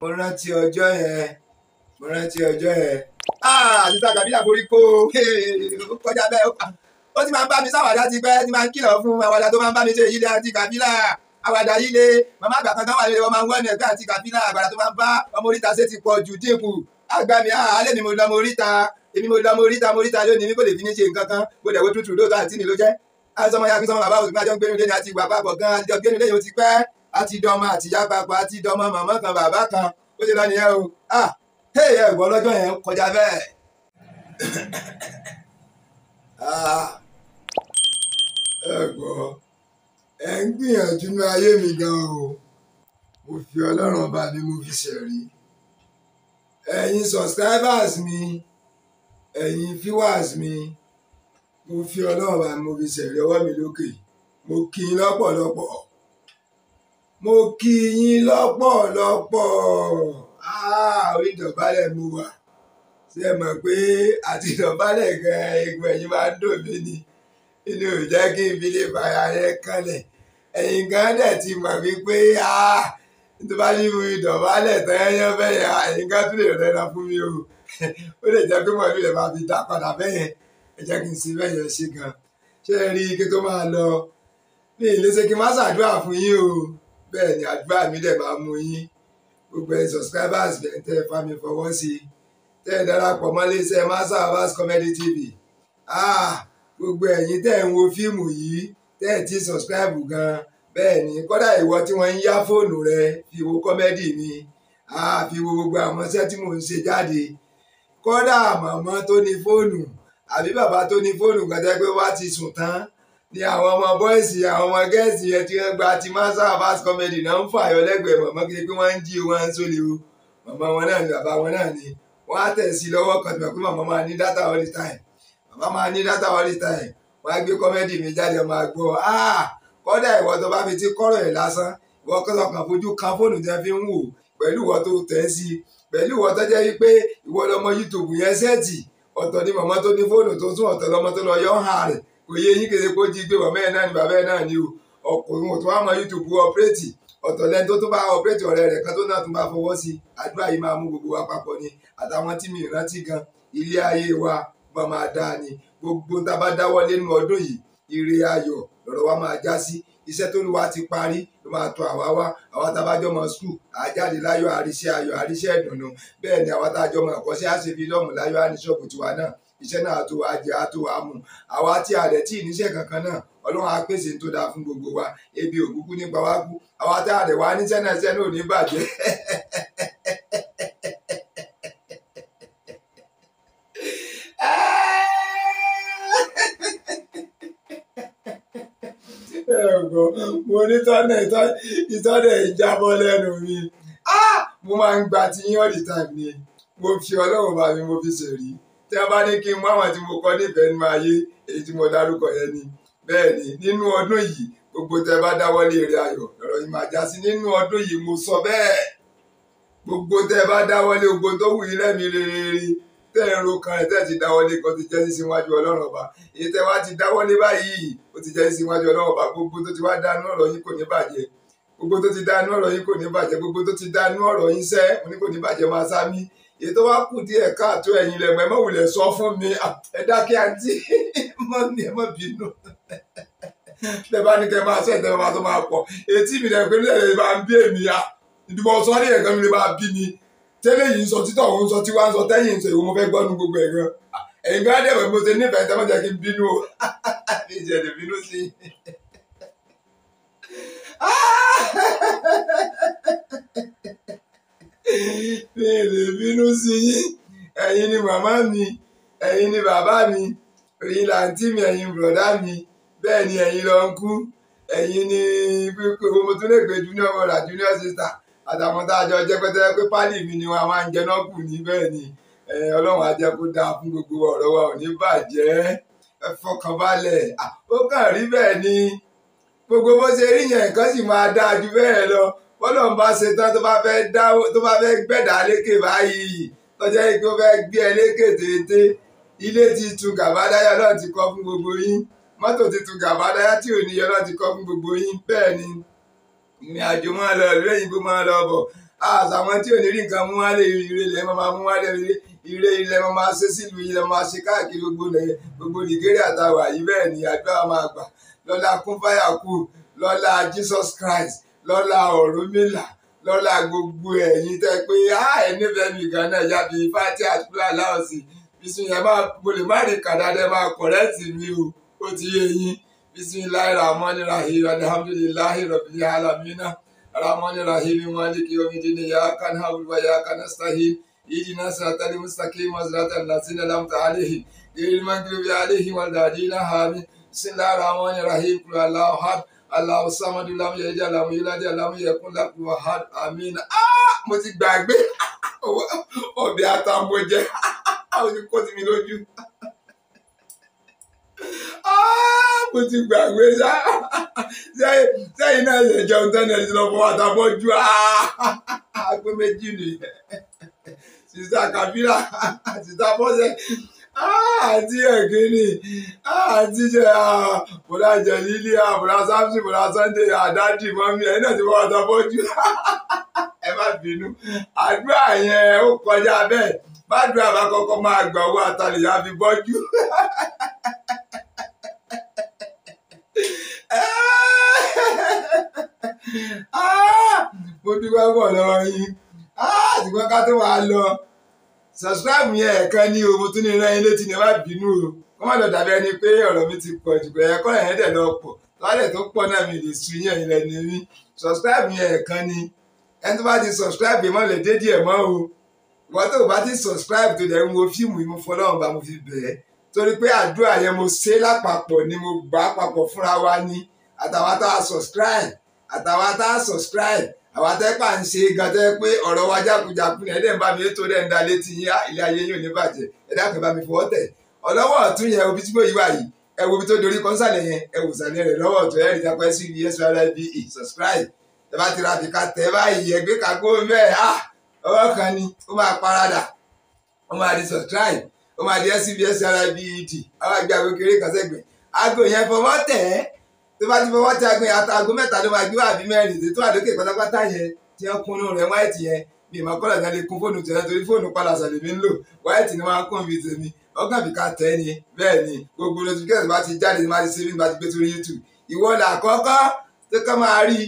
mo rántí ọjọ́ yẹn mo rántí ọjọ́ yẹn àtúntà kàbílà forí kó o kọjá bẹ́ẹ̀ ó ti máa ń bá mi sáwàdà ti pẹ́ ti máa ń kìlọ̀ fún àwàdà tó máa ń bá mi ṣe yìí lé àti kàbílà àwàdà yìí lé màmá àgbà kankan wà lé ọmọ àwọn ẹ̀ka àti kàbílà àgbàdà tó máa ń bá ọmọ oríta ṣe ti pọ̀ jù dínkù àgbà mi àálẹ̀ ah, ni mo lọ ọmọ oríta èmi mo lọ ọmọ oríta ọmọ oríta lónìí mi kò lè fi ní ṣe nǹkan kan mo dẹ̀ wo tútù lóòótọ́ àti mi ló jẹ́ àti sọmọ yàgbé sọmọ bàbá òsùnmájọ́ ń gbénu lé ní àti ìwà àpapọ̀ gan-an àti ọgbẹ́nu lé yìí ó ti pẹ́ àti dọmọ àtìyá papọ̀ àti dọmọ màmá kan bàbá kan ó ti lọ nìyẹn o ah hey ẹ̀gbọ́n lọ́jọ́ yẹn kọjá bẹ́ẹ̀. ẹ̀gbọ́n ẹ̀ ń gbìyànjú ní ayé mi gan-an o mo fi ọlọ́run ọba ni mo fi ṣẹ̀rí ẹ̀yin subscribers mi ẹ̀yin viewers mi mo fi ọlọ́run ọba ni mo fi ṣẹ̀rí ọwọ́ mi lókè mo kí i lọ́pọ̀lọpọ̀ mo kí yín lọ́pọ̀lọpọ̀ ah, orí ìdọ̀bálẹ̀ mo wà ṣé ẹ mọ̀ pé àti ìdọ̀bálẹ̀ gan egun ẹ̀yìn máa ń dùn mí ni inú ò jẹ́ kí n fi lè fàyà rẹ kanlẹ̀ ẹ̀yìn gan dẹ̀ ti mọ̀ wípé ah, tó bá ní mo ìdọ̀bálẹ̀ tán yẹn bẹ́yẹn ah, ẹ̀yìn gan tún lè rẹ̀ lọ fún mi o ó lè jẹ́ pé mọ̀lú rẹ̀ máa fi dá padà bẹ́yẹn ẹ jẹ́ kí n ṣe bẹ́yẹn ṣe gan ṣé ẹ rí i kí tó máa lọ ní ìlẹ́sẹ̀ kí n má ṣàdúrà fún yín o bẹ́ẹ̀ ni àdúrà mi dẹ̀ máa mú yín gbogbo ẹ̀yin subscribers bẹ́ẹ̀ tẹ́ ẹ fa mi fọwọ́ sí i tẹ́ ẹ darapọ̀ mọ́ iléeṣẹ́ Master Abbas Comedy TV ah, gbogbo ẹ̀yin tẹ́ ẹ ń wo fíìmù yìí tẹ́ ẹ ti subscribe gan bẹ́ẹ̀ ni kódà ìwọ tí wọ́n ń yá fóònù rẹ fi wo kọ́mẹ́dì mi ah, fi wo gbogbo àwọn iṣẹ́ tí mò ń ṣe jáde kódà màmá tó ní fóònù àbí bàbá tó ní fóònù gbàdá pé wá ti sùn tán ni àwọn ọmọ bọ́ìsì àwọn ọmọ gẹ́ẹ̀sì yẹn tí gba ti master of arts comedy na ń fà yọ lẹ́gbẹ̀ẹ́ mọ̀mọ́ kí pé wọn ń o màmá wọn náà ni baba wọn náà ni wọ́n á tẹ̀ si lọ́wọ́ kan máa ní data all the time máa ní data all the time á gbé comedy mi jáde máa gbọ́ ah! kọ́dà ìwọ tó bá kọ́rọ̀ ẹ̀ lásán ìwọ kan fojú kò yé yín kéde pé jí gbé bàbá ẹ̀ náà ni bàbá ẹ̀ náà ni o ọkùnrin ò tó wá mọ YouTube ọpẹ́rẹ́tì ọ̀tọ̀ lẹ́ni tó tún bá ọpẹ́rẹ́tì ọ̀rẹ́ rẹ̀ kan tó náà tún bá fọwọ́ sí àdúrà yìí máa mú gbogbo wa papọ̀ ni àtàwọn tí mi rántí gan ilé ayé wa bá máa dáa ni gbogbo tá a bá dáwọ́ lẹ́nu ọdún yìí ire ayọ̀ lọ́rọ̀ wa máa já sí iṣẹ́ tó lùwà ti parí ló máa tọ́ àwa wá àwa tá a bá jọ mọ skul àjáde láyọ̀ àríṣẹ́ ayọ̀ àríṣẹ́ ìdùnnú bẹ́ẹ̀ ni àwa tá a jọ mọ ẹ̀kọ́ṣẹ́ àṣẹbí lọ́mù láyọ̀ àníṣọ́ọ̀bù tiwa náà iṣẹ́ náà àtò àjẹ àtò àmù àwa tí a rẹ̀ tí ìníṣẹ́ kankan náà ọlọ́run á tó dáa fún gbogbo wa ebi òkúkú nípa wá kú àwa tá a rẹ̀ wá níṣẹ́ náà iṣẹ́ náà ò ní bàjẹ́ mo ní tọ́nà ìtọ́nà ìjábọ́ lẹ́nu mi ah! mo máa ń gba ti yín all the time ni mo fi ọlọ́run bá mi mo fi ṣèrí tí a bá ní kí n mú àwọn tí mo kọ́ nífẹ̀ẹ́ nínú ayé èyí tí mo dárúkọ yẹn ni bẹ́ẹ̀ ni nínú ọdún yìí gbogbo tẹ bá dáwọ́lé rẹ ayọ̀ lọ́rọ̀ yìí máa já sí nínú ọdún yìí mo sọ bẹ́ẹ̀ gbogbo tẹ bá dáwọ́lé gbogbo tó wù yín lẹ́mìí rere tẹ ń ro kan rẹ tẹ ti dáwọ́lé kan ti jẹ́ sísí wájú ọlọ́run ọba èyí tẹ wá ti dáwọ́lé báyìí ó ti jẹ́ sísí wájú ọlọ́run ọba gbogbo tó ti wá dánú ọ̀rọ̀ yín kò ní bàjẹ́ èyí tó wá kù díẹ̀ káàtó ẹ̀yìn lẹ̀mọ́ ẹ má wulẹ̀ sọ fún mi ẹ dákẹ́ àǹtí mọ́ mi ẹ má bínú bẹ́ẹ̀ bá ní kẹ́ máa sọ ìtẹ́wọ́ máa tó máa pọ̀ etí mi lẹ́yìn pé nílẹ̀ lè máa ń bí èmi ya ìdìbò sọ ní ẹ̀kan mi lè máa bí mi tẹ́lẹ̀ yìí ń sọ títọ̀ òun sọ tiwa ń sọ tẹ́yìn ń sọ ìwọ mo fẹ́ gbọ́ nu gbogbo ẹ̀ ẹ̀yin bí wọ́n dẹ̀ wọ́n mo ṣe ní ìjẹ̀dẹ̀ bínú mi ò lè bínú sí yín ẹ̀yin ni màmá mi ẹ̀yin ni bàbá mi ẹ̀yin làǹtí mi ẹ̀yin bùrọ̀dá mi bẹ́ẹ̀ ni ẹ̀yin lọ ń kú ẹ̀yin ni mo tún lè gbé junior brother junior sister àtàwọn tá a jọ jẹ́ pẹ́tẹ́lẹ́ pé pálí mi ni wọn a máa ń jẹ náà kù ní bẹ́ẹ̀ ni ọlọ́run á jẹ́ kó dáa fún gbogbo ọ̀rọ̀ wa ò ní bàjẹ́ fọkànbalẹ̀ ó kàn rí bẹ́ẹ̀ ni gbogbo bó ṣe rí yẹn nǹkan sì máa dáa ju bẹ́ẹ̀ lọ bọ́lọ̀ ń bá ṣe tán tó bá fẹ́ dá tó bá fẹ́ gbẹ̀dá lékè báyìí tọ́jà yìí tó fẹ́ gbé ẹ lékè tètè ilé ti tu gàbádáyà náà ti kọ́ fún gbogbo yín mọ́tò ti tu gàbádáyà tí ò níyọ náà ti kọ́ fún gbogbo yín bẹ́ẹ̀ ni ìrìn àjò máa lọ ìlú òyìnbó máa lọ bọ̀ àtàwọn tí ò ní rí nǹkan mú wálé ire ilẹ̀ máa mú wálé ire ilẹ̀ máa ṣe sílùú ilẹ̀ máa ṣe káàkiri gbogbo nàìjíríà gbogbo nìgéríà tá yìí bẹ́ẹ̀ ni àdúrà máa gbà lọ́la kún fáyà kù lọ́la Jesus Christ lọ́lá ọ̀rúnmìlà lọ́la gbogbo ẹ̀yin tẹ́ pé ah, ẹ nífẹ̀ẹ́ mi gan náà yàbí fati àtúrà láòsì bisimilayi máa mo lè má rìn kàdá dẹ́ máa kọ̀rẹ́tì mi o ó ti yé yín bisimilayi rahman rahim alhamdulilayi rabbil alamina rahman rahim maliki yomidini ya ni aláwọ sámọdé lámúyẹ ẹjẹ aláwọ yìí lájẹ aláwọyẹ kún lápúwà hàn àmínà mo ti gbàgbé ọbẹ̀ àtàbọ̀ jẹ ó ti kó ti mi lójú mo ti gbàgbé sẹ́yìn náà ṣe jẹun tẹ́lẹ̀ ṣe lọ́wọ́ àtàbọ̀ ju àgbẹ̀ nìyẹn sísá kàbírà sísá bọ́sẹ̀. Ah, àti ẹ̀kíní ah, àti jẹ bùrà jẹlílì bùrà samson bùrà sunday àdájì ah, mọ́mí ẹ̀ náà ti wọ́n ọ̀tọ̀ bójú ẹ má bínú àdúrà yẹn ó kọjá bẹ́ẹ̀ bàdúrà bá kọ́kọ́ máa gbà owó àtàlẹ́yà fi bọ́jú mo dúpẹ́ pọ̀ lọ́wọ́ yín ṣùgbọ́n ká tó wàá lọ subscribe yẹn ẹ̀ẹ̀kan ní o mo tún ní rán yín létí ní ẹ bínú o kó má lọ dàbí ẹni pé ọ̀rọ̀ mi ti pọ̀ jù bẹ́ẹ̀ kọ́ ẹ̀yẹ́ dẹ̀ lọ pọ̀ lálẹ́ tó pọ̀ náà mi lè sun yẹn ilẹ̀ ní mí subscribe yẹn ẹ̀ẹ̀kan ní ẹni tó bá ti subscribe mọ́ lè dé díẹ̀ mọ́ o wọ́n tó bá ti subscribe tó dẹ̀ ń wo fíìmù yìí mo fọlọ́run bá mo fi bẹ̀ẹ́ torí pé àdúrà yẹn mo ṣe lápapọ̀ ni mo gbà papọ̀ fúnra wa ni àtàwọn tá a subscribe àtàwọn àwọn atẹ́pà ń ṣe gan tẹ́ pé ọ̀rọ̀ wa jákujàku ni ẹ̀dẹ̀ ń bá mi ètò rẹ̀ ń da létí yín ilé ayé yín ò ní bàjẹ́ ẹ̀dá kan bá mi fọwọ́ tẹ̀ ọ̀lọ́wọ́ ọ̀tún yẹn obi tí yìí ẹ wo ibi tó dorí kọ́nsálẹ̀ yẹn ẹ wò sàlẹ̀ rẹ̀ lọ́wọ́ ọ̀tún subscribe ẹ bá ti ra àbíká tẹ ẹ gbé kago bẹ́ẹ̀ kan ni parada tó bá ti fọwọ́ ti agbẹ́ àtàgọ́ mẹ́ta ló máa gbé wà bí mẹ́rin tó wà lókè pátápátá yẹn tí wọ́n kúnnú rẹ̀ wáìtì yẹn mi ìmọ̀ kọ́lọ̀ ìdálé kún fóònù tẹ̀lé torí fóònù padà sọ̀lẹ̀ mi ń lò wáìtì ni wọ́n á kún mi tèmi ọkàn mi ká tẹ́ ni bẹ́ẹ̀ ni gbogbo notification bá ti jáde ni máa ti sẹ́yìn bá ti gbé sórí YouTube ìwọ là kọ́kọ́ tó kọ́ máa rí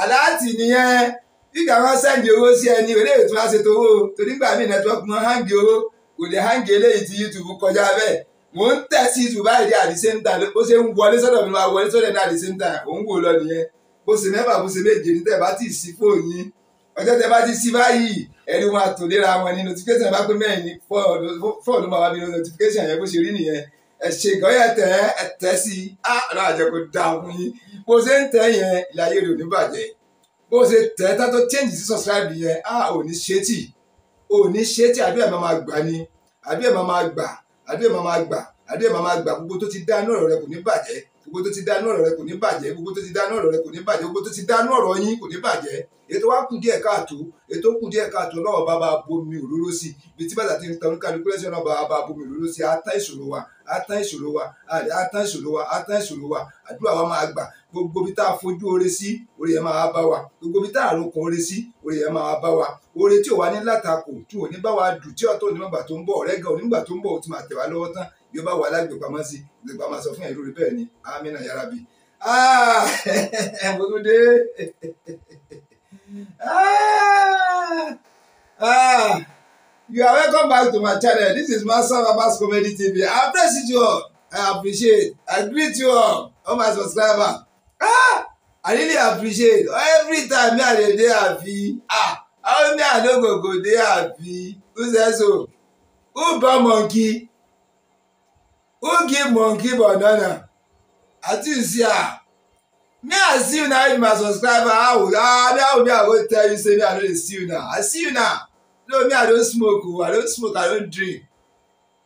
aláàtì nìyẹn ìgbà wọn sẹ́ndì owó sí ẹni òde ètò àṣetò owó torí gbà mí nẹ́tíwọ́ọ̀kì wọn háǹgì owó kò lè háǹgì eléyìí ti YouTube kọjá bẹ́ẹ̀ mo ń tẹ̀sí ìtùbá ìdí at the same time bó ṣe ń wọlé sọ́dọ̀ mi máa wọlé sọ́dọ̀ ní at the same time òun wò lọ nìyẹn bó ṣe mẹ́fà bó ṣe méje ní tẹ̀ bá ti sí fóònù yín ọjọ́ tẹ bá ti sí báyìí ẹni wọn àtòlera wọn ní notification bá pé mẹ́rin ní fọ́ọ̀nù máa wá bí notification yẹn bó ṣe rí nìyẹn ẹ ṣe ìgọ́yẹ̀ tẹ ẹ tẹ́ sí i á ọ̀rọ̀ àjẹ kò dáa fún yín bó ṣe ń tẹ yẹn ìlàyé rẹ̀ ò change sí subscribe yẹn á ò ní ṣe tì ò ní ṣe tì àbí ẹ̀ máa máa gbà ni àdúrà máa máa gbà àdúrà máa máa gbà gbogbo tó ti dá inú rẹ kò ní bàjẹ́ gbogbo tó ti dánú ọ̀rọ̀ rẹ kò ní bàjẹ́ gbogbo tó ti dánú ọ̀rọ̀ rẹ kò ní bàjẹ́ gbogbo tó ti dánú ọ̀rọ̀ yín kò ní bàjẹ́ ètò wa kù díẹ̀ káàtó ètò kù díẹ̀ káàtó ọlọ́wọ́ bá bá bomi òróró sí ibi tí bàtà ti ń tanú kálukú lẹ́sìn ọlọ́wọ́ bá bá bomi òróró sí ata ìṣòro wa ata ìṣòro wa ata ìṣòro wa ata ìṣòro wa àdúrà wa máa gbà gbogbo bí tá a fojú oore sí oore yẹn máa bá wa gbogbo bí tá a rokàn oore sí oore yẹn máa bá wa oore tí ò wá ní látakò tí ò ní bá wa dùn tí ọ̀tọ̀ onímọ̀gbà tó ń bọ̀ ọ̀rẹ́ gan onímọ̀gbà tó ń bọ̀ ò ti máa tẹ̀ wá lọ́wọ́ tán bí bá wà lágbèpamọ́ sí gbèpamọ́ sọ fún ẹ̀rú rẹ bẹ́ẹ̀ ni amina yàrá bi ah, mo ah, ah, you are welcome back to my channel this is Master Baba's Comedy TV I appreciate you all I appreciate I greet you all all my subscribers ah, I really appreciate every time me I dey dey happy ah only me I no go go dey happy who say so who born monkey who give monkey banana i think say ah me i see una if my subscriber how ah I would be able to tell you say me i no dey see una i see una no me i don smoke o oh, i don smoke i don drink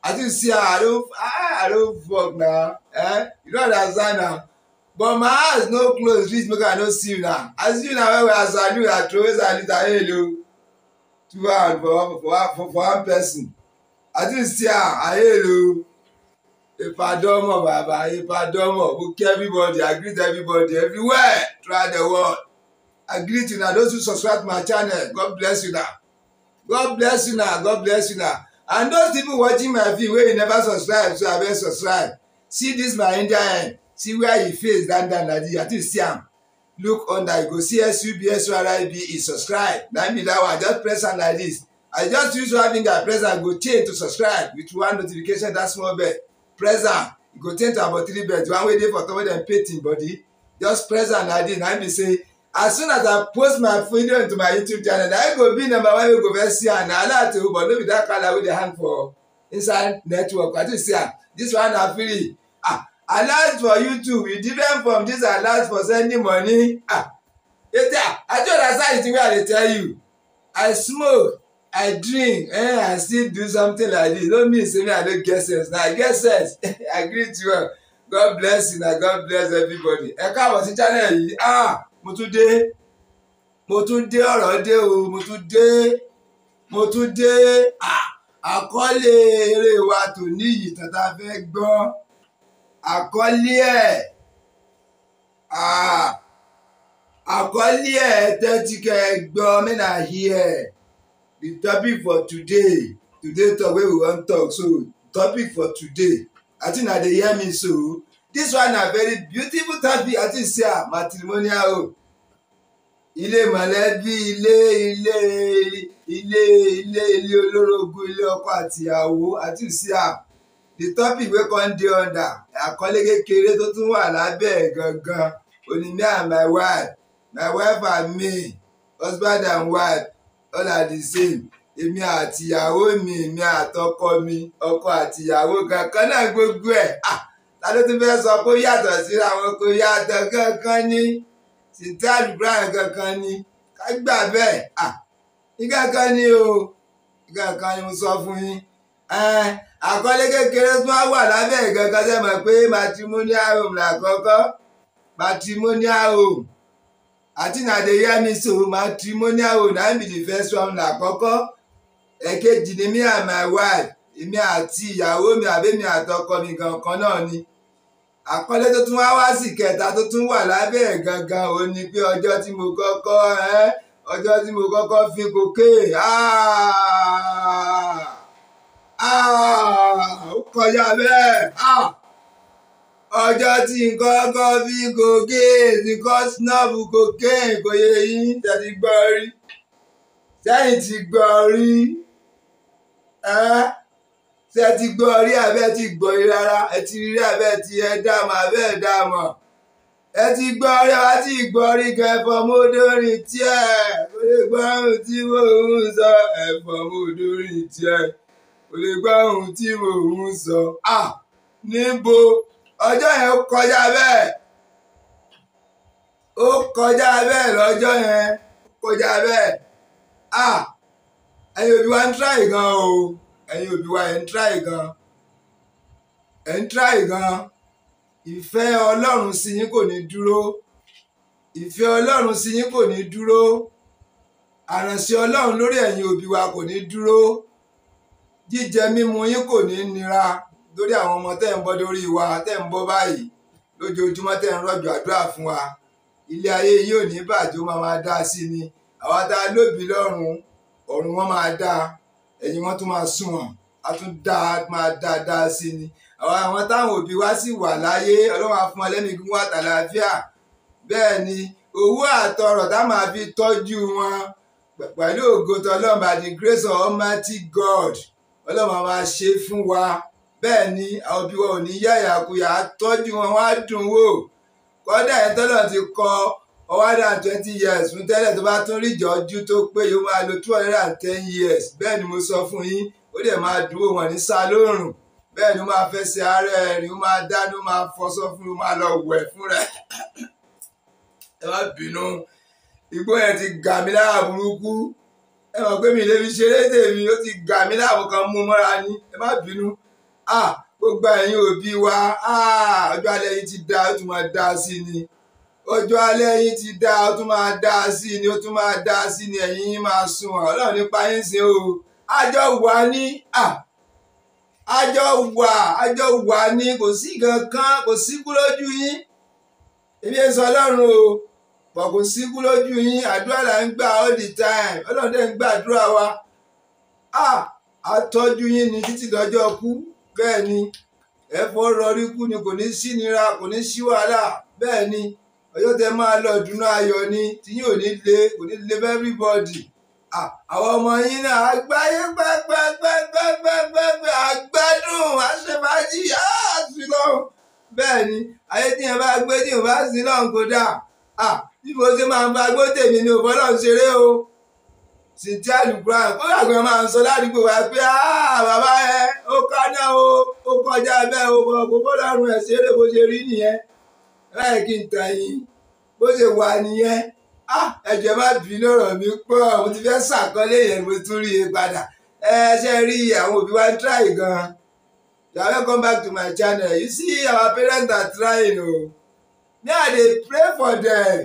i think say ah i don ah i don work na eh you no understand na but my eyes no close Please, make i no see una i see una well well i salute i throway salute i hail o two hand for one for one person i think say ah i hail o. Ipadomo Baba, who care everybody. I greet everybody everywhere throughout the world. I greet you now. Those who subscribe to my channel, God bless you now. God bless you now. God bless you now. And those people watching my video wey you never subscribe so abeg subscribe. See this my India end. See where he face down down like this. You fit see am. Look under you go see SUBSURIB is subscribe. Na be that one. Just press am like this. I just use one finger press am go change to subscribe with one notification that small bell press am e go change to about three beds one wey dey for top wey dem paint im body just press am like this na im be say as soon as i post my video into my youtube channel na im go be number one wey go first see am na alaatewu but no be that color wey dey hang for inside network i just say ah this one na free ah alert for youtube e different from this alert for sending money ah later i just understand the thing wey i dey tell you i smoke i drink eh i still do something like this no mean say me i no get sense na i get sense i greet you well god bless you na god bless everybody ẹ káàbọ̀ sí channel yìí ah mo tún dé mo tún dé ọ̀rọ̀ dé o mo tún dé mo tún dé ah eré wa tò níyì tata fẹ́ gbọ́ àkọlé ẹ̀ ah àkọlé ẹ̀ tẹ́tí kẹ́ gbọ́ mí nà hí ẹ̀. the topic for today today talk wey we wan talk so topic for today i think na dey hear me so this one na very beautiful topic i think say ah matrimonial home ilé mọ̀lẹ́bí ilé ilé ilé ilé ilé olórogún ilé ọkọ àti ìyàwó àti ah, the topic wey come dey under àkọlé kékeré tó tún wà lábẹ́ gangan oní me and my wife my wife and me husband and wife all are the same èmi àtìyàwó mi èmi àtọkọ mi ọkọ àtìyàwó kankan náà gbogbo ẹ̀ ta ló tún fẹ́ sọ kó yàtọ̀ síra wọn kó yàtọ̀ kankan ní sita alukuran kankan ní ká gbà bẹ́ẹ̀ nǹkankan ní o nǹkankan ni mo sọ fún yín àkọlé kékeré tó wá wà lábẹ́ ìkankan sẹ́mọ̀ pé matrimonial home làkọ́kọ́ matrimonial home. àti nàdéyàmí so matrimonial own i be the first one lákọ́kọ́ èkejì ni me and my wife èmi àti ìyàwó mi àbẹ́mi àtọkọ mi gankan náà ni Akọle tó tún wá wá kẹta tó tún wà lábẹ́ gangan ò ní pé ọjọ tí mo kọ́kọ́ ọjọ tí mo kọkọ fi kokéè ah, ah, ó kọjá bẹ́ẹ̀. Ah. ọjọ́ tí nǹkan kọ́ fi cocaine nǹkan snuff cocaine kò yẹ yín tẹ̀sí gbọ́ rí sẹ́yìn ti gbọ́ rí ṣe ti gbọ́ rí abẹ́ ti gbọ́ rí rárá ẹ ti rí abẹ́ ti ẹ dààmú abẹ́ ẹ dààmú ẹ ti gbọ́ rí wá ti gbọ́ rí kan ẹ̀fọ́ kò lè gbọ́ ohun tí mò ń sọ ẹ̀fọ́ mọ́dọ́rin kò lè gbọ́ ohun tí mò ń sọ níbo. ọjọ́ yẹn ó kọjá bẹ́ẹ̀ ó kọjá bẹ́ẹ̀ lọ́jọ́ yẹn ó kọjá bẹ́ẹ̀ à ẹ̀yin òbí wa ń tíráì gan o ẹ̀yin òbí wa ẹ̀ ń tíráì gan ẹ̀ ń tíráì gan ìfẹ́ Ọlọ́run sí yín kò ní dúró ìfẹ́ Ọlọ́run sí yín kò ní dúró àrànṣẹ́ Ọlọ́run lórí ẹ̀yin òbí wa kò ní dúró jíjẹ mímu yín kò ní nira. lórí àwọn ọmọ tẹ́ ń bọ́ lórí wa tẹ́ ń bọ́ báyìí lójoojúmọ́ tẹ́ ń rọ̀jò àdúrà fún wa ilé ayé yìí ò ní bàjẹ́ ó máa máa dá sí ni àwa tá a lóbi lọ́rùn ọ̀run wọn máa dá ẹ̀yìn wọn tún máa sùn wọn a tún dá máa dá dá sí ni àwọn táwọn òbí wa sì wà láyé ọlọ́run á fún wa lẹ́nu igun wa tàlàáfíà bẹ́ẹ̀ ni owó àtọrọ̀ tá máa fi tọ́jú wọn pẹ̀lú ògo tọlọ́run by the grace of Almighty God ọlọ́run á máa ṣe fún wa bẹ́ẹ̀ ni àwọn òbí wa ò ní yá ìyàkuyà tọ́jú wọn wá dùn wò kọ́dà ẹ̀ tọ́lọ̀ ti kọ ọwádà twenty years fún tẹ́lẹ̀ tó bá tún rí ìjọ́jú tó pé yóò máa lo two hundred and ten years bẹ́ẹ̀ ni mo sọ fún yín ó dẹ̀ máa dúró wọn ní salóòrùn bẹ́ẹ̀ ni ó máa fẹsẹ̀ ara ẹ̀ ni ó máa dáná ó máa fọṣọ fún un máa lọ wẹ̀ fúnra ẹ má bínú igbó yẹn ti gà mí lára burúkú ẹ mọ̀ pé mi lè fi ṣeré tèmi ó ti gà mí láàbò kan mú mọ́ra ní ẹ má bínú gbogbo ẹ̀yin òbí wa ọjọ́ alẹ́ yìí ti dáa ó tún máa dáa sí ni ọjọ́ alẹ́ yìí ti dáa ó tún máa dáa sí ni ó tún máa dáa sí ni ẹ̀yin yín máa sun ọlọ́run nípa yín sí o àjọ wà ní àjọ wà àjọ wà ní kò sí kankan kò sí kú lójú yín ebi ń sọ ọlọ́run o pọ̀ kò sí kú lójú yín àdúrà là ń gbà all the time ọlọ́run dẹ̀ ń gbàdúrà wa àtọ́jú yín ni títí dọjọ́ kú bẹ́ẹ̀ ni ẹ̀fọ́ rọrí kú ni kò ní sí nira kò ní sí wàhálà bẹ́ẹ̀ ni ọjọ́ tẹ máa lọ dùnú ayọ̀ ni tìyín ò ní le kò ní le fún everybody àwọn ọmọ yín náà àgbáyé pẹ́pẹ́pẹ́pẹ́pẹ́ àgbádùn àṣemájì àṣìlọ́hùn bẹ́ẹ̀ ni ayé tí yẹn bá gbé tí yẹn bá sí lọ́hùn kódà bí mo ṣe máa ń bá gbó tèmi ni ò fọ́lọ́hùn ṣeré o sì ti àlùkùrán kó yàgbọ́n máa ń sọ ládùúgbò wa pé ah, bàbá ẹ ó kọjá o ó kọjá bẹ́ẹ̀ o bọ̀ kó bó lọ́rùn ẹ̀ ṣeré bó ṣe rí nìyẹn láì kí n tàn yín bó ṣe wà nìyẹn ah, ẹ̀jẹ̀ má bí lọ́rọ̀ mi pọ̀ mo ti fẹ́ ṣàkọlé yẹn mo tún rí i padà ẹ ṣe rí àwọn òbí wa ń tíráì gan-an you are welcome back to my channel you see our parents are trying o me i dey pray for them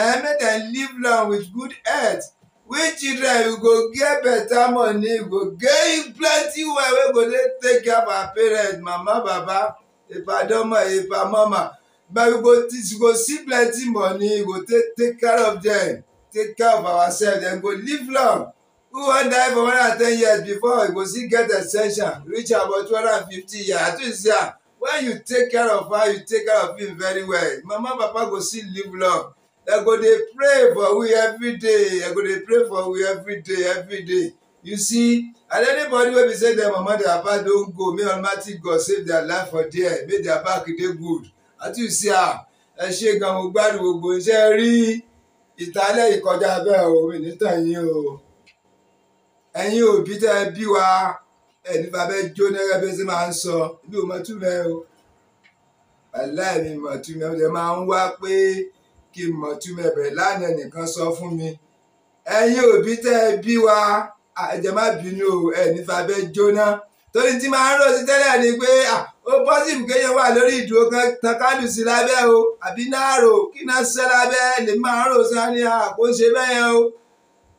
eh, make dem live long with good health which children we go get better money we go get plenty well wey go dey take care of our parents mama baba ipadoma mama, but we go teach we go see plenty money we go take take care of them take care of ourselves dem go live long who wan die for one hundred and ten years before we go still get extension reach about two hundred and fifty years at least yeah when you take care of her you take care of him very well mama papa go still live long dem go dey pray for we every day dem go dey pray for we every day every day you see and anybody wey be say their mama their papa don go may almighty god save their life for there may their back dey good As you see am ah, ẹ ṣe gan mo gbádùn gbogbo iṣẹ́ rí ìtàlẹ̀ ìkọjá bẹ́ẹ̀ o mi níta yín o ẹ̀yin òbí tẹ́ ẹ bí wa ẹni bàbá jó náírà bí ẹ ṣe máa ń sọ bí o mọ̀ túmẹ̀ o aláìní mọ̀ túmẹ̀ o lè máa ń wá pé. kí n mọ̀ nìkan sọ fún mi ẹ̀yin òbí tẹ́ bí wa ẹ̀jẹ̀ má bínú o nífa jóná torí tí rò sí tẹ́lẹ̀ ni pé ó pọ́sibù kéèyàn wà lórí ìdúró kan lábẹ́ àbí náà rò kí náà lábẹ́ lè rò sáà ní àpò ṣe bẹ́ẹ̀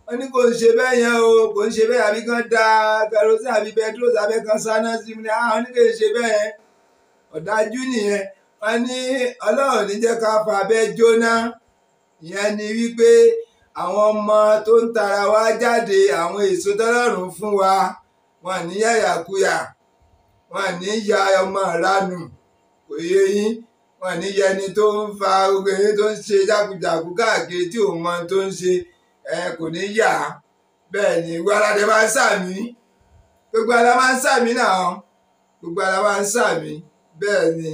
yẹn kò ń ṣe bẹ́ẹ̀ yẹn o àbí kan da àbí kan sí mi nìyẹn wọ́n ní ọlọ́run níjẹ́ jẹ́ ká fa abẹ́ jóná ìyẹn ni wípé àwọn ọmọ tó ń tara wá jáde àwọn èso tọ́lọ́run fún wa wọn ní yàyàkuyà wọ́n ní ya ọmọ ìranù kò yé yín wọ́n ní ya ẹni tó ń fa gbogbo ẹni tó ń ṣe jákujàku káàkiri tí òun mọ tó ń ṣe ẹ kò ní yà á bẹ́ẹ̀ ni gbogbo ara máa ń sàmì gbogbo ara máa ń sàmì náà gbogbo ara máa ń sàmì bẹ́ẹ̀ ni.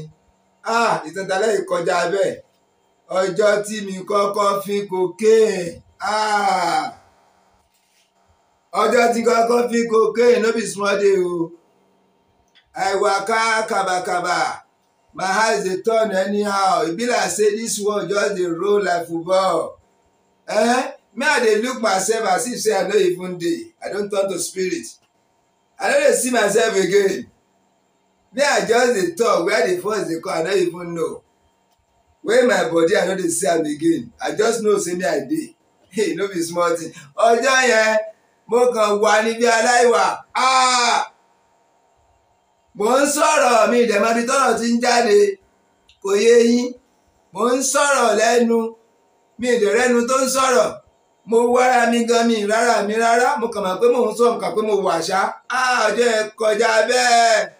ah ìtàntàlẹ́ ìkọjá bẹ́ẹ̀ ọjọ́ tí mi kọ́kọ́ fi cocaine ah ọjọ́ tí kọ́kọ́ fi cocaine no be small day o I waka kabakaba my eyes dey turn anyhow e be like say this world just dey roll like football eh? me I dey look myself as if say I no even dey I don turn to spirit I no dey see myself again. me i just dey talk where the first dey come i no even know when my body i no dey see am again i just know say me i dey hey no be small thing Ọjọ yẹn mo kàn wà níbi aláìwà ah! mo ń sọ̀rọ̀ mi ìdẹ̀mọ́bi tọ́rọ̀ ti ń jáde kò yé yín mo ń sọ̀rọ̀ lẹ́nu mi ìdẹ̀rẹ́nu tó ń sọ̀rọ̀ mo wára mi gan mi rárá mi rárá mo kàn mọ̀ pé mo ń sọ̀rọ̀ kàn pé mo wà ṣá ah, ọjọ́ yẹn kọjá bẹ́ẹ̀.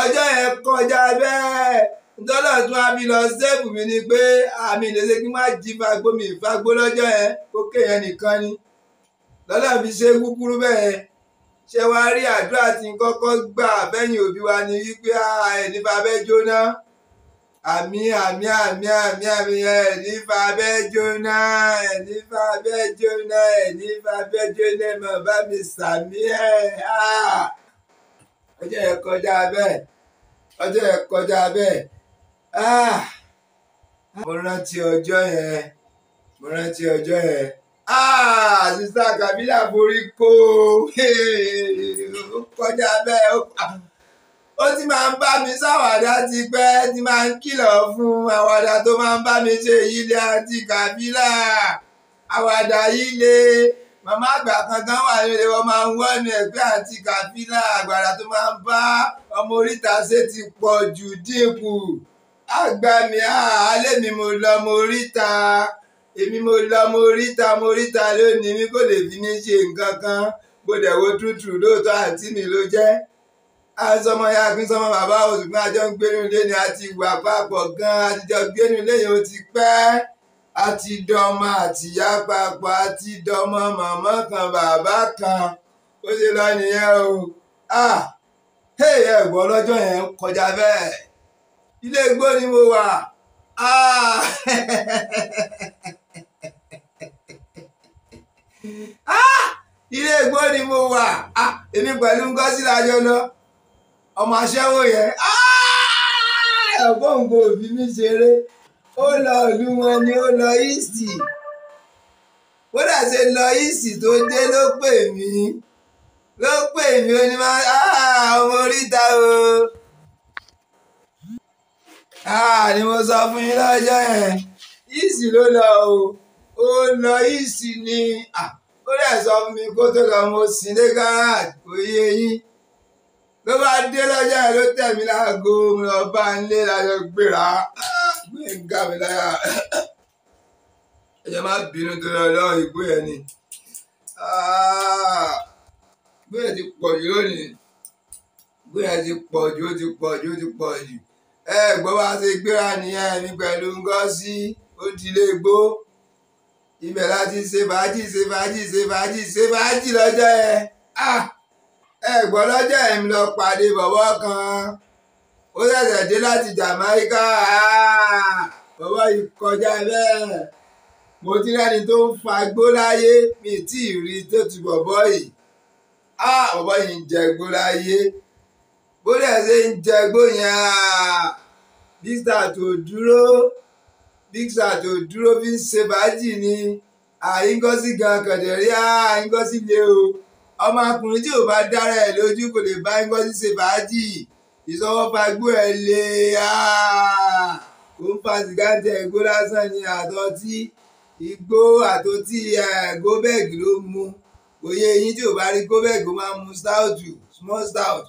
ọjọ́ yẹn kọjá bẹ́ẹ̀ ntọ́lọ̀ tí wọ́n á fi lọ sẹ́ẹ̀bù mi ni pé àmì ìdèsè kí wọ́n á jí fagbó mi ìfagbó lọ́jọ́ yẹn kó kéèyàn nìkan ni lọ́lọ́ fi ṣe kúkúrú bẹ́ẹ̀ ṣé wá rí àdúrà tí n kọ́kọ́ gbà fẹ́yìn òbí wa ni wípé ẹni fa bẹ́ jóná àmì àmì àmì àmì àmì ẹni fa bẹ́ jóná ẹni fa bẹ́ jóná ẹni fa bẹ́ jóná mọ̀ bá mi sàmí ẹ̀ áà. ọjọ́ yẹn kọjá bẹ́ẹ̀ ọjọ́ yẹn kọjá bẹ́ẹ̀ ah! mo rántí ọjọ́ yẹn mo rántí ọjọ́ yẹn ah! sísá kabila borí kó o kọjá bẹ́ẹ̀ ó ti máa ń bá mi ṣàwàdà ti pẹ́ ti máa ń kìlọ̀ fún àwàdà tó máa ń bá mi ṣe yìí àti kabila. àwàdà yílé. màmá àgbà kan gan wà lóore wọn máa ń wọ́nu ẹ̀ pé àǹtí kàfínà àgbàrá tó máa ń bá ọmọ oríta ṣe ti pọ̀ jù dínkù àgbà mi àálẹ́ mi mo lọ ọmọ oríta èmi mo lọ ọmọ oríta ọmọ oríta lónìí mi kò lè fi ní ṣe nǹkan kan bó dẹ̀ tútù lóòótọ́ àǹtí mi ló jẹ́ àìsọmọ ya pín sọmọ bàbá òṣùpá àjọ ń gbénu ilé ni a ti wà papọ̀ gan-an àtijọ́ gbénu ilé yẹn ó ti pẹ́ a ti dọmọ àtìyá papọ̀ a ti dọmọ màmá kan bàbá kan ó ṣe lọ nìyẹn o ah hey ẹ̀gbọ́n lọ́jọ́ yẹn kọjá bẹ́ẹ̀ ilé igbó ni mo wà ah ah ilé igbó ni mo wà ah èmi pẹ̀lú Ngọ́sí lájọ lọ ọmọ aṣẹ́wó yẹn ah ẹ̀gbọ́n kò fi mí ṣeré ó lọ ìlú wọn ni ó lọ íìsì kódà ṣe lọ íìsì tó dé ló pè mí ló pè mí ó ní máa ah, ọmọ oríta o ah, ni mo sọ fún yín lọ́jọ́ yẹn íìsì ló lọ o ó lọ íìsì ni ó dẹ̀ sọ fún mi kó tó lọ mo sìn dé garage kò yé yín ló bá dé lọ́jọ́ yẹn ló tẹ̀ mí láago mo lọ bá ń lé lájọ gbéra ní ga mi lára ẹ̀jẹ̀ má bínú torí ọlọ́run ìgbó yẹn ni ah, ìgbó yẹn ti pọ̀ jù lónìí ìgbó yẹn ti pọ̀ jù ó ti pọ̀ jù ó ti pọ̀ jù ẹ gbọ́ bá ṣe gbéra nìyẹn mi pẹ̀lú Ngozi ó ti lé gbó ibẹ̀ láti ṣe fàájì ṣe fàájì ṣe fàájì ṣe fàájì lọ́jọ́ yẹn ah, ẹ gbọ́ lọ́jọ́ yẹn mi lọ pàdé bọ̀bọ̀ kan ó ṣẹ̀ṣẹ̀ dé láti Jamaica bàbá yìí kọjá bẹ́ẹ̀ mo ti rẹ́ni tó ń fagbó láyé mi tí ì rí tó ti bọ̀bọ́ yìí á bọ̀bọ́ yìí ń jẹ gbó láyé bó dẹ̀ ṣe ń jẹ gbó yẹn Big Star tó dúró Big Star tó dúró fi ń ṣe fàájì ni àyíngọ́sí gan kẹ̀dẹ̀rí àyíngọ́sí lé o ọmọkùnrin tí ò bá dára ẹ̀ lójú kò lè bá àyíngọ́sí ṣe fàájì ìsọwọ́fà igbó ẹ̀ lè ah! kó ń fa sìgá jẹ igbó lásán ni àtọ́tí igbó àtọ́tí eh, gobeg ló mu òye yín tí ò bá rí gobeg ó máa mu stout small stout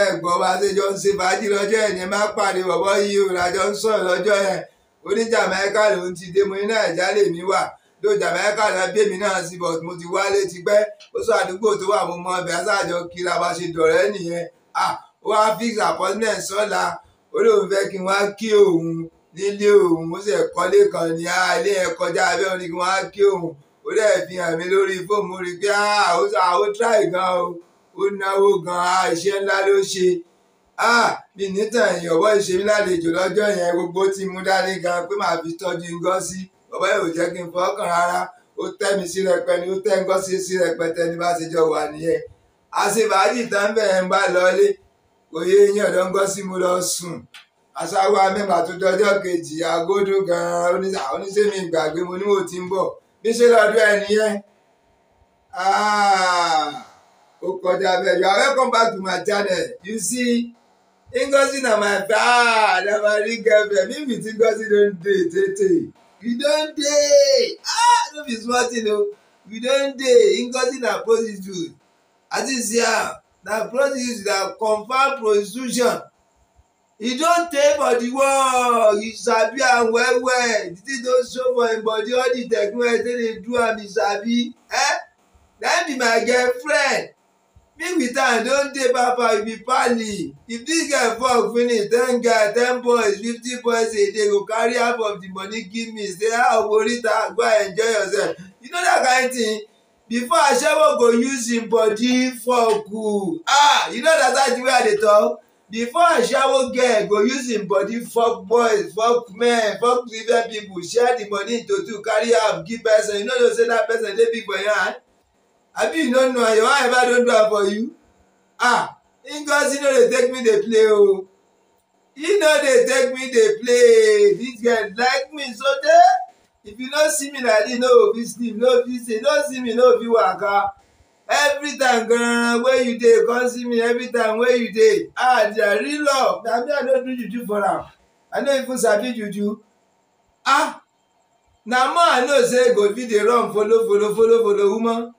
ẹ gbọ́ bá ṣe jọ ń ṣe fàájì lọ́jọ́ ẹ̀ yẹn má pàdé bọ̀bọ́ yìí ò lájọ ń sọ̀rọ̀ lọ́jọ́ yẹn oníjàmáíkà lòún ti dé mo ní nàìjíríà lèmi wà ló jàmáíkà náà bí èmi náà sí but mo ti wálé tipẹ́ ó sọ àdúgbò tó wà mo mọ ọbẹ̀ aṣáájọ kí la bá ṣe dọ̀rẹ́ nìyẹn ah! ó wá fix appointment sọ́la ó lóun fẹ́ kí wọ́n á kí òun nílé òun ó sì kọ́lé kan ní ah, ilé ẹ̀ kọjá abẹ́ òun ni kí wọ́n á kí òun ó dẹ̀ fi hàn mí lórí fóònù rí pé ah, ó try gan o ó náwó gan ah, iṣẹ́ ńlá ló ṣe mi nítàn yìí ọ̀bọ̀ ìṣe mi lálejò lọ́jọ́ yẹn gbogbo tí mo dání gan pé màá fi tọ́jú Ngozi ọ̀bọ̀ yóò jẹ́ kí n fọkàn rárá ó tẹ́ mi sí rẹpẹ ni ó tẹ́ Ngozi sí rẹpẹtẹ ní bá ṣe jọ wà nìyẹn àṣebàájì tán bẹ́ẹ̀ ń bá lọ oyè yín ọ̀dọ́ ń gbọ́ sí mo lọ sùn aṣáájú amẹ́mà tó dọjọ́ kejì agódó gan-an oníṣẹ́mi ìgbàgbé mo ní mo ti ń bọ̀ níṣẹ́ lọ́dún ẹ̀ nìyẹn ah, ó kọjá bẹ́ẹ̀ you are welcome back to my channel you see Ngozi na my bad na my real girlfriend me with Ngozi don dey tete You don dey ah no be small thing o we don dey Ngozi na prostitute as you that prostitute that confirm prostitution e don tey for the world you sabi am well well the thing don show for im body all the technology wey dey do am e sabi eh That be my girlfriend me with am don dey papa we be pali if this girl fall finish ten girl ten boys fifty boys a day go carry half of the money give me say how ah, oborita go enjoy yourself you know that kind thing before ashewo go use him body for cool. ah you know that time the way i dey talk before ashewo girl go use him body fuck boys fuck men fuck different people share the money to two carry am give person you no know say that person dey big for your hand abi you no know am your wife ever don do am for you ah ngozi no dey take me dey play o. Oh. he no dey take me dey play dis girl like me so tey if you no see me like this no go fit sleep no fit say no see me no fit waka time, gan wey you dey come see me every time wey you dey ah dia real love na me i no do juju for am i no even sabi juju ah na more i know say go fit dey run follow follow follow follow woman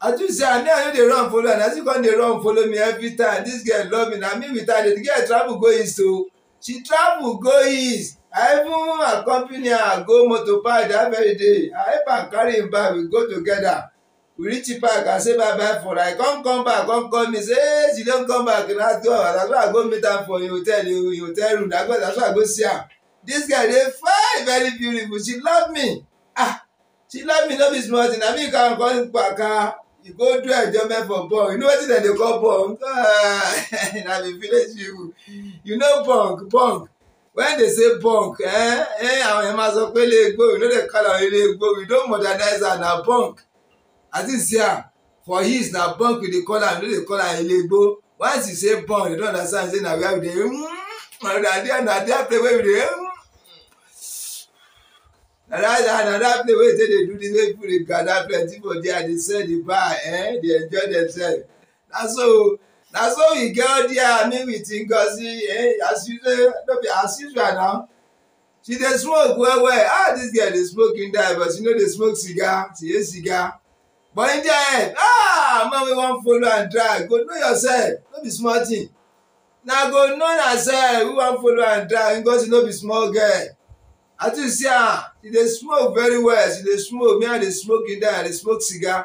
i do say i me i no dey run follow and I you come dey run follow me every time This girl love me na me with her the girl travel go east o oh. she travel go east I even accompany her go motor park that very day. I help am carry him bag, we go together. We reach park, and say bye bye for her. I come come back, come call me, say, hey, she don come back last two hours. I go I go meet am for im hotel, im hotel room. I go, I go, I go see am. This girl dey fine, very beautiful. She love me. Ah, she love me no be small thing. Na me come call im kpaka. You go do enjoyment for bunk. You know wetin dem dey call bunk? Ah, na the village people. You know bunk, bunk when they say bunk eh eh àwọn yẹn máa sọ pé ilé egbò we no dey call am ilé egbò we don modernize am na bunk I you see am for his na bunk we dey call am we no dey call am ilé egbò once he say bunk you don understand say na where we dey mm, na there na there place wey we dey mm. na that na that place wey take dey do this way. people dey gather plenty for there dey sell the bar eh dey enjoy themselves na so na so we go there meet with ngozi eh as usual no be as usual now. she dey smoke well well ah this girl dey smoke in die but she no dey smoke cigar she hate cigar but in there, eh, ah man wey wan follow am drag go know yourself no be small thing na go know yourself who wan follow am drag ngozi no be small girl i think see am she dey smoke very well she dey smoke me i dey smoke in die i dey smoke cigar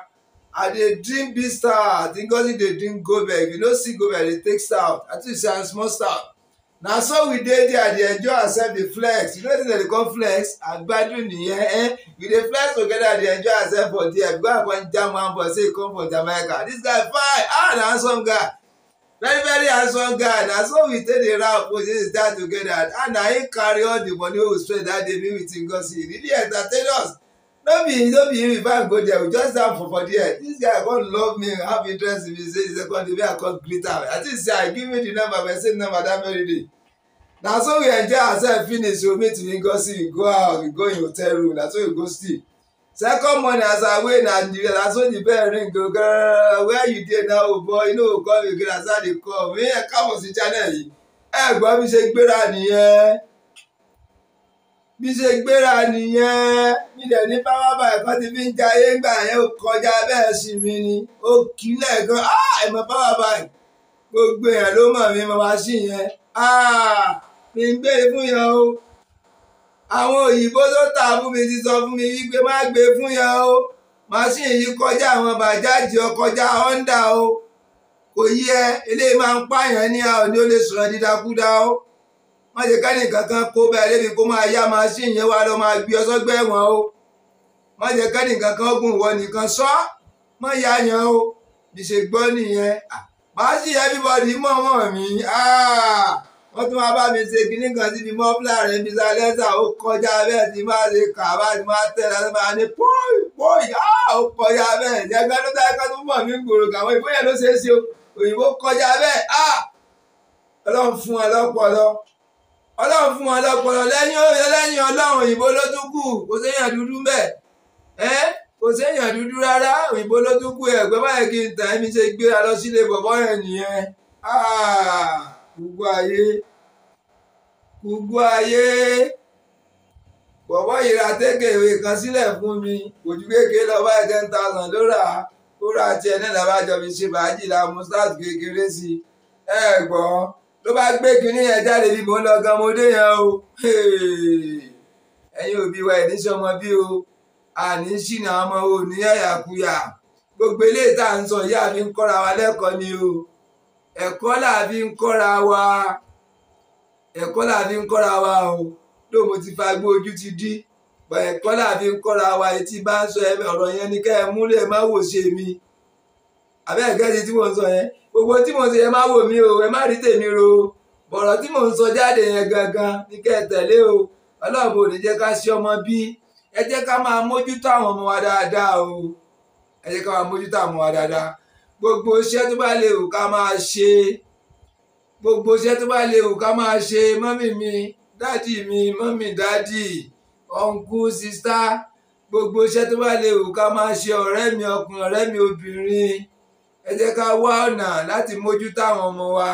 i dey drink big stout ngozi dey drink goldberg you know see goldberg dey take stout i think say i small stout na so we dey there dey enjoy ourselves dey flex you know the thing dem dey call flex agbadun nìyẹn eh we dey flex together dey enjoy ourselves for there go upon jam one boy say he come from jamaica this guy fine ah na handsome guy very very handsome guy na so we take dey round. for this time together and ah, na him carry all the money wey we spend that day me with ngozi he really entertain us no be no be if go there we just am for for there this guy come love me have interest in me say he second day may i come greet i think say i give me the number my same number that very day na so we enjoy ourselves finish we meet go out we go hotel room na so we go sleep second morning as i wake na the na so the bell ring go grrrr where you dey now o oh boy you no go again as i dey call me mi ṣe gbéra nìyẹn. bí ṣe gbéra nìyẹn nílẹ̀ ní pápá ẹ̀kọ́ ti fi ń ja ayé gbà yẹn ó kọjá bẹ́ẹ̀ sì mi ni ó kí lẹ́ẹ̀kan ah! ẹ̀mọ́ pápá báyìí gbogbo yẹn ló mọ̀ mi mo wá sí yẹn ah! mi ń gbé e fún yẹn o àwọn òyìnbó tó tà fún mi ti sọ fún mi wípé má gbé e fún yẹn o màsíìnì yìí kọjá àwọn bàjáàjì ó Honda o kò yí ẹ eléyìí máa ń pààyàn ní àwọn ni ó lè sọ̀rọ̀ dídákúdá o má ṣe kẹ́ni kankan kó bẹ́ẹ̀ lébi kó máa yá màṣíìnì yẹn wá lọ máa gbé ọsọ gbẹ́ wọn o má ṣe kankan ogun ìwọ nìkan sọ má yá yan o bí gbọ́ nìyẹn màá sì everybody mọ̀ mọ̀ mí wọ́n tún máa bá mi ṣe kinní kan síbi mọ́fúlà rẹ̀ bí sálẹ́sà ó kọjá bẹ́ẹ̀ tí máa ṣe kà bá ti máa tẹ̀ láti máa ní pọ́ì pọ́ì ó kọjá bẹ́ẹ̀ ìjàgbá ló dáa ká tó mọ̀ mí gbòòrò káwọn ìbóyè ló ṣeé ṣe òyìnbó kọjá bẹ́ẹ̀ ọlọ́run fún ọ lọ́pọ̀ ọlọ́run fún wọn lọ́pọ̀lọ́ lẹ́yìn lẹ́yìn ọlọ́run òyìnbó ló tún kù kò séèyàn dúdú mbẹ̀ ẹ́ kò séèyàn dúdú rárá òyìnbó ló tún kù ẹ̀gbẹ́ báyìí kí n tàn ẹ́ mi ṣe gbéra lọ sílé bọ̀bọ́ yẹn nìyẹn ah, gbogbo ayé gbogbo ayé bọ̀bọ́ yìí ra tékèwé kan sílẹ̀ fún mi òjú kékeré lọ báyìí ten thousand ló rà ó rà tiẹ̀ náà làbájọ mi ṣe bàájì la mustard kékeré sí ẹ gbọ́n ló bá gbé kinní yẹn jáde bí mò ń lọ gan mo dé yẹn o ẹ̀yin òbí wa ẹ̀ níṣẹ́ ọmọ bí o àní ṣìnà ọmọ o ní yàyàkuyà gbogbo eléyìí tá à ń sọ ìyá mi ń kọ́ra wa lẹ́kọ̀ọ́ ni o ẹ̀kọ́ là fi ń kọ́ra wa ẹ̀kọ́ là fi ń kọ́ra wa o ló mo ti fa gbó ojú ti dí ẹ̀kọ́ là fi ń kọ́ra wa etí bá ń sọ ọ̀rọ̀ yẹn ni kẹ́ ẹ múlẹ̀ má wò ṣe mi àbẹ́ẹ̀kẹ́ ti tí wọ́n sọ yẹn gbogbo tí mo ń ṣe ẹ má wò mí o ẹ má rí tèmi ro bọ̀rọ̀ tí mo ń sọ jáde yẹn gangan ní kẹ́ ẹ tẹ̀lé o ọlọ́run ò ní jẹ́ ká ṣe ọmọ bí ẹ jẹ́ ká máa mójútó àwọn ọmọ wa dáadáa o ẹ jẹ́ ká máa mójútó àwọn ọmọ wa dáadáa gbogbo iṣẹ́ tó bá lè wù ká máa ṣe gbogbo iṣẹ́ tó bá lè wù ká máa ṣe mọ́mì mi dáàdì mi mọ́mì dáàdì ọ̀nkú sísá gbogbo iṣẹ́ tó bá lè wù ká máa ṣe ọ̀rẹ́ mi ọkùnrin ọ̀rẹ́ mi obìnrin ẹ jẹ́ ká wá ọ̀nà láti mójútó àwọn ọmọ wa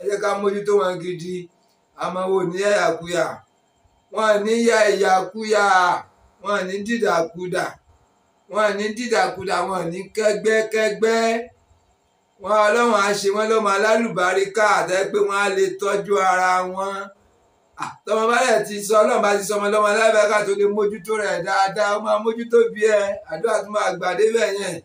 ẹ jẹ́ ká mójútó wọn gidi àmọ́ wo ní ẹ̀yàkuyà wọn ní ya ẹ̀yàkuyà wọn ní dìdàkudà wọn ní dìdàkudà wọn ní kẹ́gbẹ́kẹ́gbẹ́ wọn ọlọ́run á ṣe wọn lọ́mọ alálùbáríkà àtẹ́ pé wọ́n á lè tọ́jú ara wọn tọmọ bá yẹ ti sọ ọlọ́run bá ti sọ ọmọ lọ́mọ alálùbáríkà tó lè mójútó rẹ̀ dáadáa ó máa bí ẹ àdúrà tó máa gbà débẹ̀ yẹn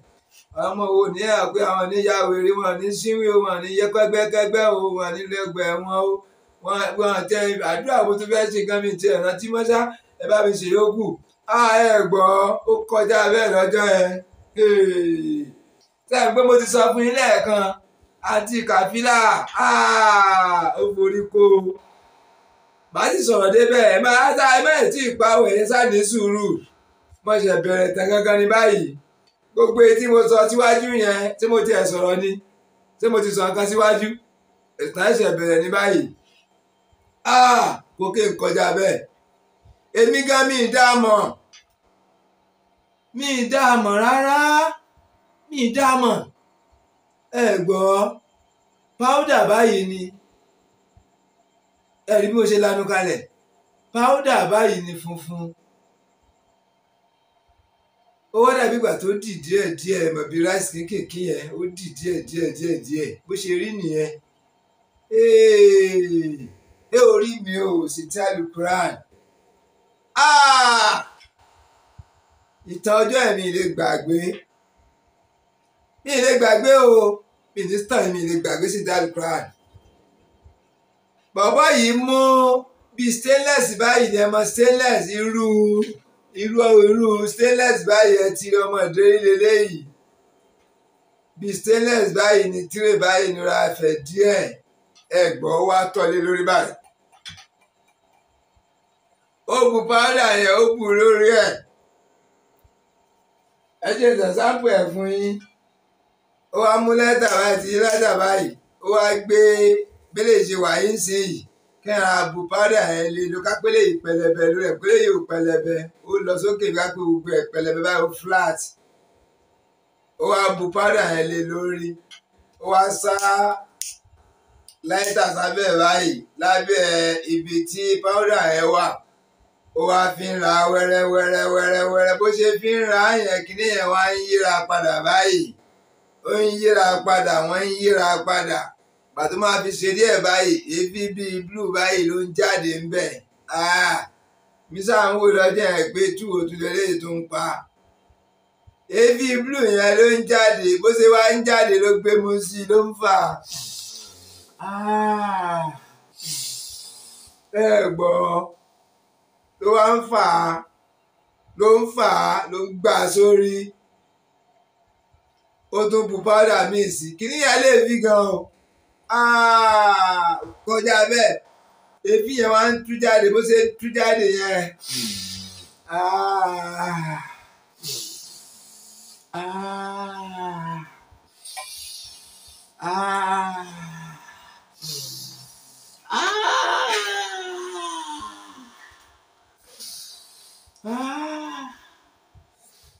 àwọn ọmọ wo ní àpé àwọn níyà wèrè wọn ní síwì wọn ní yẹpẹgbẹkẹgbẹ o wọn ní lẹgbẹ wọn o wọn tẹ àdúrà wo tó fẹ́ ṣe gan mi tiẹ̀ rántí mọ́ṣá ẹ bá mi ṣe yókù á ẹ gbọ́ ó kọjá bẹ́ẹ̀ lọ́jọ́ ẹ sẹ́yìn pé mo ti sọ fún yín lẹ́ẹ̀kan àti kàfílà ó forí kó o màá sì sọ̀rọ̀ débẹ̀ ẹ máa tá ẹ máa tí ì pa òwe ẹ sáà ní sùúrù mo ṣe bẹ̀rẹ̀ tán gangan ní báyìí gbogbo etí mo sọ síwájú yẹn tí mo ti ẹ̀ sọ̀rọ̀ ni tí mo ti sọ nǹkan síwájú ìtàn ẹ̀ṣẹ̀ bẹ̀rẹ̀ ní báyìí ah, kókè ń kọjá bẹ́ẹ̀ èmi gan mi ìdáàmọ̀ mi ìdáàmọ̀ rárá mi ìdáàmọ̀ ẹ gbọ́ páúdà báyìí ni ẹ̀rí bí mo ṣe lanu kalẹ̀ páúdà báyìí ni funfun ó wá dàbí ìgbà tó dì díẹ̀ díẹ̀ mọ̀ bí ráìsì kéékèèké yẹn ó dì díẹ̀ díẹ̀ díẹ̀ díẹ̀ bó ṣe rí nìyẹn ẹ ò rí mi ò sì tí alukuran ah! ìtàn ọjọ́ ẹ̀mí lè gbàgbé mi lè gbàgbé o mínísítà mi lè gbàgbé sí alukuran bàbá yìí mú bíi stainless báyìí ni ẹ mọ stainless irú irú irú stainless báyìí ẹ ti ọmọ ìdérí leléyìí bí stainless báyìí ni tírè báyìí nira ẹfẹ díẹ̀ ẹgbọ wa tọlé lórí báyìí ó bu pàdà yẹn ó bu lórí ẹ ẹ jẹ ìtàsápò ẹ fún yín ó wá mú lẹ́tà báyìí ti lẹ́tà báyìí ó wá gbé bẹ́lẹ̀ ṣe wà yín sí yìí kẹ́ra buhari àyẹ̀lẹ́ ló ká pélé yìí pẹlẹbẹ lórí ẹ̀ pélé yìí ò pẹlẹbẹ ó lọ sókè ká pé gbogbo ẹ̀ pẹlẹbẹ báyìí ó flat ó wá buhari àyẹ̀lẹ́ lórí ó wá sá láìta sábẹ́ báyìí lábẹ́ ibi tí powder ẹ̀ wà ó wá fi ń ra wẹ́rẹ́wẹ́rẹ́ wẹ́rẹ́wẹ́rẹ́ bó ṣe fi ń ra yẹn kíní yẹn wá ń yíra padà báyìí ó ń yíra padà wọ́n ń yíra padà pàtó máa fi ṣe díẹ̀ báyìí èébì bíi blue báyìí ló ń jáde ń bẹ̀ ah, mísà ń wò lọ́jọ́ ẹ̀ pé tú òtún oh lélẹ́yìn tó ń pa èébì blue yẹn ló ń jáde bó ṣe wá ń jáde ló gbé mu sí i ló ń fà ah, ẹ gbọ́ ló wá ń fà á ló ń fà á ló ń gbà sórí ó tún bu powder míì sí kí ni ìyá lè fi gan o. Ah, kọjá bẹ́ẹ̀ èéfín yẹn wá ń tú jáde bó ṣe tú jáde yẹn. Ah. Ah.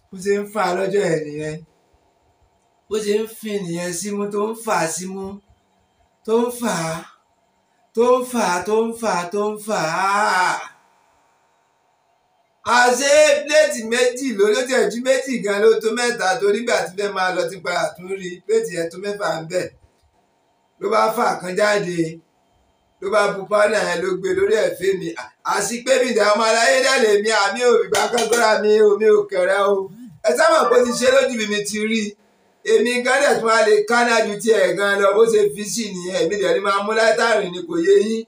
bó ṣe ń fà lọ́jọ́ ẹ̀ nìyẹn bó ṣe ń fin nìyẹn símú tó ń fà símú. Si tó ń fà á tó ń fà á tó ń fà á tó ń fà á. àṣé pléètì méjì lórí ó tiẹ̀ ju méjì gan ló tó mẹ́ta torí gbà tí fẹ́ máa lọ ti padà tún rí pléètì ẹ̀ tó mẹ́fà ń bẹ̀ ló bá fà kan jáde ló bá bu pálọ̀ yẹn ló gbé lórí ẹ̀fẹ́ mi àṣìpébì ìdáwọ́ ọmọ aláyé dálé mi àmì òbí gbàgbọ́ra mi omi òkèrè o ẹ sábà kó ti ṣe lójú mi mi ti rí i èmi gánà tí wọn lè kánà ju tiẹ̀ gan lọ bó ṣe fi sí nìyẹn èmi dẹ̀ ni máa mú látàrí ni kò yé yín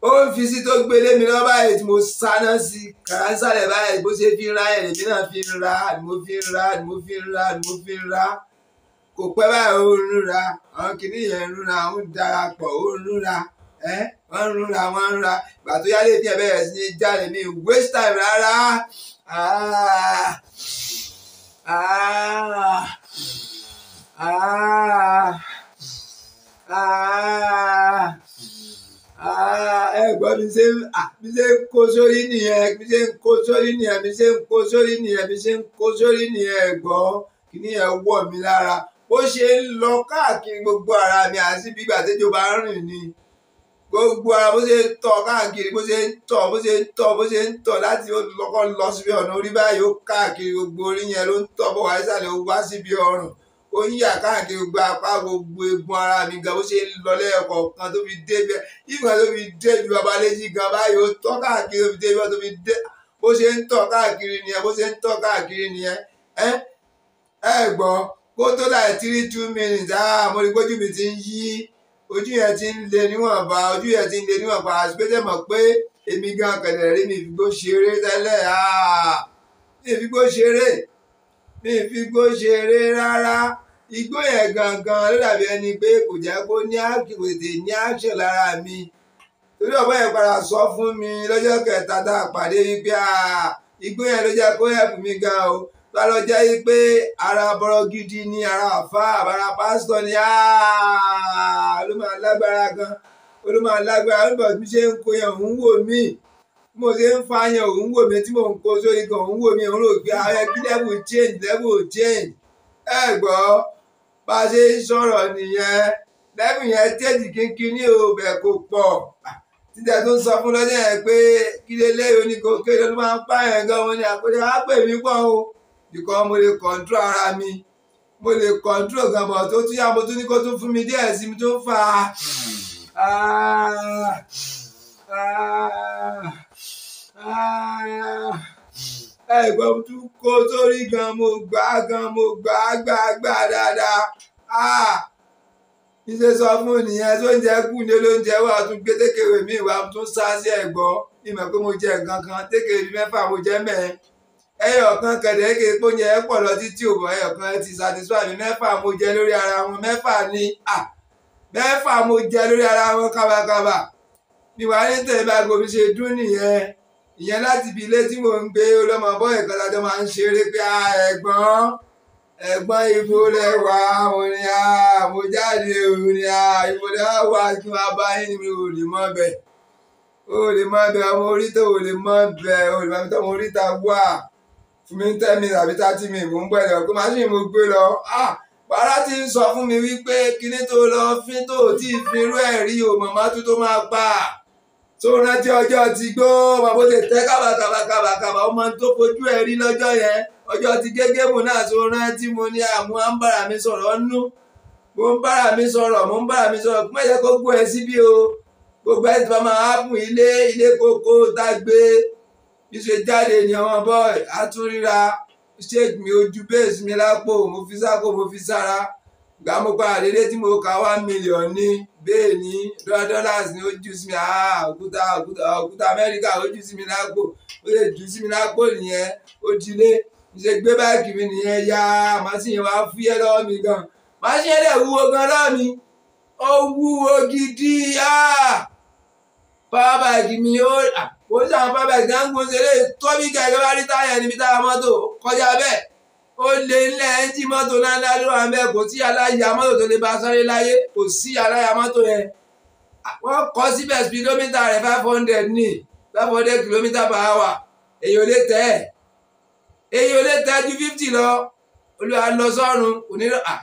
ó ń fi sí tó gbélé mi lọ́wọ́ báyìí tí mo sáná sí kàásàlẹ̀ báyìí bó ṣe fi ra ẹ̀ lèmi náà fi ra ni mo fi ra ni mo fi ra ni mo fi ra kò pẹ́ báyìí ó ń rúra àwọn kìnìún yẹn ń rúra ó ń darapọ̀ ó ń rúra ẹ́ wọ́n ń rúra wọ́n ń rúra ìgbà tó yálé bí ẹ sí ní jáde mi waste time rárá. Ah, ah. Ah, ah ah ah ẹ gbọ́ mi ṣe ah, mi ṣe ń kó sórí nìyẹn mi ṣe ń kó sórí nìyẹn mi ṣe ń kó sórí nìyẹn mi ṣe ń kó sórí nìyẹn ẹ̀gbọ́n kìíní ẹ̀ wọ̀ mí lára bó ṣe ń lọ káàkiri gbogbo ara mi àti bí gbàtẹ́jọba rìn ni gbogbo ara bó ṣe ń tọ káàkiri bó ṣe ń tọ bó ṣe ń tọ bó ṣe ń tọ láti lọkọ lọ síbi ọ̀nà orí báyìí ó káàkiri gbogbo orí yẹn ló ń tọ bó wá ìsàlẹ̀ ó wá síbi ọrùn ó ń yà káàkiri gbogbo apá gbogbo egun ara mi gan bó ṣe ń lọ lẹ́ẹ̀kọ̀ọ̀kan tó fi dé bẹ́ẹ̀ ìgbà tó fi dé ju babaléjì gan báyìí ó tọ káàkiri tó fi dé bá tó fi dé bó ṣe ń tọ káàkiri nìyẹn bó ṣe ń tọ káàkiri nìyẹn ẹ ẹ kó tó láì tírí two minutes ah ojú yẹn ti ń le níwọ̀nba ojú yẹn ti ń le níwọ̀nba àsìpẹ́tẹ̀ mọ̀ pé èmi gan kẹ̀lẹ̀ rí mi fi gbó ṣeré tẹ́lẹ̀ mi fi gbó ṣeré mi fi gbó ṣeré rárá igbó yẹn gangan ló dàbí ẹni pé kò jẹ́ kó ní àkìwètè ní àṣẹ lára mi torí ọ̀pọ̀ yẹn padà sọ fún mi lọ́jọ́ kẹta tá a pàdé wípé igbó yẹn ló jẹ́ kó help mi gan o tọ́lọ́ jẹ́ pé ara bọ̀rọ̀ gidi ni ara àfa àbára pásítọ̀ ni olùmọ̀ alágbára gan olùmọ̀ alágbára olùmọ̀ mi ṣe ń kó yẹn òun wò mí mo ṣe ń fa yẹn òun wò mí tí mò ń kó sórí gan òun wò mí òun rò pé ààrẹ kí level change level change ẹ gbọ́ bá a ṣe ń sọ̀rọ̀ nìyẹn level yẹn tẹ́jì kínkín ní òbẹ̀ kò pọ̀ títẹ̀ tó ń sọ fún lọ́jọ́ yẹn pé kí lélẹ́yìn oníkókè ló máa ń pààyàn gan wọn ni àkójọ because mo lè control ara mi mo lè control gan bọ̀ tó tún yá mo tún ní kó tún fún mi díẹ̀ sí mi tó fà á hmm. ah, ah, ah. ẹ̀gbọ́n mo tún kó sórí gan mo gbà gan mo gbà gbà gbà dáadáa ìṣe sọ fún nìyẹn tó ń jẹ kú ní olóúnjẹ wà tún gbé tékèwé mi ìwà tún sá sí ẹ̀gbọ́n ìmọ̀ pé mo jẹ nǹkan kan tékèwé mẹ́fà mo jẹ mẹ́rin ẹyọ̀kan kẹ̀dẹ́gẹ́ epo yẹn pọ̀ lọ títí òbọ̀ ẹyọ̀kan ti satisfy mi mẹ́fà mo jẹ lórí ara wọn mẹ́fà ni mẹ́fà mo jẹ lórí ara wọn kábàkábà ni wàá ní tẹ̀ bá gbomi ṣe dún nìyẹn ìyẹn láti ibi ilé tí mò ń gbé ọlọ́mọ bọ́ọ̀yì kan lájọ́ máa ń ṣeré pé ẹ̀gbọ́n ẹ̀gbọ́n ibo lẹ́wà mo ní à mo jáde mo ní à ibo lẹ́wà kí wọ́n bá yín mi ò lè mọ́ bẹ̀ ò lè mọ́ bẹ̀ ọmọ orí tó ò lè mọ́ bẹ̀ ò lè mọ́ bẹ̀ ọmọ orí ta wà fún mi ten minutes àbí thirty minutes mo ń bọ̀ ẹ̀ lọ pé machine mo gbé lọ ah bàrà ti ń sọ fún mi wípé kíní tó lọ fi tó tí ì fi irú ẹ̀ rí o màmá tó tó máa gbà tó rántí ọjọ́ ti gbó bàbá tè tẹ́ kábàkàbàkàbàkàbà ọmọ tó fojú ẹ̀ rí lọ́jọ́ yẹn ọjọ́ ti gégé mu náà tó rántí mo ní àmú à ń bára mi sọ̀rọ̀ nú mo ń bára mi sọ̀rọ̀ mo ń bára mi sọ̀rọ̀ kí mẹ́jẹ̀ kó gún ẹ síbí o gbogbo ẹ̀ ti bá máa hápùn ṣe jáde ni àwọn bọ́ọ̀ì àtúnríra ṣéèkì mi ojú bẹ́ẹ̀sì mi lápò mo fi sáko mo fi sára gbà mo pa àdédé tí mo ka one million ní bẹ́ẹ̀ ní dollars ní ojú sí mi ah, òkúta òkúta òkúta amẹ́ríkà ojú sí mi lápò ó lè jù sí mi lápò nìyẹn ó ti lé ṣe gbé báàgì mi nìyẹn ya màsín yẹn wá fúyẹ́ lọ́wọ́ mi gan màsín yẹn dẹ̀ wúwo gan lọ́wọ́ mi ó wúwo gidi ah! pàápàá báàgì mi ó. Ah! oníṣẹ́ àwọn pápá ìgbàǹgbò ṣeré tọ́bí kẹ̀kẹ́ bá rí táyà níbi táyà mọ́tò kọjá bẹ́ẹ̀ ó lé ńlẹ̀ ẹ́ńjì mọ́tò náà ló wà mẹ́ kò sí aláya mọ́tò tó lè bá sáré láyé kò sí aláya mọ́tò yẹn wọ́n kọ́ síbẹ̀ speedometer rẹ̀ five hundred ní five hundred kilometer per hour èyí ò lè tẹ́ ẹ̀ èyí ò lè tẹ́ ju fifty lọ olùwà lọ sọ́run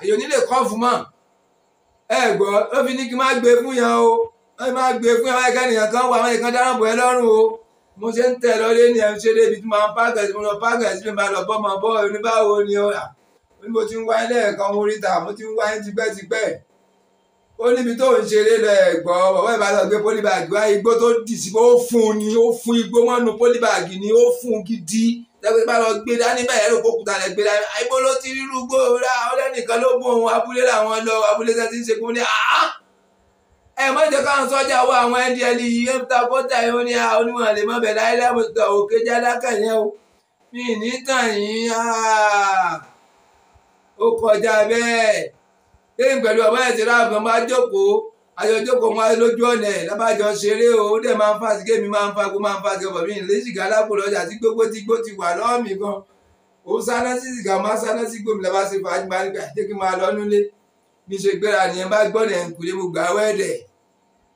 èyí ò ní lè kọ́ fún mọ́ ẹ gbọ́ ló fi ní kí n má gbé fún yẹn o wọ́n máa gbé fún ẹ̀wọ̀n ẹ̀ka nìyẹn kan wọ àwọn ẹ̀kan dáràn bọ̀ ẹ́ lọ́rùn o mo ṣe ń tẹ̀ lọ́lé ní ẹ̀ ń ṣe débi tí mo máa ń pàgẹ́ sí mo lọ pàgẹ́ sí mi máa lọ bọ́ máa bọ́ ni ó rà ó ní mo ti ń wáyé lẹ́ẹ̀kan mo ríta mo ti ń wáyé tipẹ́tipẹ́ ó níbi tó ń ṣeré lọ ẹ̀gbọ́ bàbá ìbátan gbé pólíbàgì wá igbó tó dì sí ó fún ni ó fún igbó wọn pólíbàgì ni ó fún gidi lẹ́gbẹ́ bá gbé dání bẹ́ẹ̀ ló kókùtà lẹ́ gbé dání ibo ló ti rírú gbó rà ó lẹ́nìkan ló bóun abúlé làwọn lọ abúlé tẹ́ ti ń ṣe kún ní àá ẹ má jẹ́ káwọn sọ́jà wọ àwọn ẹni ẹni e yìí ń ta bọ́tà yìí ó ní onímọ̀ lè má bẹ̀ láyé lámùtà òkè jálákà yẹn o mi ní tàn yín ó kọjá bẹ́ẹ̀ lẹ́yìn pẹ̀lú ọ̀bá ẹ̀ ti rà bọ́n bá jókòó àjọjókòó wọn lójú ọ̀nà ẹ̀ lábàjọ ṣeré o ó dẹ̀ máa ń fa sí gémi máa ń fa kó máa ń fa sí ọ̀bọ̀ mi ìlé sìgá lápò lọ́jà tí gbogbo tí gbó ti wà lọ́ọ̀mì gan ó sáná sí sìgá máa sáná sí gbòmí lọ́ba ṣe fàájì máa ń gbà jẹ́ kí n máa lọ́nú lé níṣẹ́ gbéra nìyẹn bá gbọ́dọ̀ ẹ̀ ń kúlé mo gbà wẹ́ẹ̀dẹ̀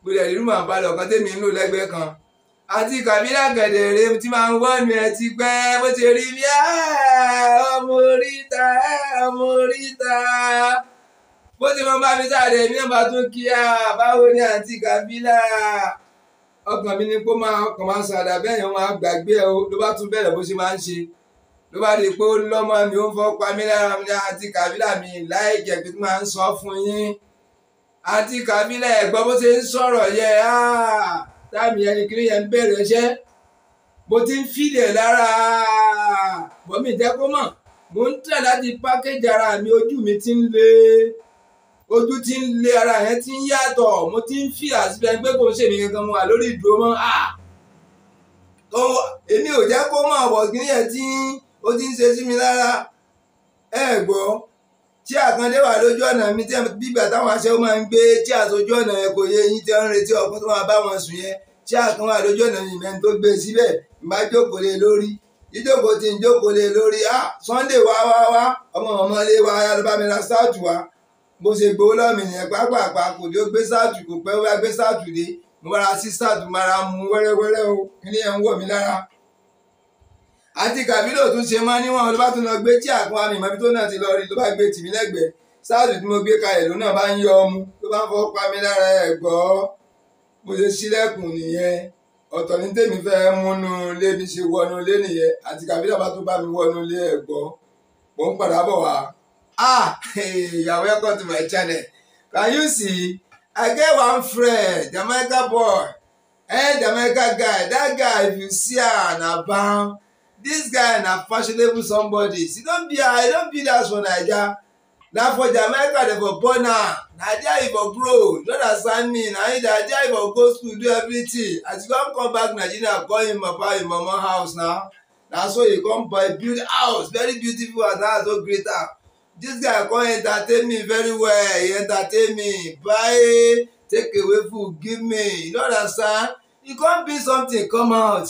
gbọdọ̀ ìlú màá balẹ̀ ọ̀kan tèmi ń lò lẹ́gbẹ̀ẹ́ kan àti kàbílà gẹ̀dẹ̀rẹ̀ tí máa ń wọ́n mi ẹ ti pẹ́ bó ti rí mi ọmọ oríta ọmọ oríta bó ti mọ bá mi sáré mi ọba tó kí a báwo ni àǹtí kàbílà ọkàn mi ni pé máa ọkàn máa sàdà bẹ́ẹ̀ yẹn máa gbàgbé ẹ ló bá tún bẹ̀rẹ̀ bó ṣe máa ń ṣe ló bá rí i pé ó lọ́mọ mi ó fọ́ pa mí lára mi àǹtí kàbílà mi láì jẹ̀bi tí máa ń sọ fún yín àti kàmílẹ̀ ẹ̀gbọ́n bó ṣe ń sọ̀rọ̀ yẹ ah, táàmì ẹni kiri yẹn ń bẹ̀rẹ̀ ṣẹ́ mo ti ń fìlẹ̀ lára bọ́mí jẹ́ kó mọ̀ mo ń tẹ̀ láti pákéjì ara mi ojú mi ti ń le ojú ti ń le ara yẹn ti ń yàtọ̀ mo ti ń fi àsìlẹ̀ pé kò ń ṣèmi kankan mo wà lórí ìdúró mọ́ a ah! èmi ò jẹ́ kó mọ̀ bọ̀ kí ni yẹn ti ó ti ń ṣe sí mi lára ẹ̀ gbọ́ tí àkàndé wà lójú ọ̀nà mi tí bígbà táwọn aṣẹ́wó máa ń gbé tí àtòjú ọ̀nà yẹn kò yé yín tí wọ́n ń retí ọkùn tó máa bá wọn sùn yẹn tí àkàn wà lójú ọ̀nà mi mẹ́ni tó gbé e síbẹ̀ má jókòó lé e lórí jíjókòó tí ń jókòó lé e lórí á ah, Sunday wá wá wá ọmọ ọmọ ilé wa ya sáàtù wa bó ṣe gbowó lọ́mì yẹn pápápá kò ló gbé sáàtù kò pẹ́ wá gbé sáàtù dé mo bára sí sáàtù mara mu wẹ́rẹ́wẹ́rẹ́ o kí ẹ̀ ń wọ̀ mí lára àti kàbílò tún ṣe mọ́ níwọ̀n ló bá tún lọ gbé tí àkún àmì ìmọ̀bí tó náà ti lọ rí ló bá gbé tìmí lẹ́gbẹ̀ẹ́ sáàtù tí mo gbé kalẹ̀ ló náà bá ń yọ ọmú ló bá ń fọ́ pa lára ẹ̀ mo ṣe sílẹ̀kùn nìyẹn ọ̀tọ̀ ní tèmi fẹ́ múnú mi ṣe wọnú nìyẹn àti bá mi wọnú ẹ̀ gbọ́ mò ń padà bọ̀ wá. Ah, i get one friend Jamaica boy eh Jamaica guy that guy you see am na bam. This guy na fashionable somebody see don be i don be that for naija na for jamaica dem for born am na there e for grow you understand me na he na there e for go school do everything as e come come back nigeria call him papa him mama house na na so e come buy build house very beautiful and house so great am ah. dis guy come entertain me very well he entertain me buy take away food give me you understand e come be something come out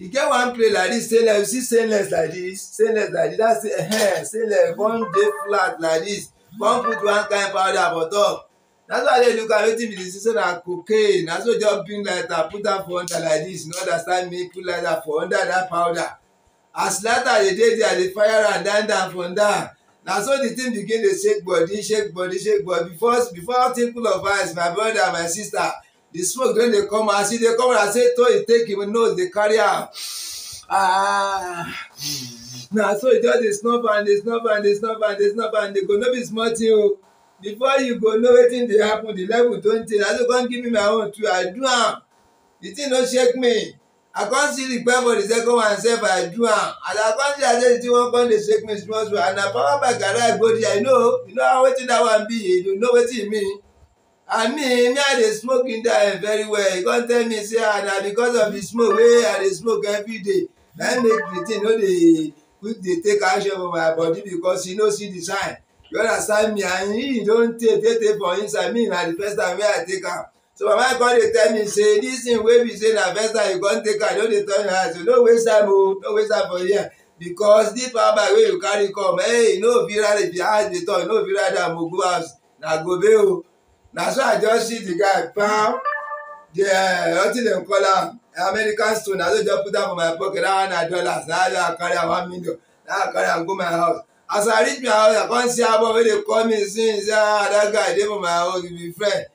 e get one place like this stainless you see stainless like this stainless like this that's it. uh, stainless one dey flat like this come put one kind powder for top na so i dey look at wetin be the so na cocaine na so just bring lighter put am for under like this you no understand me put lighter for under that powder as lighter dey dey there dey fire am down down from down na so the thing begin dey shake body shake body shake body before before tinkle of eyes my brother my sister the smoke don dey come as e dey come na say to e take him nose dey carry am ah na so e just dey snuff and dey snuff and dey snuff and dey snuff and dey go no be small thing o before you go know wetin dey happen the level don change na so come give me my own too i do am the thing no shake me i come see the pepper the second one sef i do am as i come see am say the thing wan come dey shake me small small and na power bank arrive go there you know you know how wetin that one be you know wetin e mean i mean me i dey smoke india very well He come tell me say na ah, because of the smoke wey eh, i dey smoke every day na im make the thing no dey quick dey take action for my body because he no see the sign you understand me and he don tey tey tey for inside me na the first time wey i take am so mama come dey tell me say this thing wey be say na first time you come take am no dey turn your eyes so no waste time o oh, no waste time for here because this power bag wey you carry come hey eh, no fit ride if your eyes dey turn no fit ride am ogun house na gobe o. Oh na so i just see the guy pound the uh, wetin dem call am american stone na so just put am for my pocket that one na dollars na how i carry am one million na how i carry am go my house as i reach my house i come see abo wey dey call me since say ah that guy dey for my house we be friend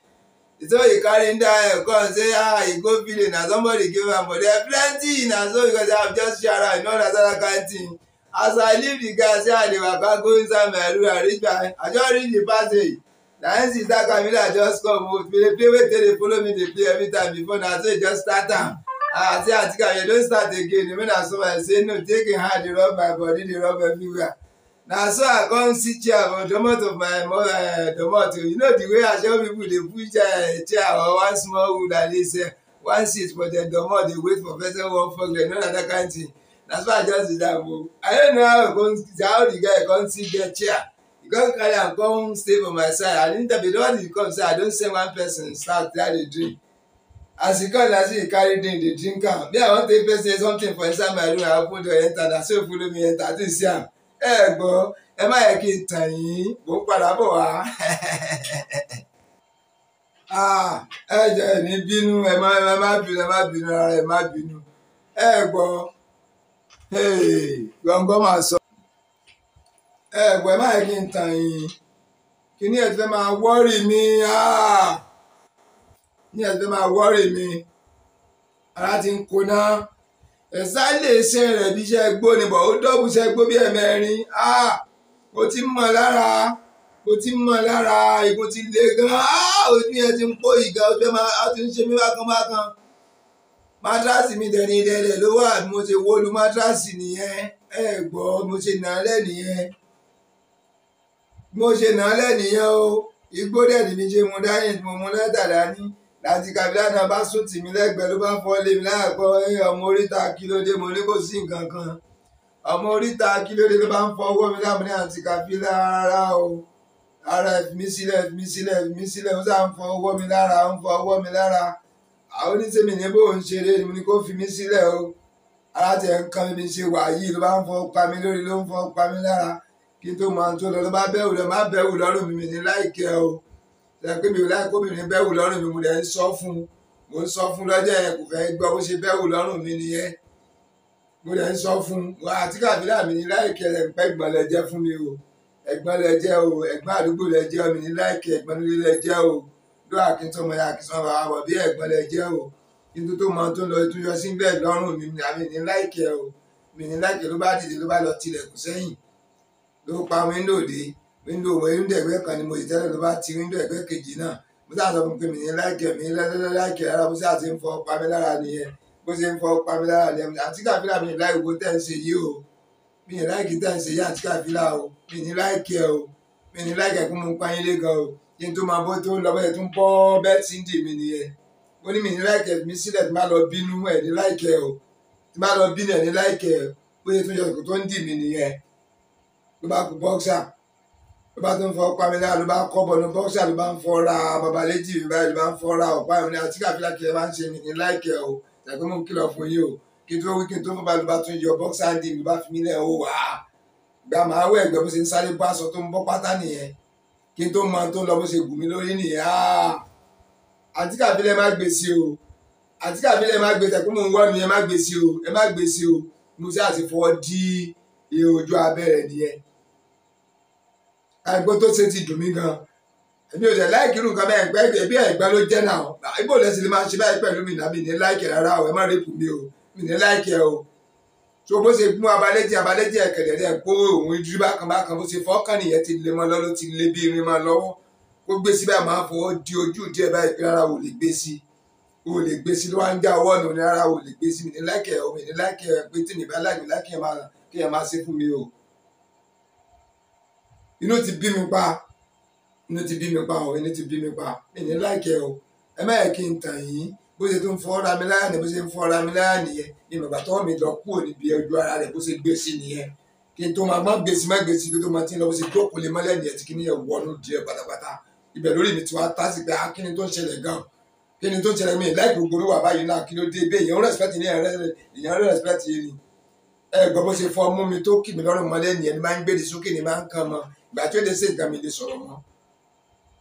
so oh, he carry him down here come say ah he go village na somebody give am but there plenty na so because i just share am you know that that kind thing as i leave the guy say i ah, dey waka go inside my room i reach my i just reach the passage na him sister camilla just come o oh, play play wey dey dey follow me dey play every time before na so e just start am ah say aunty you don start again when i saw I say no take him hand dey rub my body dey rub everywhere na so i come see chair for domot of my uh, eh, domot you know the way ashawo people dey put chair eh, chair or one small wood at least uh, one seat for their domot dey wait for person one fok dem no na that kind thing na so i just do that o i don't know how i come how the guy come still get chair Go carry am come stay for my side and interview the one he come say i don send one person start try dey drink as he come na so he carry drink dey drink am me i wan take person something for inside my room i open door enter na so he follow me enter i think see am ẹ gbọ́ ẹ má yẹ kí n tàn yín mò ń padà bọ̀ wá ah, ẹ jẹ ní bínú ẹ má ẹ má bínú ẹ má bínú ara ẹ má bínú ẹ gbọ́ gbọ̀ngàn máa sọ ẹ̀gbẹ́ báyìí kí n tàn yín kíní ẹ̀ ti fẹ́ máa wọ́rì mi ní ah! ẹ̀ ti fẹ́ máa wọ́rì mi ara ti ń koná ẹ̀sá lè ṣe rẹ̀ bí iṣẹ́ gbó ni bọ̀ ó dọ́bù iṣẹ́ gbó bí ẹ̀mẹrin kò ah! ti mọ̀ lára kò ti mọ̀ lára ìkò ti le gan-an ah! ojú yẹn ti ń pò ìgà ojú yẹn máa ti ń ṣe mí bákan bákan mátrasì mi dẹni dẹdẹ ló wà mo ti wọlu mátrasì nìyẹn ẹ gbọ́ mo ti nà á lẹ́ nìyẹn mo ṣe nà án lẹ́nìyàn o igbó dẹ̀ ní ṣe mo dáyìn mo mú lẹ́tà dání láti kabila náà bá sùn tì mí lẹ́gbẹ̀ẹ́ ló bá fọ́ lé mi láàpọ̀ ọmọ oríta kílódé mo ní kò sí nǹkan kan ọmọ oríta kílódé ló bá ń fọ ọwọ́ mi láàmú ní àti kabila rárá o ara ẹ̀fìmí sílẹ̀ ẹ̀fìmí sílẹ̀ ẹ̀fìmí sílẹ̀ ó sáà ń fọ ọwọ́ mi lára ń fọ ọwọ́ mi lára àwọn oníṣẹ́mi ní bò ń ṣeré ni mo ní kó fi mí sílẹ̀ o ara tẹ̀ ń kan mi ṣe wàyí ló bá ń fọ pa mí lórí ló ń fọ pa mí lára kí tó máa tó lọ bá bẹ̀wù lọ má bẹ̀wù lọ́rùn mi ní láìkẹ́ o ṣàpé mi ò láìkó mi ní bẹ̀wù lọ́rùn mi mo lè ń sọ fún mo ń sọ fún lọ́jọ́ yẹn kò fẹ́ gbọ́ bó ṣe bẹ̀wù lọ́rùn mi nìyẹn mo lè ń sọ fún àti kàbílà mi ní láìkẹ́ ẹ̀ pẹ́ ìgbọ́n lẹ jẹ́ fún mi o ẹ̀gbọ́n lẹ jẹ́ o ẹ̀gbọ́n àdúgbò lẹ jẹ́ mi ní láìkẹ́ ẹ̀gbọ́n nílé lẹ jẹ́ o ló àkíntàn mọ̀ àkíntàn bàbá wọ̀ bí ẹ̀gbọ́n lẹ jẹ́ o nítorí tó mọ tó lọ tó yọ sí bẹ́ẹ̀ lọ́rùn mi àmì ní láìkẹ́ o mi ní láìkẹ́ ló bá dìde ló bá lọ tilẹ̀kùn sẹ́yìn ló pa wíńdò dé wíńdò wíńdò ẹgbẹ́ kan ni mo sì tẹ́lẹ̀ ló bá ti wíńdò ẹgbẹ́ kejì náà mo sáà sọ fún pé mi ní láìkẹ́ mi lẹ́lẹ́lẹ́ láìkẹ́ rárá mo sáà ti ń fọ pa mi lára nìyẹn bó ṣe ń fọ pa mi lára nìyẹn àti káfíńlà mi ní láì wo tẹ́ ń ṣe yìí o mi ní láìkì tẹ́ ń ṣe yìí àti káfíńlà o mi ní láìkẹ́ o mi ní láìkẹ́ kó mo ń payín lé gan o kí n tó máa bó tó lọ bẹ́ẹ̀ tó ń bọ́ bẹ́ẹ̀ tí ń dì mí nìyẹn ó ní mi ní láìkẹ́ mi sílẹ̀ tí má lọ bínú ẹ̀ ní láìkẹ́ o tí má lọ bínú ẹ̀ ní láìkẹ́ o bó ṣe tó yọ ló bá kú bọ́ksà ló bá tó ń fọ ọpá mi lára ló bá kọ́ bọ̀ ló bọ́ksà ló bá ń fọ́ra babaléjì mi báyìí ló bá ń fọ́ra ọ̀pá mi lára tí kàfílà kìlẹ̀ bá ń ṣe nìyí láìkẹ́ o tàbí mo kìlọ̀ fún yín o kí n tó wí kí n tó fún balùwà tó ń yọ bọ́ksà ń dì mí bá fi mí lẹ̀ o wà á gba màá wẹ̀ gbọ́ bó ṣe ń sáré bọ́ aṣọ tó ń bọ́ pátá nìyẹn kí n tó mọ tó ń lọ bó ṣe gùn mí lórí nìyẹn àti kàfílẹ̀ má gbé sí o àti kàfílẹ̀ má gbé tẹ̀kú mò ń wọ́ mi ẹ má gbé sí o ẹ má gbé sí o mo ṣe àti fọwọ́ dí iye abẹ́rẹ́ nìyẹn àìgbọ́n tó ṣe ti dùn mí gan èmi ò tẹ̀ láìkì irú nǹkan bẹ́ẹ̀ ẹ̀gbẹ́ ẹ̀bí ẹ̀gbẹ́ ló jẹ́ náà ibo lẹ́sìn lè máa ṣe báyìí pẹ̀lú mi nàbí ní láìkì rárá o ẹ má rẹ́pù mi o mi ní láìkì ẹ o tó bó ṣe mú abalẹ́jì abalẹ́jì ẹ̀kẹ̀dẹ̀ rẹ̀ kó òun ijú bákan bákan bó ṣe fọ́kàn nìyẹn ti lé mọ́ lọ́wọ́ ti lé bí irin mọ́ lọ́wọ́ kó gbé sí báyìí máa fọwọ́ di ojú díẹ̀ báyìí rárá o lè gbé sí o lè gbé sí ló wá ń já ọwọ́ nù rárá o lè gbé sí mi ní láìkì ẹ o mi ní láìkì ẹ pé tí mi bá láìkì láìkì ẹ máa kí ẹ máa ṣe fún mi o inú ti bí mi pa inú ti bí mi pa o inú ti bí mi pa ìní láìkẹ́ o ẹ má yẹ kí n tàn yín bó ṣe tó ń fọ́ ra mi láyà ni bó ṣe ń fọ́ ra mi láyà nìyẹn ni bàbá tó mi lọ kúrò níbi ojú ara rẹ̀ bó ṣe gbé sí nìyẹn kí n tó máa má gbèsè má gbèsè kí n tó máa ti lọ bó ṣe jókòó lé mọ́lẹ̀ nìyẹn tí kì í yẹ wọnú díẹ̀ pátápátá ibẹ̀ lórí mi ti wá tá sí pé a ah, kí ni tó ń ṣẹlẹ̀ gan kí ni tó ń ṣẹlẹ̀ mi láì gbogbo ló wà báyìí náà kí ló dé bẹ́ẹ̀ èèyàn respect ní èèyàn respect ni ẹ gbọ́ bó ṣe fọ́ mú mi tó kì mí lọ́rùn mọ́lẹ̀ nìyẹn ni máa ń gbèdè sókè ni máa ń kan mọ́ gbà tí ó lè ṣe nǹkan mi lè sọ̀rọ̀ mọ́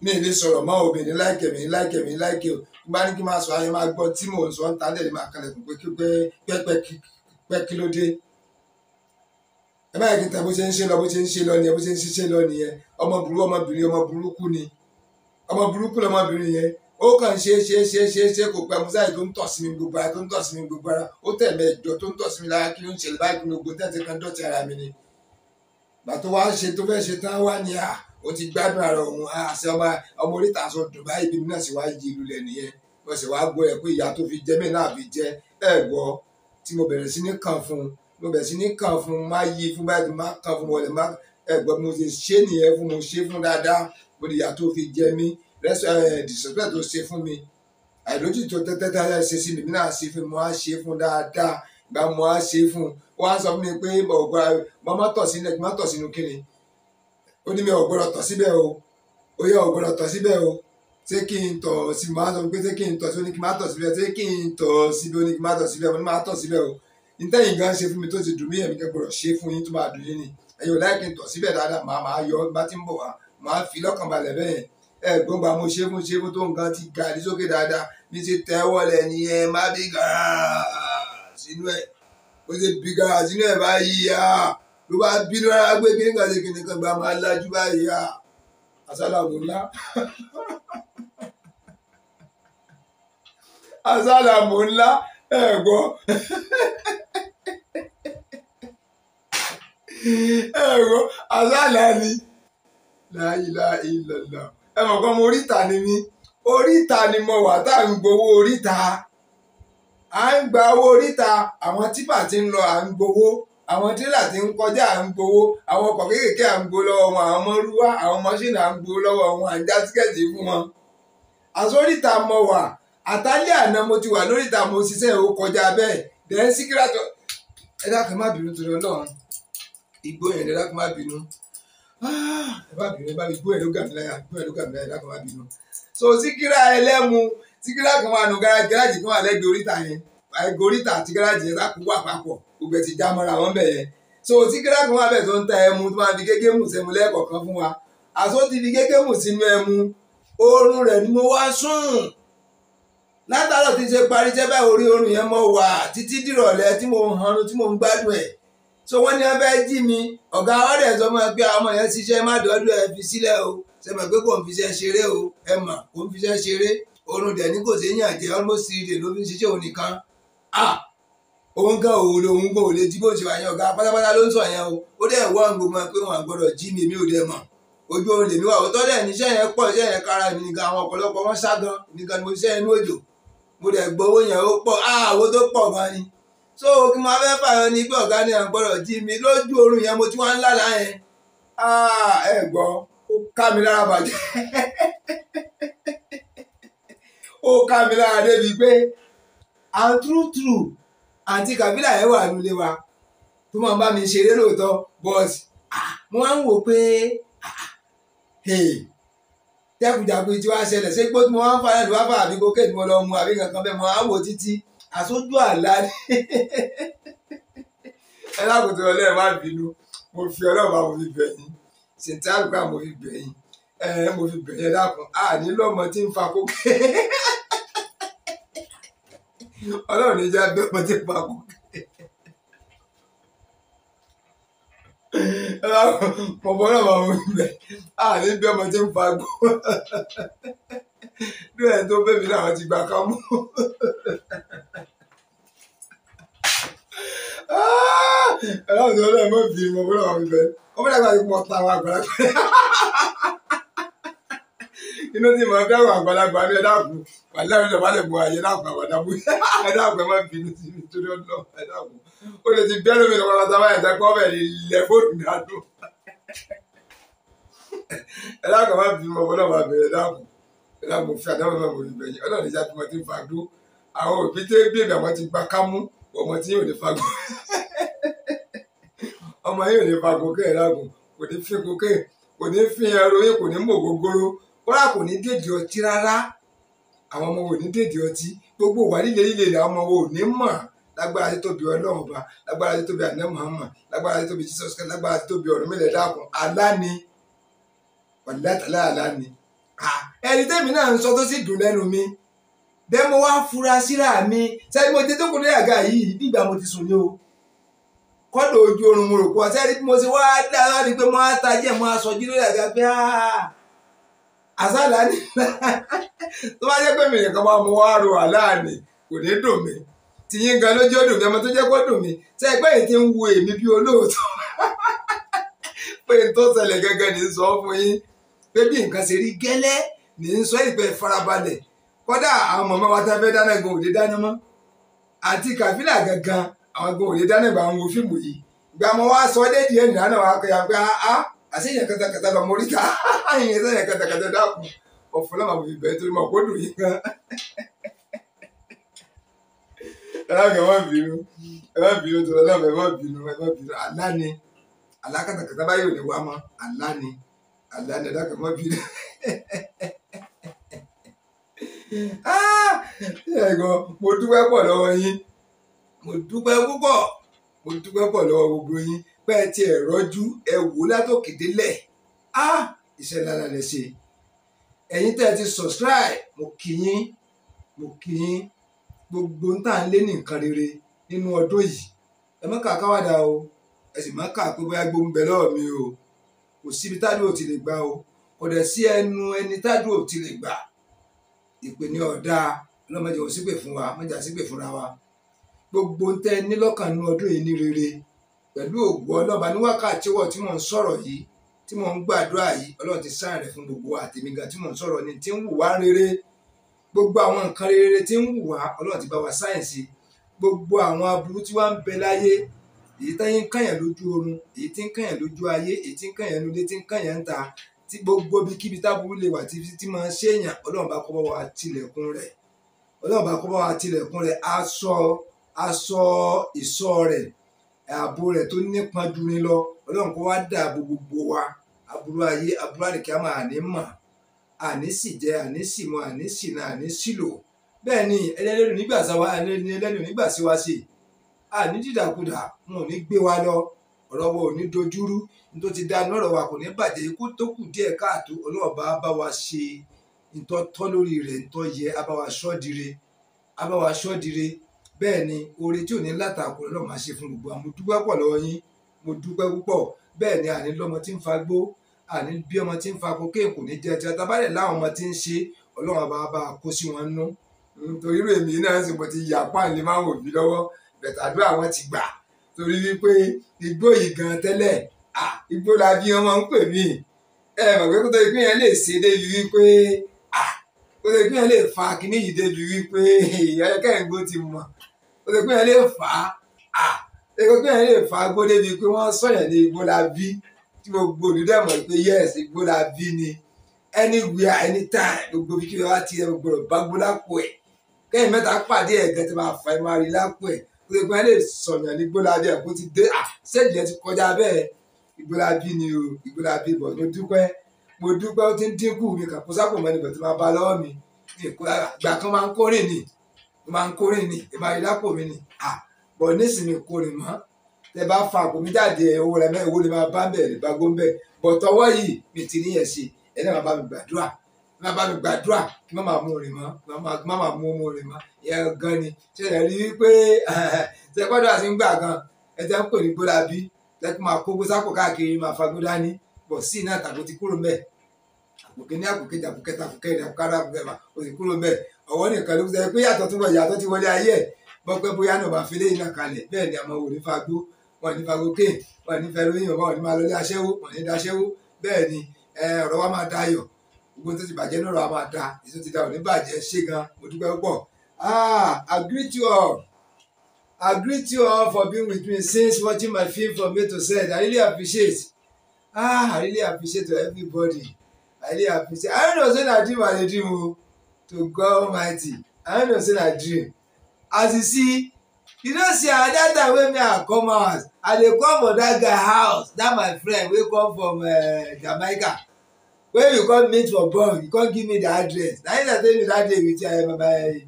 mi lè sọ̀rọ̀ mọ́ obìnrin láìkẹ́ mi láìkẹ́ mi láìkẹ́ o bá ní kí n máa sọ ayé máa gbọ́ tí mò ń sọ ń ta lẹ́yìn máa kalẹ̀ kún pé pẹ́pẹ́ pẹ́ kí ló dé ẹ báyìí kí n ta bó ṣe ń ṣe lọ bó ṣe ń ṣe lọ nìyẹn bó ṣe ń ṣiṣẹ́ lọ nìyẹn ọmọ burú ọmọbìnrin ọmọ burúkú ni ọmọ burúkú lọmọbìnrin yẹn ó kàn ṣe ṣe ṣe ṣe ṣe kò pẹ́ musa yìí tó ń tọ̀ sí mi gbogbo ara tó ń tọ̀ sí mi gbogbo ara ó tẹ̀mẹ̀ ẹ̀jọ́ tó ń tọ̀ sí mi lára kí ló ń ṣẹlẹ̀ báyìí kí ló gbó tẹ̀sí kan dọ̀tí ara mi ni pàtó wá ń ṣe tó fẹ́ ṣe tán wá ní à ó ti gbádùn ara òun àṣẹ ọmọ ọmọ oríta aṣọ Dubai ibi náà sì wá yí ìlú lẹ̀ nìyẹn mo sì wá gbọ́ ẹ̀ pé ìyá tó fi jẹ́ mí náà fi jẹ́ ẹ̀ gbọ́ tí mo bẹ̀rẹ̀ sí ní kàn fún mo bẹ̀rẹ̀ sí ní kàn fún má yí fún báyìí má kàn fún wọlé má ẹ̀ gbọ́ mo ti ṣe nìyẹn fún mo ṣe fún dáadáa mo ní ìyá tó fi jẹ́ mí dìsọ́pẹ́ tó ṣe fún mi àìlójútó tẹ́tẹ́tẹ́ ṣe sí mi náà ṣe fún mi wọ́n á sọ fún mi pé ọ̀gbọ́n mo má tọ̀ sínú ẹ̀gbọ́n má tọ̀ sínú kíni ó ní mi ọ̀gbọ́n tọ̀ síbẹ̀ o ó yẹ ọ̀gbọ́n tọ̀ síbẹ̀ o ṣé kí n tọ̀ sí mo á sọ pé ṣé kí n tọ̀ sí oníkì má tọ̀ síbẹ̀ ṣé kí n tọ̀ síbẹ̀ oníkì má tọ̀ síbẹ̀ mo ní má tọ̀ síbẹ̀ o ntẹ́yìn gan ṣe fún mi tó ti dùn mí ẹ̀mí kẹ́kọ̀ọ́ ṣe fún yín tó máa dùn yín ni ẹ̀yin ò láì kí n tọ̀ síbẹ̀ dáadáa màá yọ bá ti ń bọ̀ wá màá fi lọ́kàn balẹ̀ bẹ́ẹ̀ ẹ gbọ́ngbà mo ṣe fún ṣe fún tó nǹkan ti ga àdísókè dáadáa mi ti tẹ́wọ́ lẹ̀ nìyẹn má bí gàá sínú ẹ̀ ó ṣe bí kára sínú ẹ̀ báyìí yá ló bá bí lọ́ra gbé kí nígbà tí kìnìún kan gba máa lajú báyìí yá àsálàmù ńlá àsálàmù ńlá ẹ̀ gbọ́ ẹ̀ gbọ́ àsálà ni láyìlá ìlàlá ẹ̀ mọ̀ kọ́ mo oríta ni mí oríta ni mo wà tá à ń gbowó oríta à ń gba owó oríta àwọn típà ti ń lọ à ń gbowó àwọn tírélà ti ń kọjá à ń gbowó àwọn ọkọ̀ kéékèèké à ń gbowó lọ́wọ́ wọn àwọn mọ́rúwá àwọn mọ́ṣínì à ń gbowó lọ́wọ́ wọn à ń já tíkẹ́ẹ̀tì fún wọn. àsóríta mo wà àtàlẹ́ àná mo ti wà lóríta mo ṣiṣẹ́ ò kọjá bẹ́ẹ̀ dẹ́n síkírátọ̀ ẹ dákun má bínú torí ọlọ́run igbó yẹn ẹ dákun má bínú ah, ẹ bá bínú ẹ bá mi gbó ẹ ló gàmìláyà gbó ẹ ló gàmìláyà ẹ dákun má bínú. so síkírá ẹlẹ́mu tí gíráàjì kan wà nù gíráàjì kan wà lẹ́gbẹ̀ẹ́ oríta yẹn ẹgbẹ́ oríta àti gíráàjì yẹn sáà wà papọ̀ gbogbo ti já mọ́ra wọn bẹ̀ yẹn so tí gíráàjì kan wà bẹ̀ tó ń ta ẹmu tó máa fi gégé mù sẹ́mu lẹ́ẹ̀kọ̀ọ̀kan fún wa àtúntò ti fi gégé mù sínú ẹmu oorun rẹ̀ ni mo wá sùn látàrọ̀ tí n ṣe parí jẹ́ báyìí orí oorun yẹn mọ́ wà títí dìrọ̀lẹ́ tí mo ń hanrun tí mo ń gbádùn ẹ̀ so wọ́n ní wọ́n fẹ́ jí mi ọ̀gá ọ̀rẹ́ ẹ̀ sọ fún ọmọ yẹn ṣiṣẹ́ má dọ́dọ̀ ẹ fi sílẹ̀ o ṣe mọ̀ pé kò ń fiṣẹ́ ṣeré o ẹ mọ̀ kò ń fiṣẹ́ ṣeré oorun dẹ̀ ní kò sí yàn jẹ́ almost three days ló fi ń ṣiṣẹ́ òun nìkan òun gan ò lòun gan ò lè jí bó ṣe wà yẹn ọ̀gá pátápátá ló ń sọ yẹn o ó dẹ̀ wọ́n ń gbogbo pé wọ́n gbọ́dọ̀ jí mi mi ò dẹ̀ mọ̀ ojú oorun lèmi wà ó tọ́ dẹ̀ níṣẹ́ yẹn pọ̀ iṣẹ́ yẹn kára mi nìkan àwọn ọ̀pọ̀lọpọ̀ wọn sá gan nìkan ni mo ṣiṣẹ́ inú òjò mo dẹ̀ gbowó yẹn ó pọ̀ àwo tó pọ̀ gan ni so kí máa fẹ́ fàyọ ní pé ọ̀gá ni à jí mi lójú oorun ó ká mi lára débi pé and true true àǹtí kàbílà ẹ̀ wà nílé wa tó máa ń bá mi ṣeré lóòótọ́ but ah, mo máa ń wò pé ah, jákujàku tí wàá ṣẹlẹ̀ ṣé pé mo máa ń fara ìdúrà fà àbí kókè tí mo lọ mu àbí kankan bẹ́ẹ̀ mo máa ń wò títí àsójú àlá ni ẹ lákòótọ́ ọlẹ́ẹ̀ má bínú mo fi ọlọ́ọ̀bá mo fi bẹ̀yìn ṣètìlá àlùkò fi bẹ̀yìn ẹ eh, mo fi bẹ̀rẹ̀ dákun a nílò ọmọ tí ń fa kókè ọlọ́run ní já bẹ́ẹ̀ ọmọ tí ń fa kókè mo bọ́ náà máa wọ́n bẹ̀ a ní bí ọmọ tí ń fa gbó ní ẹ̀ tó bẹ́ẹ̀ mi náà wọ́n ti gbà ká mú. Ah! ọlọ́run ní ọlọ́run mọ̀ bí mo náà wọ́n bẹ̀ ọmọ náà gbà pọ̀ ta àwọn àgbàlagbà inú tí màá fi àwọn àgbàlagbà ní ẹ̀dá àpò pàdé àwọn ìjọba lè bu àyè ẹ̀dá àpò àwàdà bu ẹ̀dá àpò ẹ̀ má fi inú sí mi torí ọ̀nà ẹ̀dá àpò ó lè ti bẹ́ẹ̀ lómi lọ́wọ́ lọ́sàbá ẹ̀dá kọ́ bẹ̀ lẹ̀ fóònù dànù ẹ̀dá àpò má fi mọ̀ ọ̀nà má bẹ̀rẹ̀ ẹ̀dá àpò ẹ̀dá àpò fi àdáwọ̀ má bọ̀ ìbẹ̀yìn ọ̀nà ìjà tí mo ti fà dó àwọn òbí tẹ́ bí èmi àwọn ti gba kámú ọmọ tí yóò ní fagbọ ọmọ yóò ní fagbọ kẹ́ ẹ̀dá àpò kò ní fi kò kẹ́ kò ní fi ẹrù yín kò ní mọ̀ gbogbooro kódà kò ní dèdè ọtí rárá àwọn ọmọ wo ní dèdè ọtí gbogbo wà líle líle rẹ̀ ọmọ wo ní mọ̀ lágbára tí tóbi ọlọ́run ọba lágbára tí tóbi àná Muhammad lágbára tí tóbi Jesus Christ lágbára tí tóbi ọ̀rọ̀ mílẹ̀ dákun aláni ọ̀lẹ́tàlá aláni ẹni tẹ́mi náà ń sọ tó sì dùn lẹ́nu mi bẹ́ẹ̀ mo wá fura síra mi sẹ́ni mo ti tó kúrò àga yìí nígbà mo ti sùn ní o kọ́dọ̀ ojú oorun mo rò pọ̀ sẹ́ni mo ti wá dára ni pé mo á ta mo á sọ jí àga pé áá àsálà ni tó bá jẹ́ pé mi nìkan máa mú wá ro àláàní kò ní dùn mí tìyín gan lójú ó dùn mí ọmọ tó jẹ́ kó dùn mí ṣe é pé èyí ti ń wo èmi bí olóòótọ́ pé n tó ṣẹlẹ̀ gẹ́gẹ́ ní sọ fún yín pé bí nǹkan ṣe rí gẹ́lẹ́ ní sọ ìpè farabalẹ̀ kódà àwọn mọ̀mọ́ wa tá a fẹ́ dáná gan òde dáná mọ́ àti kàfílà gangan àwọn gan òde dáná ìgbà àwọn òfin wòye ìgbà wọn wá sọ àṣeyàn katakata bá mọ́ríta àyìn sẹ́yìn katakata dákun ọ̀fun náà máa fi bẹ̀ẹ́ torí máa kó dùn yín kan. ẹlẹ́kẹ̀ má bínú ẹ má bínú tó lọ́nà ẹ má bínú ẹ má bínú àlá ni àlá katakata báyìí ò ní wá mọ́ àlá ni àlá ni ẹlẹ́kẹ̀ má bínú. Ah! ẹ̀gbọ́n mo dúpẹ́ pọ̀ lọ́wọ́ yín mo dúpẹ́ púpọ̀ mo dúpẹ́ pọ̀ lọ́wọ́ gbogbo yín pẹ́ ẹ ti ẹ̀ rọ́jú ẹ wò látòkè délẹ̀ á iṣẹ́ lára ṣe ẹ̀yin tẹ́ ẹ ti subscribe mo kí yín mo kí yín gbogbo ń tà ń lé ní nǹkan rere nínú ọdún yìí ẹ má kà káwàdà o ẹ sì má kà pé bóyá gbóngbẹ lọ́wọ́ mi o kò síbi tádùn ò ti lè gbà o kò dẹ̀ sí ẹnu ẹni tádùn ò ti lè gbà ìpè ní ọ̀dà ọlọ́mọdé ò sípè fún wa mọ́jà sípè fúnra wa gbogbo ń tẹ́ ọdún yìí ní rere pẹ̀lú ògbó ọlọ́ba ní wákàtí ọwọ́ tí mò ń sọ̀rọ̀ yìí tí mò ń gbàdúrà yìí ọlọ́run ti sáà rẹ̀ fún gbogbo àtèmi gan tí mò ń sọ̀rọ̀ ni tí ń wù wá rere gbogbo àwọn nǹkan rere tí ń wù wá ọlọ́run ti bá wa sáyẹ̀nsì gbogbo àwọn aburú tí wá ń bẹ láyé èyí tí ń kàyàn lójú oorun èyí tí ń kàyàn lójú ayé èyí tí ń kàyàn nulẹ̀ tí ń kàyàn ń ta tí gbogbo bí kíbi táburú lè wà tí máa ń ṣèyàn ọlọ́run bá kọ́ bá wa tilẹ̀kùn rẹ̀ ọlọ́run bá kọ́ bá wa tilẹ̀kùn rẹ̀ aṣọ aṣọ ìṣọ́ rẹ̀ ààbò rẹ̀ tó nípa ju ni lọ ọlọ́run kó wá dáàbò gbogbo wa aburú ayé aburú àdìkámà àní mà àní sì jẹ àní sì mu àní sì na àní sì lò bẹ́ẹ̀ ni nígbà sáwa ẹlẹ́lẹ́nu nígbà síwa sí àní wọn ò ní gbé wa lọ ọ̀rọ̀ wa ò ní dojúrú ní tó ti dá wa kò ní bàjẹ́ ikú tó kù díẹ̀ káàtó ọlọ́ọ̀bá bá wa ṣe ntọ́ tọ́ lórí rẹ̀ bẹ́ẹ̀ ni oore tí ò ní látàkùn lọ́wọ́ máa ṣe fún gbogbo àwọn mo dúpẹ́ pọ̀ lọ́wọ́ yín mo dúpẹ́ púpọ̀ bẹ́ẹ̀ ni àní lọ́mọ tí ń fa gbó àní bí ọmọ tí ń fa kokéèn kò ní jẹ ti atabalẹ̀ láwọn ọmọ tí ń ṣe ọlọ́run àbá bá a kó sí wọn nú torí rẹ̀ mí náà sì mo ti yà páàlì máa wò mí lọ́wọ́ bẹ̀tàdúrà wọn ti gbà torí wípé igbó yìí gan tẹ́lẹ̀ igbó la bí wọn máa ń pè mí ẹ mọ̀ pé kótó ìpín yẹn lè ṣe débi wípé kótó ìpín yẹn lè fa kíní yìí débi wípé ẹ̀kẹ́ ìgbó ti mọ̀ o lè pé yẹn lè fà á èkó pé yẹn lè fà á gbó débi pé wọ́n sọ̀yàn ní igbó la bí tí gbogbo olùdẹ́mọ̀ pé yẹ́s igbó la bí ni anywhere anytime gbogbo bí kí wọ́n bá ti ẹ̀ gbọ́dọ̀ bá gbó lápò ẹ̀ kẹ́yìn mẹ́ta pàdé ẹ̀gẹ́ tó máa fà ẹ̀ máa rí lápò ẹ̀ o lè pé yẹn lè sọ̀yàn ní igbó la bí ẹ̀ kó ti dé sẹ́ẹ̀lì yẹn ti kọjá bẹ́ẹ̀ igbó la bí ni o igbó la bí bọ̀ mo dúpẹ́ mo dúpẹ́ ó ti ń dínkù máa ń kórè ni ẹ máa lápò mi ni à bọ̀ nísìnyí kórè mọ́ tẹ bá fa àpò mi jáde ẹ owó rẹ mẹ owó ni máa bá ń bẹ lè bá gbóń bẹ bọ̀ tọwọ́ yìí mi ti níyẹn ṣe ẹ náà máa bá mi gbàdúrà máa bá mi gbàdúrà kí má máa mú rè mọ́ má máa mú mú rè ìyẹn gan ni ṣe ẹ rí i pé ṣe gbọ́dọ̀ àti ń gbà gan ẹ tẹ́ ń pè ní gbọ́dọ̀ àbí tẹ́kùn máa kó gbósápò káàkiri máa fa gbọ́dọ̀ ní sí iná tàbí ó ti kúrò mẹ́ẹ̀ àpòkè ní àpòkè àpòkè tàpòkè àpòkè àpòkè àpòkè ó ti kúrò mẹ́ẹ̀ ọwọ́ nìkan ló sọ pé yàtọ̀ túbọ̀ yàtọ̀ ti wọlé ayé ẹ̀ bọ́pẹ́ bóyá náà bá fẹ́lẹ́ iná kalẹ̀ bẹ́ẹ̀ ni àwọn òní fagbó wọn ní fagókè wọn ní fẹlóyìn wọn ní máa lọlé aṣẹ́wó wọn ní daṣẹ́wó bẹ́ẹ̀ ni ọ̀rọ̀ wa máa dayọ̀ gbogbo tó ti bàjẹ́ náà wa máa da èso ti da òní bàjẹ́ ṣé gan mo dúpẹ́ púpọ̀ ah I greet you all I greet you all for being with me since watching my film from A to I really appreciate ah I really appreciate to everybody I really appreciate I don't know say na dream I dey dream o. to god almighty i no know say na dream as you see you know see at that time wey me i come out i dey come for that guy house that my friend wey come from eh, jamaica wey you come meet for bond you come give me the address na him na tell me that day with uh, my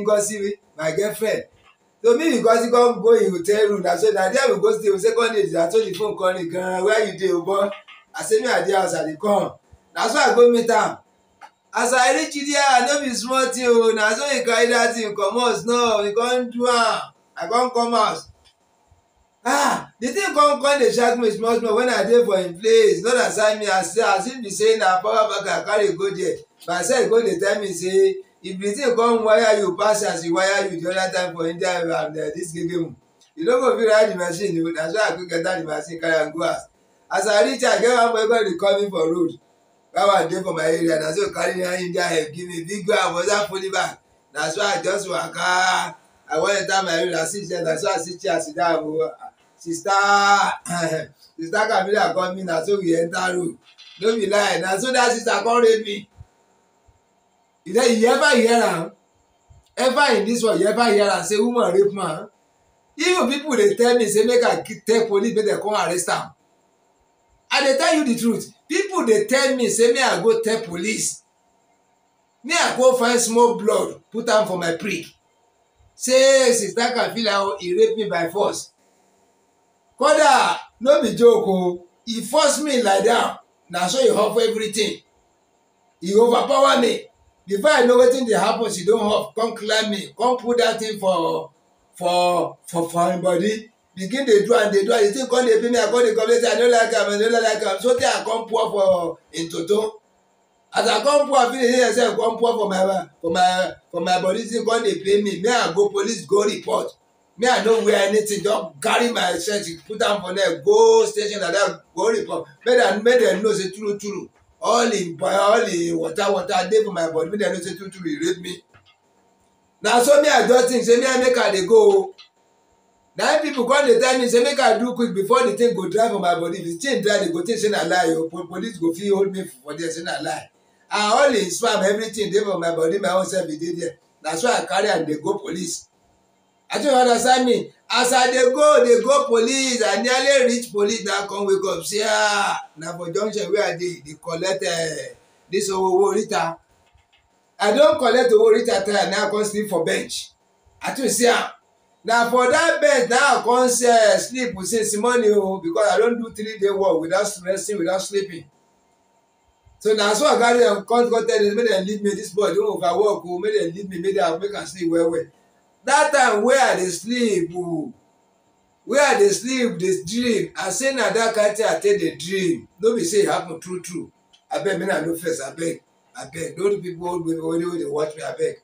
ngosi my girlfriend so me because he come go him hotel room na so na there we go stay we second day na so the phone call me gan where you dey o bon i say me i dey house i dey come na so i go meet am as i reach there i no be small thing o oh. na so he carry that thing comot now he come do am i come come out ah the thing come come dey shock me small small when i dey for him place not assign me as as if be say na power bank i carry go there but I myself go dey tell me say if the thing come wire you pass as e wire you the other time for india and uh, this gegemu you no go fit ride the machine o oh. na so i go get that the machine carry am go house as i reach i get one boy wey dey call me for road power dey for my area na so carry that india help give me big ground for that fully back na so i just waka i wan enter my area, na see chair na so i see chair sit down o sister sister kabila come in na so we enter room no be lie na so that sister come rape me you know you ever hear am ever in this world you ever hear am say woman rape man even people dey tell me say make i tell police make dem come arrest am i dey tell you the truth people dey tell me say may i go tell police may i go find small blood put am for my prick say sister kafila oh, he rape me by force kódà no be joke o oh, he force me lie down. na so he hop for everything he overpower me before i know wetin dey happen she don hop come climb me come put that thing for for for for him body begin dey do am dey do am you still come dey pay me i come dey complain say i no like am i no like am so tey i come pour for in toto as i come pour finish here sef come pour for my for my for my body still come dey pay me may i go police go report me i no wear anything just carry my shirt put am for there go station like that go report make dem make dem know say true true all im all im water water dey for my body make dem know say true true e rape me na so me i just think say me i make i dey go o na people come dey tell me say make i do quick before the thing go dry for my body the thing dry they go think say na lie oh, o police go fit hold me for there say na lie I only the everything dey for my body my own self e dey there na so i carry am dey go police i tell you understand me as i dey go dey go police i nearly reach police Now come wake up say ah na for junction wey i dey dey collect uh, eh, this owo orita i don collect owo orita tire now come sleep for bench i too see am na for that bed na i say share sleep since morning o because i don do three day work without resting without sleeping so na so i carry am um, come come tell them make dem leave me this boy don overwork o oh, make dem leave me make dem make i sleep well well that time wey i dey sleep o oh, wey i dey sleep dey dream i say na that kind thing i take dey dream no be say e happen true true abeg make i no first abeg abeg no do people old people wey dey watch me abeg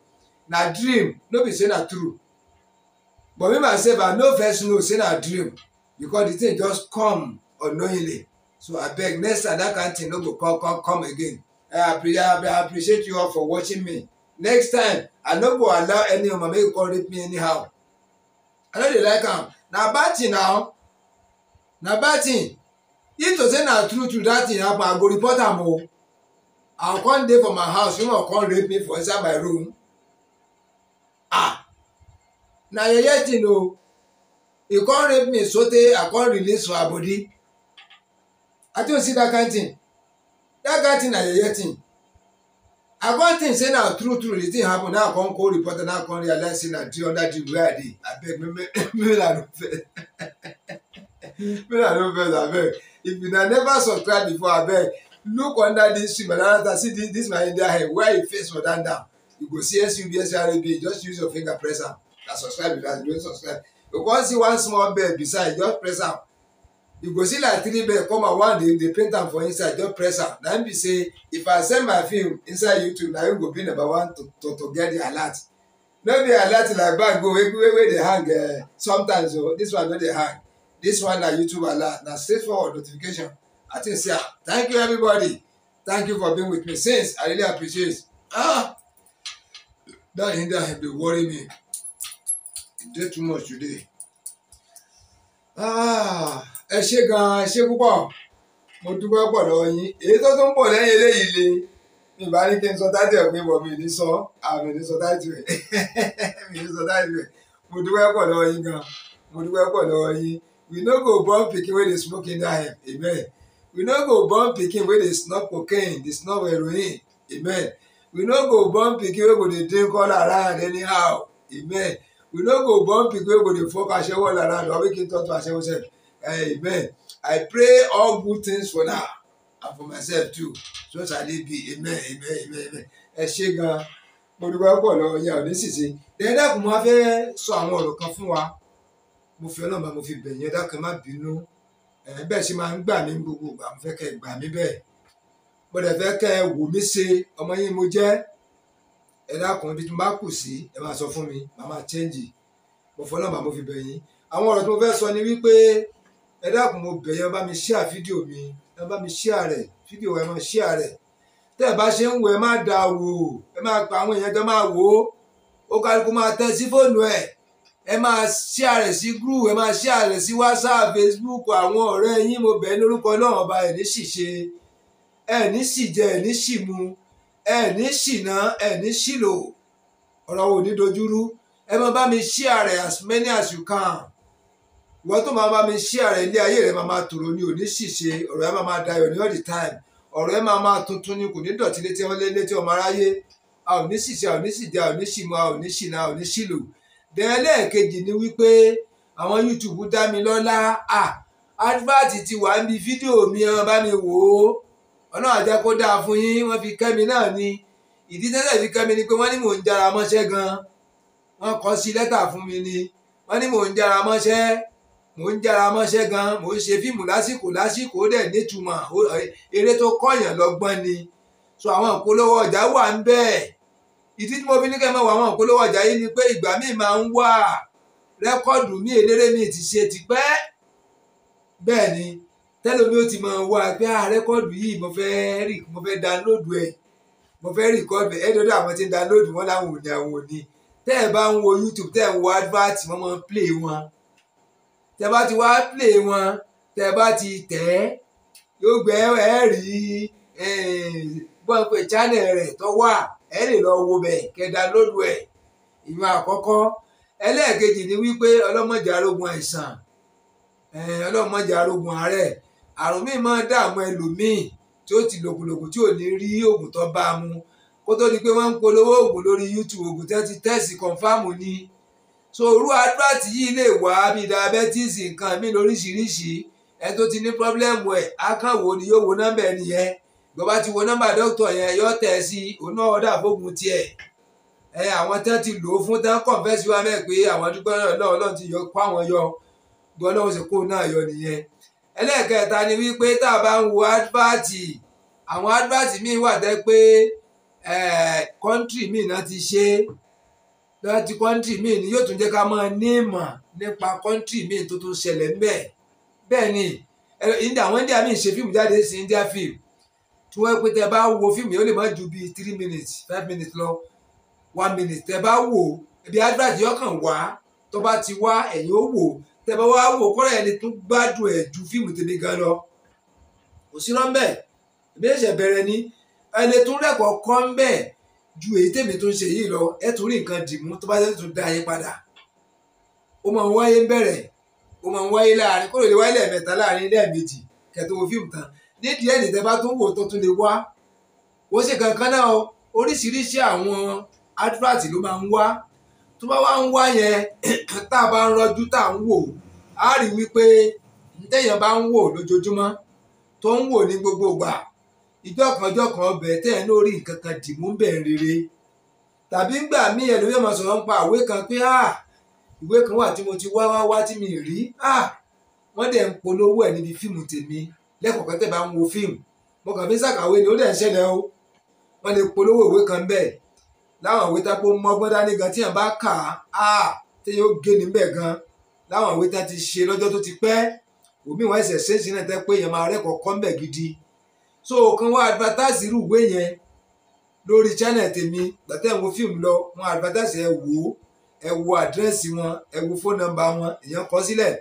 na dream no be say na true But me myself, I no first know say na dream because the thing just come unknowingly. So I beg next time that kind of thing no go come come come again. I I appreciate you all for watching me. Next time, I no go allow any of my make you come rape me anyhow. I no dey like am. Na bad thing now. Na bad thing. If to say na true true that thing happen, I go report am o. I come dey for my house, woman come rape me for inside my room. Ah! na yeye thing o e come rape me sotey i come release for her body i think see that kind thing that kind thing na yeye thing i come think say na true true the thing happen now i come call reporter now i come realize say na three hundred degree i dey abeg me, la no fair, me la no vex abeg if una never subscribe before abeg look under this tree banana see this, this my india hair where e face for down down you go see subsrab just use your finger press am that subscribe that don't subscribe you come see one small bell beside just press am you go see like three bell, come out one dey dey paint am for inside just press am na im be say if i send my film inside youtube na you go be number one to to to get the alert no be alert like bag go wey wey wey dey hang uh, sometimes o oh, this one no dey hang this one na youtube alert na straightforward notification i think say ah thank you everybody thank you for being with me since i really appreciate ah that hinder dey worry me It did too much today. Ah, ẹ ṣé gan-an, ẹ ṣé púpọ̀. Mo dúpẹ́ pọ̀ lọ́wọ́ yín. Èyí tó tún pọ̀ lẹ́yìn eléyìí le. Mi bá ní kí n sọ táìtì ẹ̀ pé wọ́n mi ní sọ, àmì ní sọ táìtì rẹ̀. Mi ní sọ táìtì rẹ̀. Mo dúpẹ́ pọ̀ lọ́wọ́ yín gan-an. Mo dúpẹ́ pọ̀ lọ́wọ́ yín. We no go born pikin wey dey smoke in that hemp. Amen. We no go born pikin wey dey snuff cocaine, dey snuff heroin. Amen. We no go born pikin wey go dey drink all around anyhow. Amen we no go born pikin wey go dey fok asewo around or make him talk to asewo sef amen i pray all good things for now and for myself too so shall it be amen amen amen amen ẹ ṣe gan mo dúpẹ́ pọ̀ lọ́wọ́ yẹn òní sísè dẹ́dẹ́kùn mo fẹ́ sọ àwọn ọ̀rọ̀ kan fún wa mo fi ọlọ́mọ mo fi bẹ̀yìn ẹ̀dá kan má bínú bẹ́ẹ̀ ṣe máa ń gbà mí gbogbo ìgbà mo fẹ́ kẹ́ gbà mí bẹ́ẹ̀ mo dẹ̀ fẹ́ kẹ́ wò mí ṣe ọmọ yín mo jẹ́ ẹ dákun ibi tí mo bá kù sí ẹ máa sọ fún mi màá máa chẹ́ǹjì mo fọ́ náà màá mo fi bẹ̀ yín àwọn ọ̀rọ̀ tí mo fẹ́ sọ ni wípé ẹ dákun mo bẹ̀ yín bá mi ṣíà fídíò mi ẹ bá mi ṣíà rẹ̀ fídíò ẹ máa ṣíà rẹ̀ tẹ́ ẹ bá ṣe ń wò ẹ má da wò ẹ máa pa àwọn èèyàn jọ máa wò ó ó kálukú máa tẹ́ sí fóònù ẹ̀ ẹ máa ṣíà rẹ̀ sí gúrù ẹ máa ṣíà rẹ̀ sí whatsapp facebook àwọn ọ̀rẹ́ yín mo bẹ̀ lórúkọ náà ọba ẹ̀ ní ṣìṣe ẹ̀ ní ṣìjẹ ẹ̀ ní ṣìmu ẹ̀ní ṣìnà ẹ̀ní ṣìlò ọ̀rọ̀ wo ní dojúrú ẹ máa bá mi share rẹ̀ as many as you can wọ́n tó máa bá mi share ilé ayé rẹ̀ máa máa tòrò ní òní ṣìṣe ọ̀rọ̀ ẹ máa máa dayọ̀ ní all the time ọ̀rọ̀ ẹ máa máa tuntun ni kò ní dọ̀tí létí wọn lé létí ọmọ aráyé a ò ní ṣìṣe a ò ní ṣìjẹ a ò ní ṣìmọ a ò ní ṣìnà a ò ní ṣìlò bẹ́ẹ̀ lẹ́ẹ̀kejì ni wípé àwọn YouTube dá mi lọ́lá à advert ti wà níbi fídíò mi ẹ bá mi wò ó ọlọ́run àjẹ́ kó dáa fún yín wọ́n fi kẹ́mi náà ni ìdí tẹ́lẹ̀ fi kẹ́mi ni pé wọ́n ní mò ń jára mọ́ṣẹ́ gan wọ́n kọ sí lẹ́tà fún mi ni wọ́n ní mò ń jára mọ́ṣẹ́ mò ń jára mọ́ṣẹ́ gan mò ń ṣe fíìmù lásìkò lásìkò dẹ̀ nítumọ̀ eré tó kọ́yàn lọ́gbọ́n ni so àwọn ìpolówó ọjà wà ń bẹ́ẹ̀ ìdí tí mo fi ní kẹ́ wọ àwọn ìpolówó ọjà yìí ni pé ìgbà míì máa ń wà rẹ́kọ́ọ̀dù mi eléré mi ti ṣe tipẹ́ bẹ́ẹ̀ ni tẹ́lómi ó ti máa wá pé ah rẹ́kọ́ọ̀dù yìí mo fẹ́ rí mo fẹ́ dánlóòdù ẹ̀ mo fẹ́ rìkọ́ọ̀dù ẹ̀ dọ́dọ̀ àwọn tí ń dánlóòdù wọn láwọn òní àwọn òní tẹ́ ẹ̀ bá ń wo YouTube tẹ́ ẹ̀ ń wo advert wọ́n máa ń play wọn tẹ́ bá ti wá play wọn tẹ́ bá ti tẹ̀ ẹ́ yóò gbẹ ẹ́ rí bọ́ǹpẹ̀ channel rẹ̀ tó wà ẹ lè lọ wo bẹ̀ kẹ́ dánlóòdù ẹ̀ ìmọ̀ àkọ́kọ́ ẹlẹ́ẹ̀kejì ni wípé ọlọ́mọdé arógun àìsàn ọlọ́mọdé arógun àárẹ̀ àrùn míì máa dààmú ẹlòmíì tí ó ti lògùlògùn tí ò ní rí oògùn tó bá a mu kó tó di pé wọ́n ń polówó oògùn lórí YouTube oògùn tí wọ́n ti tẹ́sì kọ̀ǹfàmù ni so irú advert yìí lè wá bí diabetes nǹkan mi lóríṣiríṣi ẹ tó ti ní pọ́blẹ́mù ẹ̀ akànwò ni yóò wo nọ́mbà ẹni yẹn gbọ́dọ̀ ti wo nọ́mbà dókítà yẹn yọ tẹ̀ sí oná ọ̀dà fóògùn tiẹ̀ ẹ àwọn tán ti lò ó fún tán confess wa mẹ́ pé àwọn dúpẹ́ náà Ọlọ́run ti yọ kó àwọn yọ gbọ́dọ̀ ó sì kó náà yọ nìyẹn ẹlẹ́ẹ̀kẹta ni wípé tá a bá ń wo advert àwọn advert míì wà tẹ́ pé kọ́ńtì míì náà ti ṣe láti kọ́ńtì míì ni yóò tún jẹ́ ká máa ní ìmọ̀ nípa kọ́ńtì míì tó tún ṣẹlẹ̀ ń bẹ̀ bẹ́ẹ̀ ni àwọn india míì ṣe fíìmù jáde sí india film tí wọ́n pé tẹ́ bá wo fíìmù yẹn ó lè má ju bíi three minutes five minutes lọ one minute tẹ́ bá wò bí advert yóò kàn wá tó bá ti wá ẹ̀yin ó wò tẹ́bá wá wò kọ́ra ẹni tó gbádùn ẹ̀ ju fíìmù tèmi gan lọ kò sí rọ́ńbẹ́ èmi ẹ̀ṣẹ̀ bẹ̀rẹ̀ ni ẹni tó rẹ̀kọ̀ kọ́ ń bẹ̀ ju èyí tèmi tó ń ṣe yìí lọ ẹ̀ tó rí nǹkan dìmú tó bá tẹ̀sí tó da yín padà ó máa ń wáyé ń bẹ̀rẹ̀ ó máa ń wáyé láàrin kó lè lè wáyé lẹ́ẹ̀mẹ́ta láàrin lẹ́ẹ̀mejì kẹ́tó wo fíìmù tán nídìí ẹni tẹ́ tụmawa bá wá ń wá yẹn ta nwo ariwi pe rọjú tá a ń to nwo ni wípé téèyàn bá ń wò lójoojúmọ́ tó ń wò ní kan dì mú rere tabi ngba mi ẹlòmíràn máa sọ̀rọ̀ ń pa àwé kan pe ah ìwé kan wa ti mo ti wá wá wá tí mi rí ah wọ́n dẹ̀ ń polówó ẹ̀ níbi fíìmù tèmi lẹ́kọ̀ọ́kan tẹ̀ bá ń wo fíìmù mo kàn fi sàkàwé ni ó dẹ̀ ń ṣẹlẹ̀ o wọn lè polówó ìwé kan bẹ́ẹ̀ láwọn ìwé tápó mọ́gbọ́n dání gan tí yàn bá kà á téèyàn ó gé níbẹ̀ gan láwọn ìwé tá ti ṣe lọ́jọ́ tó ti pẹ́ òmí wọn ẹsẹ̀ ṣe é ṣe náà tẹ́ pé èèyàn máa rẹ́kọ̀ọ́ kọ́ńbẹ̀ gidi so kan wá advertise irú ìwé yẹn lórí channel tèmi gbàtẹ́ ìwọ fíìmù lọ wọn advertise ẹ wò ó ẹ wo àdírẹ́sì wọn ẹ wo fóònù nọ́mbà wọn èèyàn kọ sílẹ̀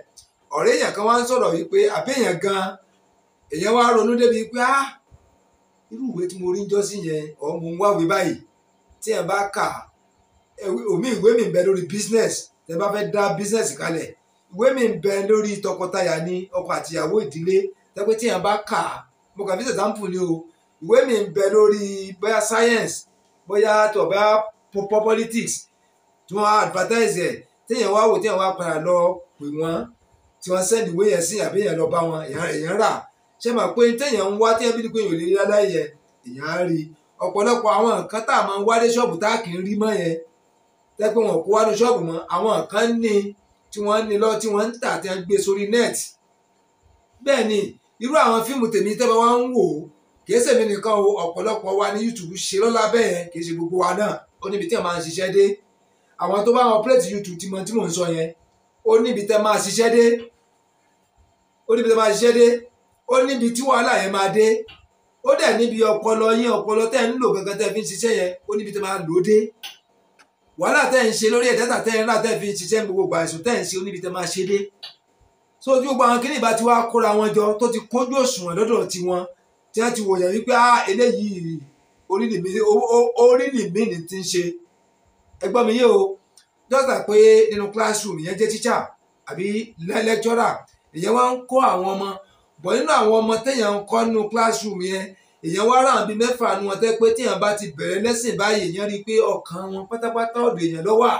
ọ̀rẹ́ èèyàn kan wá ń sọ̀rọ̀ wípé àbẹ́yàn gan èèyàn wá ronú débi pé ah irú ìwé tí mo rí ń jọ́sí yẹn ọ̀ mo ń wáwé báyìí tí ẹ bá kà omi ìwé mi ń bẹ lórí business tẹ́ bá fẹ́ dá business kalẹ̀ ìwé mi ń bẹ lórí tọkọtaya ní ọkọ àtìyàwó ìdílé tẹpẹ tí ẹ bá kà mo kà fi ṣètàǹpù ni o ìwé mi ń bẹ lórí bóyá science bóyá tó bóyá politics tí wọ́n advertise ẹ téèyàn wá wò téèyàn wá padà lọ pè wọ́n tí wọ́n send ìwé yẹn sí àbí èèyàn lọ bá wọn èèyàn rà ṣé màá pé téèyàn ń wá téèyàn bí ní pé èèyàn rí láláyẹ èèyàn á rí i ọ̀pọ̀lọpọ̀ àwọn nǹkan tá a máa ń wálé ṣọ́ọ̀bù tá a kì í rí mọ́ yẹn tẹ́pẹ́ wọn kó wánú ṣọ́ọ̀bù mọ́ àwọn nǹkan ní tí wọ́n ní lọ tí wọ́n ń tà tí wọ́n ń gbé sórí nẹ́ẹ̀tì bẹ́ẹ̀ ni irú àwọn fíìmù tèmi tẹ́pẹ́ wá ń wò ó kìí sèmi nìkan o ọ̀pọ̀lọpọ̀ wa ní YouTube ṣe lọ́la bẹ́ẹ̀ kìí ṣe gbogbo wa náà ó níbi tí wọ́n máa ń ṣiṣẹ́ dé àwọn tó bá wọn plẹ̀tì YouTube ti mọ tí mò ń sọ yẹn ó níbi tẹ́ máa ṣiṣẹ́ dé ó níbi tẹ́ máa ṣiṣẹ́ dé ó níbi tí wàhálà yẹn máa dé ó dẹ̀ níbi ọpọlọ yín ọpọlọ tẹ́ ń lò gangan tẹ́ fi ń ṣiṣẹ́ yẹn ó níbi tẹ́ máa lò ó dé wàhálà tẹ́ ń ṣe lórí ẹ̀dẹ́ta tẹ́ ń rà tẹ́ fi ń ṣiṣẹ́ gbogbo gbà tẹ́ ń ṣe ó níbi tẹ́ máa ṣe dé so ojú gbogbo àwọn kìnìún bá ti wá kóra wọn jọ tó ti kójú òṣùwọ̀n lọ́dọ̀ tiwọn tí wọ́n ti wòyàn wípé ah eléyìí orílẹ̀ mìíní ti ń ṣe ẹgbọ́n mi yé o dọ́tà pé nínú classroom ìyẹn jẹ́ teacher àbí lecturer ìyẹn wá ń kó àwọn ọmọ bọ̀ nínú àwọn ọmọ téèyàn ń kọ́ nínú classroom yẹn èèyàn wá ráhùn bíi mẹ́fà nu wọn tẹ́ pé téèyàn bá ti bẹ̀rẹ̀ lẹ́sìn báyìí èèyàn rí i pé ọkàn wọn pátápátá ọ̀dọ̀ èèyàn ló wà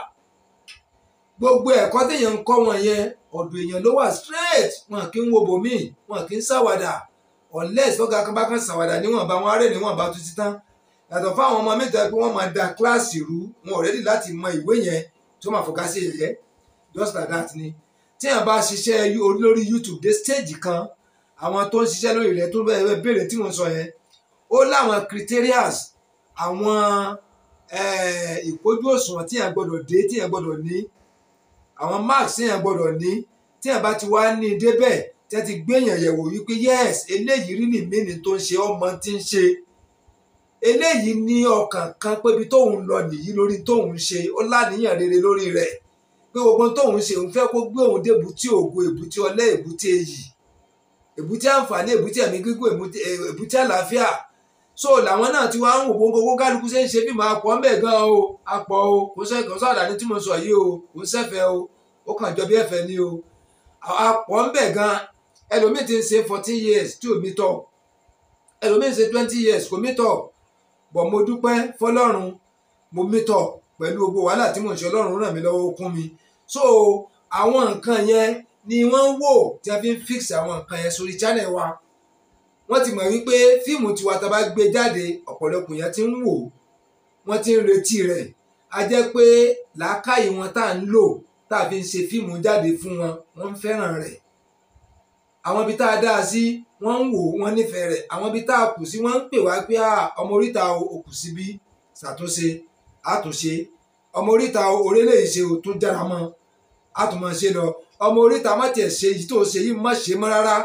gbogbo ẹ̀kọ́ téèyàn ń kọ́ wọn yẹn ọ̀dọ̀ èèyàn ló wà straight wọn kì í wo bòmíì wọn kì í ṣàwàdà unless ọ̀gá kan bá kan ṣàwàdà níwọ̀nba wọn arẹ́ níwọ̀nba tó ti tán yàtọ̀ fáwọn ọmọ mẹ́ta pé wọ́n máa da kíláàsì rú wọn ọ̀rẹ́dì láti mọ ìwé yẹn tó máa fọkà sí ẹ̀yẹ just like that ni téèyàn bá ṣiṣẹ́ olórí YouTube dé stage kan àwọn tó ń ṣiṣẹ́ lórí rẹ̀ tó bẹ̀rẹ̀ béèrè tí wọ́n sọ yẹn ó láwọn criterias àwọn eh, ìkójú òṣùwọ̀n tí yẹn gbọ́dọ̀ dé tí yẹn gbọ́dọ̀ ní àwọn marks tí yẹn gbọ́dọ̀ ní tí yẹn bá ti wá ní débẹ̀ tí yẹn ti gbéyàn yẹ̀wò wípé yes eléyìí rí ni mí ni tó ń ṣe ọmọ tí ń ṣe eléyìí ní ọkàn kan pébi tóun lọ nìyí lórí tóun ṣe ó láníyàn rere lórí rẹ̀ pé ogun tóun ṣe òun fẹ́ kó gbé òun débùtì ògo èbùtì ọlẹ́ èbùtì èyí èbúté àǹfààní èbúté ẹ̀mí gígùn eh, èbúté àlàáfíà so làwọn náà ti wá ń wò gbogbo kálukú ṣe ń ṣe fíìmù apọ̀ ń bẹ̀ gan o apọ̀ o kò sẹ́ kò sọ́ àdáni tí mo sọ yìí o kò sẹ́fẹ̀ o ó kàn jọ bí ẹ̀fẹ̀ ni o apọ̀ ń bẹ̀ gan ẹlòmíì ti ń ṣe fourteen years tí ò mí tọ̀ ẹlòmíì ń ṣe twenty years kò mí tọ̀ bọ̀ mo dúpẹ́ fọlọ́run mo mí tọ̀ pẹ̀lú gbogbo wàhálà tí mo ń ṣe ọlọ́run ràn mí lọ́wọ́ ó kún mi so àwọn nǹkan yẹn ni wọ́n ń wò tí wọ́n fi ń fix àwọn nǹkan yẹn sórí channel wa wọ́n ti mọ̀ wípé fíìmù tiwa tá a bá gbé jáde ọ̀pọ̀lọpọ̀ yẹn ti ń wò wọ́n ti ń retí rẹ̀ a jẹ́ pé làákàyè wọn tá à ń lò tá a fi ń ṣe fíìmù jáde fún wọn wọ́n fẹ́ràn rẹ̀ àwọn ibi tá a dáa sí wọ́n ń wò wọ́n nífẹ̀ẹ́ rẹ̀ àwọn ibi tá a kù sí wọ́n ń pè wá pé ọmọ oríta o kù síbí ṣàtúnṣe àtúnṣe ọmọ oríta o orílẹ̀-èdè a tún máa ṣe lọ ọmọ oríta má tiẹ̀ ṣe èyí tó ṣe yìí má ṣe mọ́ rárá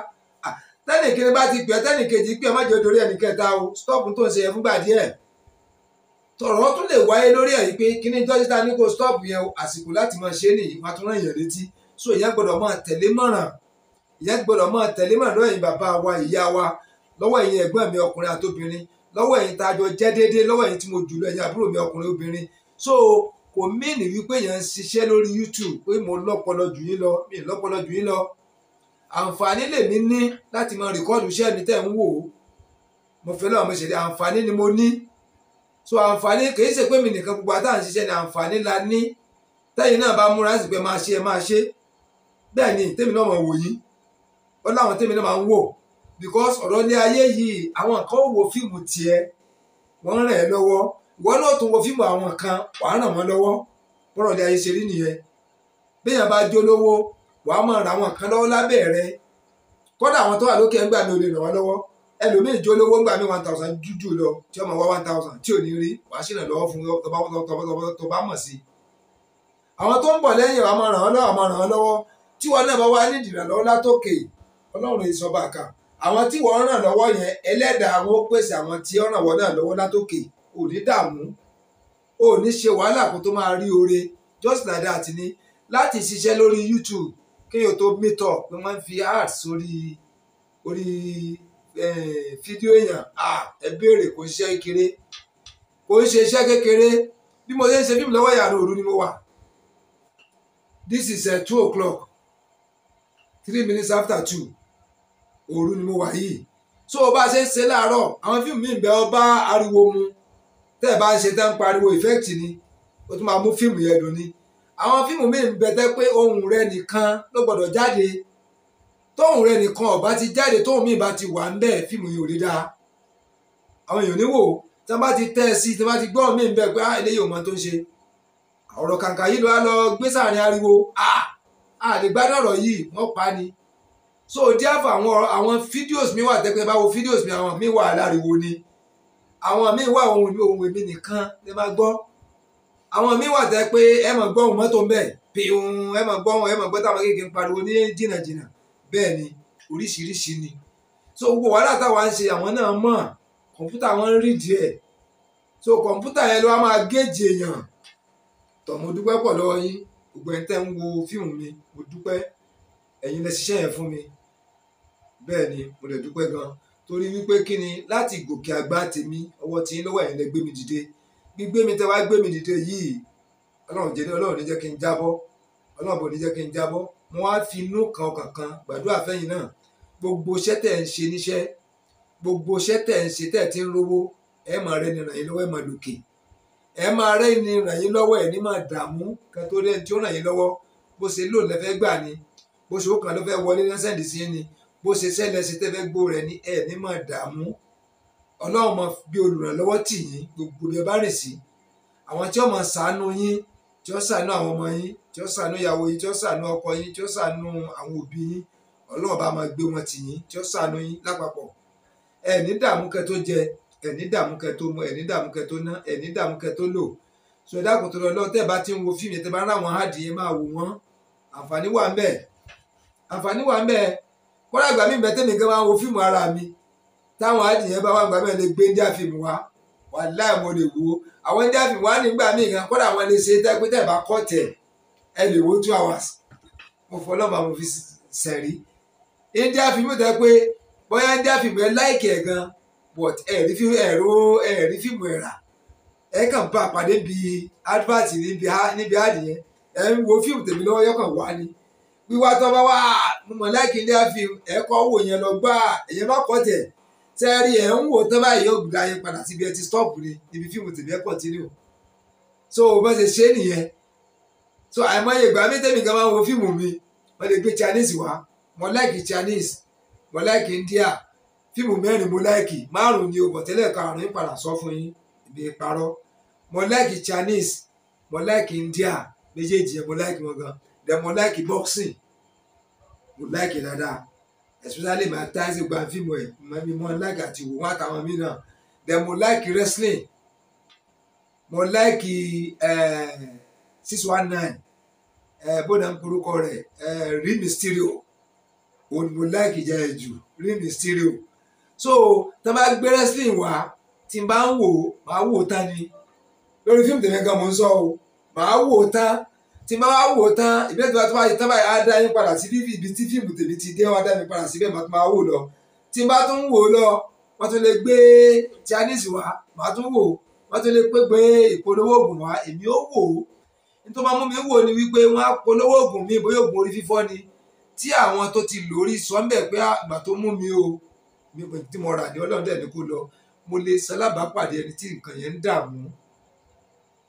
tẹ́nìkejì bá ti pè ẹ́ tẹ́nìkejì pé ẹ má jẹ́ dorí ẹnì kẹta o stop tó ń ṣe yẹn fúngbà díẹ̀ tọ̀rọ̀ tún lè wáyé lórí ẹ̀ pé kí ni dókítà ní kó stop yẹn o àsìkò láti máa ṣe é nìyí má tún rán èèyàn létí so ìyẹn gbọ́dọ̀ máa tẹ̀lé mọ̀ràn ìyẹn gbọ́dọ̀ máa tẹ̀lé mọ̀ràn lọ́wọ́ ẹ̀yin bàbá wa ìyá wa lọ́wọ́ ẹ̀yin ẹ̀gbọ́n mi ọkùnrin àtobìnrin lọ́wọ́ ẹ̀yin tá a jọ jẹ́ déédéé lọ́wọ́ ẹ̀yin tí mo jù lọ ẹ̀yin kò mìíní wípé èèyàn ń ṣiṣẹ́ lórí YouTube pé mo lọ́pọlọ jù yín lọ mi lọ́pọlọ jù yín lọ àǹfààní lèmi ní láti máa rìkọ́ọ̀dù iṣẹ́ mi tẹ̀ ń wò ó mo fẹ́ lọ́wọ́ mo ṣèlérí àǹfààní ni mo ní so àǹfààní kìí ṣe pé mi nìkan gbogbo àtà ń ṣiṣẹ́ ni àǹfààní la ní tẹ́yìn náà bá múra sí pé máa ṣe ẹ máa ṣe bẹ́ẹ̀ ni tèmi náà máa wò yín ó láwọn tèmi náà máa ń wò because ọ̀rọ̀ ilé ayé yìí àwọn kan wò fíìmù tiẹ̀ wọ́n rẹ̀ lọ́wọ́ ìwọ náà tó wo fíìmù àwọn kan wàá ràn wọ́n lọ́wọ́ bọ́rọ̀ ní ayé ṣe rí nìyẹn béèyàn bá jó lówó wàá máa ra wọn kan lọ́wọ́ lábẹ́ rẹ kódà àwọn tó wà lókè one thousand lọ tí ọmọ one thousand tí ò ní rí fún bá sí i àwọn tó ń bọ̀ lẹ́yìn wàá ràn lọ́wọ́ ràn lọ́wọ́ àwọn tí wọ́n ràn lọ́wọ́ yẹn ẹlẹ́dàá wọn pèsè àwọn tí ràn kò ní dààmú o ní ṣe wàhálà kó tó máa rí oore just like that ni láti ṣiṣẹ́ lórí YouTube kéèyàn tó meet up pé wọ́n fi art sórí orí eh, fídíò èèyàn ah, ẹ béèrè kò ṣiṣẹ́ kékeré kò ń ṣe iṣẹ́ kékeré bí mo ṣe ń ṣe fíìmù lọ́wọ́ ìyàrá òru ni mo wà this is uh, two o'clock three minutes after two òru ni mo wà yìí so bá a ṣe ń ṣe láàárọ̀ àwọn fíìmù mi ń bẹ ọba ariwo mu tẹ́ ẹ̀ bá ṣe tẹ́ ń pariwo effect ni o tún máa mú fíìmù yẹn dùn ni àwọn fíìmù míì ń bẹ tẹ́ pé ohùn rẹ nìkan ló gbọ́dọ̀ jáde tóhùn rẹ nìkan ọ̀bá ti jáde tóhùn míì bá ti wà ń bẹ̀ fíìmù yìí ò ní dáa àwọn èèyàn níwò tí wọ́n bá ti tẹ́ ẹ sí tí wọ́n bá ti gbọ́ mi ń bẹ̀ pé ah, eléyìí ò mọ tó ń ṣe ọ̀rọ̀ kàǹkà yìí ló wá lọ gbé sàárín ariwo ah, a lè gbádùn ọ̀rọ̀ yìí wọ́n pa ni so díẹ̀ fún àwọn fídíòs mi wà tẹ́pẹ́ báwo fídíòs mi àwọn mi wà láriwo ni àwọn míì wà ohun ìlú ohun èmi nìkan lè máa gbọ́ àwọn míì wà tẹ́ pé ẹ mọ̀ gbọ́ ohun mọ́tò ńbẹ̀ pìhùn ẹ mọ̀ gbọ́ ohun ẹ mọ̀ gbọ́ táwọn kéèké ń pariwo ní jìnnàjìnnà bẹ́ẹ̀ ni oríṣiríṣi ni so gbogbo wàhálà táwa ń ṣe àwọn náà mọ̀ kọ̀ǹpútà wọn ń rí díẹ̀ so kọ̀ǹpútà yẹn ló wá máa géèjì èèyàn tọ̀ mo dúpẹ́ pọ̀ lọ́wọ́ yín gbogbo ẹ̀ ń wo fíìmù mi mo dúpẹ́ ẹ̀yin lẹ ṣiṣẹ́ yẹn fún mi bẹ́ẹ̀ ni mo lè dúpẹ́ gan-an torí wípé kí ni láti gòkè àgbà tèmi ọwọ́ tí ń lọ́wọ́ ẹ̀yin lẹ gbé mi dìde gbígbé mi tẹ wá gbé mi dìde yìí ọlọ́run jẹ́ ọlọ́run ní jẹ́ kí n jábọ́ ọlọ́run bò ní jẹ́ kí n jábọ́ mo wá fi inú kan ọkàn kan gbàdúrà fẹ́yìn náà gbogbo iṣẹ́ tẹ̀ ń ṣe níṣẹ́ gbogbo iṣẹ́ tẹ̀ ń ṣe tẹ̀ ti ń rówó ẹ máa rẹ ni ràn yín lọ́wọ́ ẹ máa lòkè ẹ máa rẹ ni ràn yín lọ́wọ́ ẹ ní máa dààmú kan tó rẹ tí ó ràn lọ́wọ́ bó ṣe lóun lẹ gbà ni bó ṣe ó kàn ló fẹ́ wọlé lẹ́sẹ̀ndì sí ni bó ṣe ṣẹlẹ̀ ṣe tẹ́fẹ́ gbó rẹ̀ ní ẹ̀ ní máa dààmú ọlọ́run máa bí olùrànlọ́wọ́ tì yín gbogbo bí ẹ bá rìn sí àwọn tí ó máa ṣàánú yín tí ó ṣàánú àwọn ọmọ yín tí ó ṣàánú ìyàwó yín tí ó ṣàánú ọkọ yín tí ó ṣàánú àwọn òbí yín ọlọ́run bá máa gbé wọn tì yín tí ó ṣàánú yín lápapọ̀ ẹ̀ ní dààmú kẹ́ tó jẹ ẹ̀ ní dààmú kẹ́ tó mu ẹ̀ ní dààmú kẹ́ tó ná ẹ̀ ní dààmú kẹ́ tó lò sọ ẹ̀dá kò tó lọ lọ tẹ́ bá ti ń wo fíìmù tẹ́ bá ń ráwọn adìyẹ máa wò wọ́n àǹfààní wà ń bẹ àǹfààní wà ń bẹ kọ́ra agba mi bẹ́ẹ̀ tẹ́nìkan máa ń fíìmù ara mi táwọn àjìyàn bá wà gbà mẹ́rin lè gbé ní àfihàn wa wà láì mo lè wo àwọn ní àfihàn wa nígbà gan àwọn lè ṣe pé bá ẹ lè wo two hours fi sẹ̀rí ní àfihàn mi tẹ́ pé bóyá ní àfihàn ẹ láìkẹ̀ gan but ẹ̀rí fíìmù ẹ̀rọ ẹ̀rí fíìmù ẹ̀rà ẹ kàn bá bíi advert wíwá tó bá wà mo mọ̀ láìkí ilé àfi ẹ̀kọ́ wò yẹn lọ gbá ẹ̀yẹ má kọ́ tẹ̀ sẹ́ẹ̀rì ẹ̀ ń wò tó báyìí yóò gbà yẹn padà síbi ẹ ti stop ni ibi fíìmù tèmi ẹ̀ continue so bó ṣe ṣe nìyẹn so àìmọye ìgbà mi tèmi kan máa wo fíìmù mi wọ́n lè gbé Chinese wá mo láìkí Chinese mo láìkí India fíìmù mẹ́rin mo láìkí márùn-ún ni o bọ̀ tẹ́lẹ̀ karùn-ún ìpàdà sọ Chinese mo India méjèèjì yẹn mo láìkí then mo like boxing mo like e dáadáa especially my tyson gba fíìmù ẹ̀ mi mo like àti wò wọ́n àtàwọn mí náà then mo like wrestling mo like eh, six one nine eh, bóda ń porúkọ rẹ̀ eh, rí mysterio òun mo like jẹ́ ẹ̀ jù mysterio so tá a bá gbé wrestling wá tí n bá ń wò máa wò tán ni lórí fíìmù tèmi gan mo ń sọ o màá wò tán tí máa wá wò tán ìbí tí wọ́n ti tán báyìí á dá yín padà sí bíbí ibi tí fíìmù tèmi ti dé wọn á dá mi padà síbẹ̀ máa tún máa wò lọ tí bá tún wò lọ wọ́n tún lè gbé chinese wá màá tún wò wọ́n tún lè pé gbé ìpolówó oògùn wá èmi ó wò ó nítorí máa mú mi wò ni wípé wọ́n á polówó oògùn mi bóyá oògùn orí fífọ́ ni tí àwọn tó ti lórí sọ ń bẹ̀ pé àgbà tó mú mi o mi pè tí mo rà ní ọlọ́dẹ̀ ni kò lọ mo lè salábàápàdé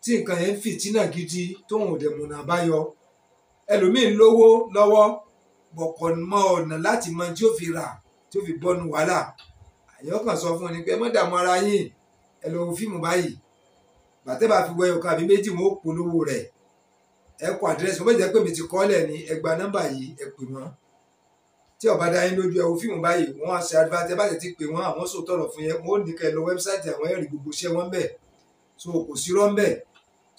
tí nǹkan yẹn ń fìtínà gidi tóun ò dẹ̀ mọ̀nà àbáyọ ẹlòmíì ń lówó lọ́wọ́ bọ̀kọ̀ mọ ọ̀nà láti mọ tí ó fi rà tí ó fi bọ́nu wàhálà àyàn kan sọ fún un ni pé ẹ má dààmú ara yín ẹ lọ wo fíìmù báyìí bàtẹ́ bá fi wọ ẹyọkan àbí méjì wọn ó polówó rẹ̀ ẹ kọ àdírẹ́sì wọ́n jẹ́ pé mi ti kọ́lẹ̀ ní ẹ gba nọ́mbà yìí ẹ pè wọ́n tí ọba dá yín lójú ẹ wo fíìmù báyìí wọ́n á ṣe adivate bá ti ti pè wọ́n àwọn sòtọ̀rọ̀ fún yẹn wọ́n ò ní ẹ lọ wẹ́bísáìtì àwọn ẹ̀rí gbogbo iṣẹ́ wọn bẹ̀ so kò sí rọ́ńbẹ̀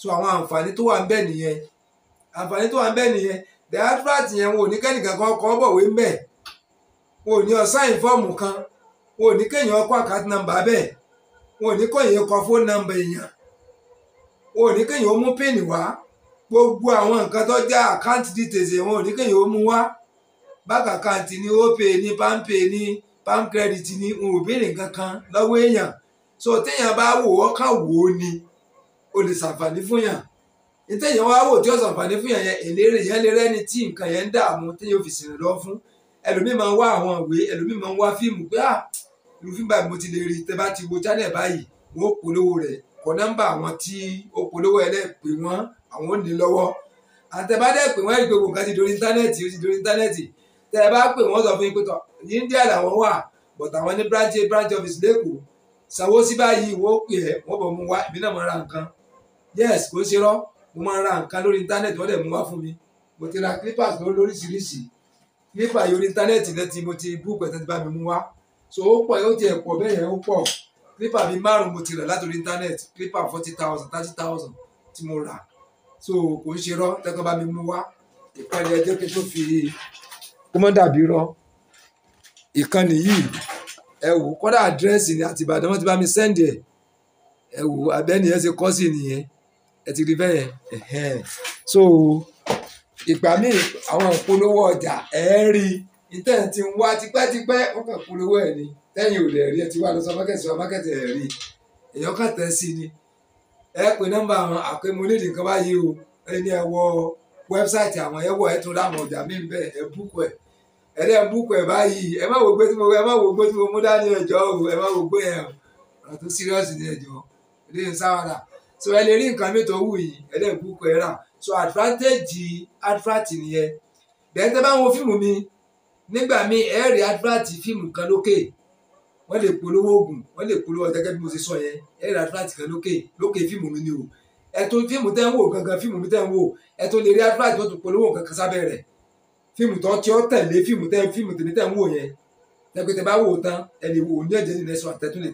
so àwọn àǹfààní tó wà ń bẹ nìyẹn àǹfààní tó wà ń bẹ nìyẹn diafrat yẹn wọn ò ní kẹ́nìkan kan kọ́ bọ̀wé ń bẹ̀ wọn ò ní ọ̀sáìn kan wọn ní kéèyàn ọkọ̀ àkáàtì nàmbà bẹ́ẹ̀ wọn ní fóònù nàmbà ó mú wá gbogbo àwọn nǹkan tó àkáǹtì details ó wá bá ó lè ṣàǹfààní fún yàn nítẹ̀yìn wá wò tí ó ṣàǹfààní fún yàn yẹn ìlérè yẹn lè rẹ́ni tí nǹkan yẹn ń dààmú téyàn ò fi sìnrìn lọ fún ẹlòmíì máa ń wá àwọn ìwé ẹlòmíì máa ń wá fíìmù pé ah irú fíìmù báyìí mo ti lè rí tẹ bá ti wo channel báyìí wọn ó polówó rẹ̀ kọ nọ́mbà àwọn tí ó polówó ẹ lẹ́ẹ̀pẹ́ wọn àwọn ò ní lọ́wọ́ àtẹ̀bádẹ́ pé wọ́n rí gbogbo nǹkan ti dorí íńtánẹ́ẹ̀tì ó ti dorí íńtánẹ́ẹ̀tì tẹ́ ẹ bá pè wọ́n sọ fún yín pé tọ́ India làwọn wà but àwọn ní branch branch office lẹ́kọ̀ọ́ sanwó sí báyìí wọ́n pè ẹ́ wọ́n bọ̀ mú wá ìbí nǹkan yes kò ṣe rọ mo máa ń ra nǹkan lórí íńtánẹ́ẹ̀tì wọ́n dẹ̀ mú wá fún mi mo ti ra clippers lóríṣiríṣi clipper yìí orí íńtánẹ́ẹ̀tì náà mo ti bú pẹ̀tẹ́ ti bá mi mú wá so ó pọ̀ ó ti ẹ̀ pọ̀ bẹ́ẹ̀ yẹn ó pọ̀ clipper mi márùn-ún mo ti rà látòrí íńtánẹ́ẹ̀tì clipper forty thousand thirty thousand tí mo rà so kò ń ṣe rọ tẹ́kọ̀ bá mi mú wá ìkànnì ẹjọ́ kí n tó fi kó mọ́ dàbí rọ ìkànnì yìí ẹ wò kọ́dà àdírẹ́sì ni àtìbàdàn wọn ti bá mi sẹ́ndì ẹ wò abẹ́ni ẹ ṣe kọ́ sí nìyẹn ẹ ti rí bẹ́ẹ̀ so ìgbà míì àwọn ìpolówó ọjà ẹ̀ rí ìtẹ̀ ti ń wá tipẹ́tipẹ́ wọ́n kàn polówó ẹ̀ ni tẹ́yìn ò lè rí ẹ ti wá lọ sọmákẹ́tì sọmákẹ́tì ẹ̀ rí èèyàn kàn tẹ́ sí ni ẹ pè nọ́mbà àwọn àpémọ́ nídìí nǹkan báyìí o ẹ ní ẹ wọ wẹ́bsáìtì àwọn ẹ wọ ẹ tún láwọn ọjà míì bẹ́ẹ̀ ẹ búkọ ẹ̀ ẹ dẹ́ búkọ ẹ̀ báyìí ẹ má wo gbé mo ẹ má wo gbé mo mú dání ẹjọ́ o ẹ má wo gbé ẹ̀ ọ̀rọ̀ tó síríọ́sì ni ẹjọ́ ilé ìsáwádà so ẹ lè rí nǹkan mi tó wù yìí ẹ ẹ rà so advantage advert nìyẹn dẹ́n tẹ́ bá wo fíìmù mi nígbà míì ẹ rí advert fíìmù kan lókè wọ́n lè polówó oògùn wọ́n lè polówó ọjà gẹ́gẹ́ bí mo ṣe sọ yẹn ẹ rí advert kan lókè lókè fíìmù mi ni o ẹ tó fíìmù tẹ́ ń wò gangan fíìmù mi tẹ́ ń wò ẹ tó lè rí advert tó tó polówó kankan sábẹ́ rẹ̀ fíìmù tó ti ọ́ tẹ̀lé fíìmù tẹ́ fíìmù tèmi tẹ́ ń wò yẹn tẹ́gbẹ́tẹ́ bá wò tán ẹ lè wò ní ẹ̀jẹ̀ ní nẹ́sọ̀ àtẹ́tún lè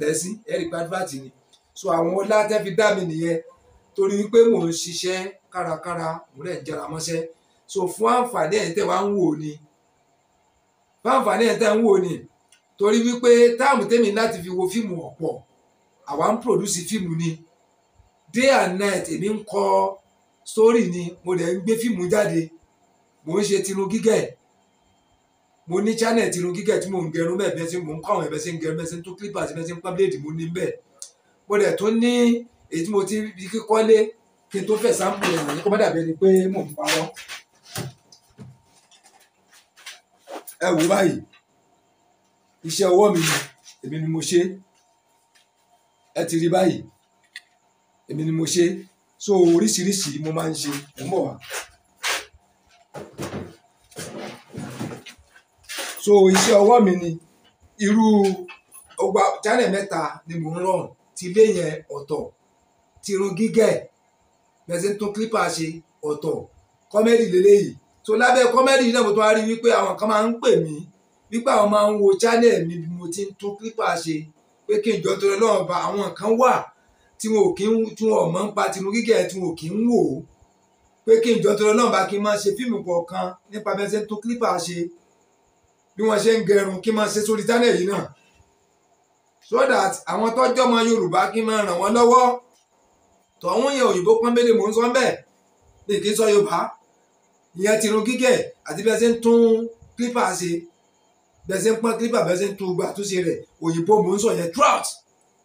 tẹ̀ sí ẹ rí advert ni so àwọn ọlá tẹ́ fi dá mi nìyẹn torí wípé mò ń ṣiṣẹ́ kárakára mò rẹ̀ jara mọ́ṣẹ́ so fún àǹfààní ẹ̀ tẹ́ wá ń wò ni fún àǹfààní ẹ̀ tẹ́ ń wò ni torí wípé táàmù tẹ́mi láti fi wo fíìmù ọ̀pọ̀ àwa ń pòdúsì fíìmù ni day and night èmi ń kọ sórí ni mo dẹ̀ ń gbé fíìmù jáde mò ń ṣe tinú gígẹ̀ mo ní channel tinú gígẹ̀ tí mò ń gẹrun bẹ́ẹ̀ bẹ́ẹ̀ mò ń kọ́ àwọn ẹ̀bẹ́ gẹrun bẹ́ẹ̀ sí clippers bẹ́ẹ̀ sí mo ní bẹ́ẹ̀ mo dẹ̀ tún ní èyí tí mo ti fi kíkọ́lé kí n tó fẹ̀ sáǹpù rẹ̀ yìí kó má dàbí ẹni pé mò ń parọ́. ẹ wò báyìí iṣẹ́ ọwọ́ mi èmi ni mo ṣe ẹ ti rí báyìí èmi ni mo ṣe so oríṣiríṣi mo máa ń ṣe ẹ mọ̀ wá. so iṣẹ́ ọwọ́ mi ni irú ọgbà jálẹ̀ mẹ́ta ni mò ń rọrùn tilé yẹn ọ̀tọ̀ tirun gígẹ̀ bẹ́sẹ̀ tún kílípà ṣe ọ̀tọ̀ kọ́mẹ́dì lélẹ́yìí tó lábẹ́ kọ́mẹ́dì yìí náà mo tún wá rí wípé àwọn kan máa ń pè mí wípé àwọn máa ń wo channel mi bí mo ti ń tún kílípà ṣe pé kí n jọ tó lọ lọ́wọ́ ba àwọn kan wà tí wọn ò kí ń tí wọn ò mọ̀ ń pa tinú gígẹ̀ tí wọn ò kí ń wò ó pé kí n jọ tó lọ lọ́wọ́ ba kí n máa ṣe fíìmù kọ̀ọ̀kan nípa bẹ́sẹ̀ tún kílípà ṣe bí wọ́n ṣe ń gẹrun kí n máa ṣe sórí channel yìí náà so that àwọn tọ́jọ́ ọmọ yorùbá kí n máa ràn wọ́n lọ́wọ́ tọ̀hún yẹn òyìnbó pọ́nbélé mò ń sọ bẹ́ẹ̀ bí kì í sọ yorùbá ìyẹn ti irun gígẹ̀ àti bí ẹ ṣe ń tún klípà ṣe bí ẹ ṣe ń pọ́n klípà bí ẹ ṣe ń tún gbà túnṣe rẹ̀ òyìnbó mò ń sọ yẹn trout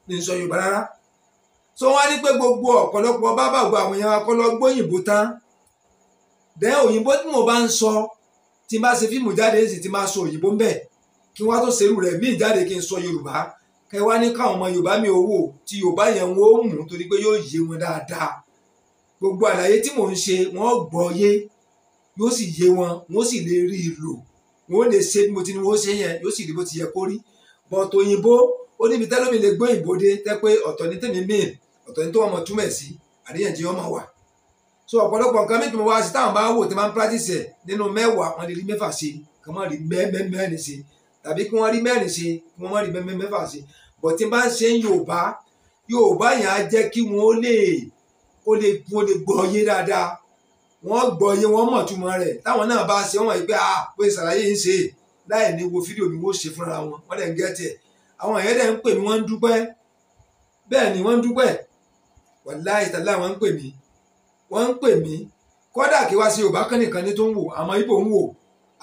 ní sọ yorùbá rárá so wọ́n á ní pé gbogbo ọ̀pọ̀lọpọ̀ bábà gba àwọn èèyàn akọ́lọ́ gbóyìnbó tán then òyìnbó tí mo bá ń sọ tí n bá ṣe fíìmù jáde sì ti máa sọ òyìnbó ń bẹ̀ kí wọ́n á tó ṣerú rẹ̀ míì jáde kí n sọ yorùbá kẹ wá ní káwọn ọmọ yorùbá mi owó tí yorùbá yẹn ń wó mú torí pé yóò yé wọn dáadáa gbogbo àlàyé tí mò ń ṣe wọ́n gbọ́ yé yóò sì yé wọn wọ́n sì lè rí i lò wọ́n lè ṣe bí mo ti ní wọ́n ṣe yẹn yóò sì rí bó ti yẹ kó rí bọ̀tò òyìnbó ó níbi tẹ́lómi lè gbé òyìnbó dé tẹ́ pé ọ̀tọ̀ ní tèmi míì ọ̀tọ̀ ní tó wọn mọ̀ túmẹ̀ sí àríyànjiyàn máa wà so ọ̀pọ̀lọpọ̀ nǹkan méjì mo wá sí táwọn bá wò tí máa ń practice ẹ̀ nínú mẹ́wàá wọn lè rí mẹ́fà ṣe kí wọ́n rí mẹ́rin ṣe tàbí kí wọ́n rí mẹ́rin ṣe kí wọ́n rí mẹ́fà ṣe bọ̀ tí n bá ń ṣe yorùbá yorùbá yẹn á jẹ́ kí wọ́n lè kó lè wọ́n lè gbọ́ yé dáadáa wọ́n gbọ́ yé wọ́n mọ̀ túmọ̀ rẹ̀ táwọn náà bá ṣe wọ́n pé ah pé sàlàyé ń ṣe láì ní wo fídíò mi wọ́n ṣe fúnra wọn wọ́n dẹ̀ ń gẹ́tì ẹ̀ àwọn èèyàn dẹ̀ ń pè mí wọ́n ń dúpẹ́ bẹ́ẹ̀ ni wọ́n ń dúpẹ́ wàláì tàlá wọ́n ń pè mí wọ́n ń pè mí kódà kí wá sí yorùbá kan ní tó ń wò àmọ́ ibo ń wò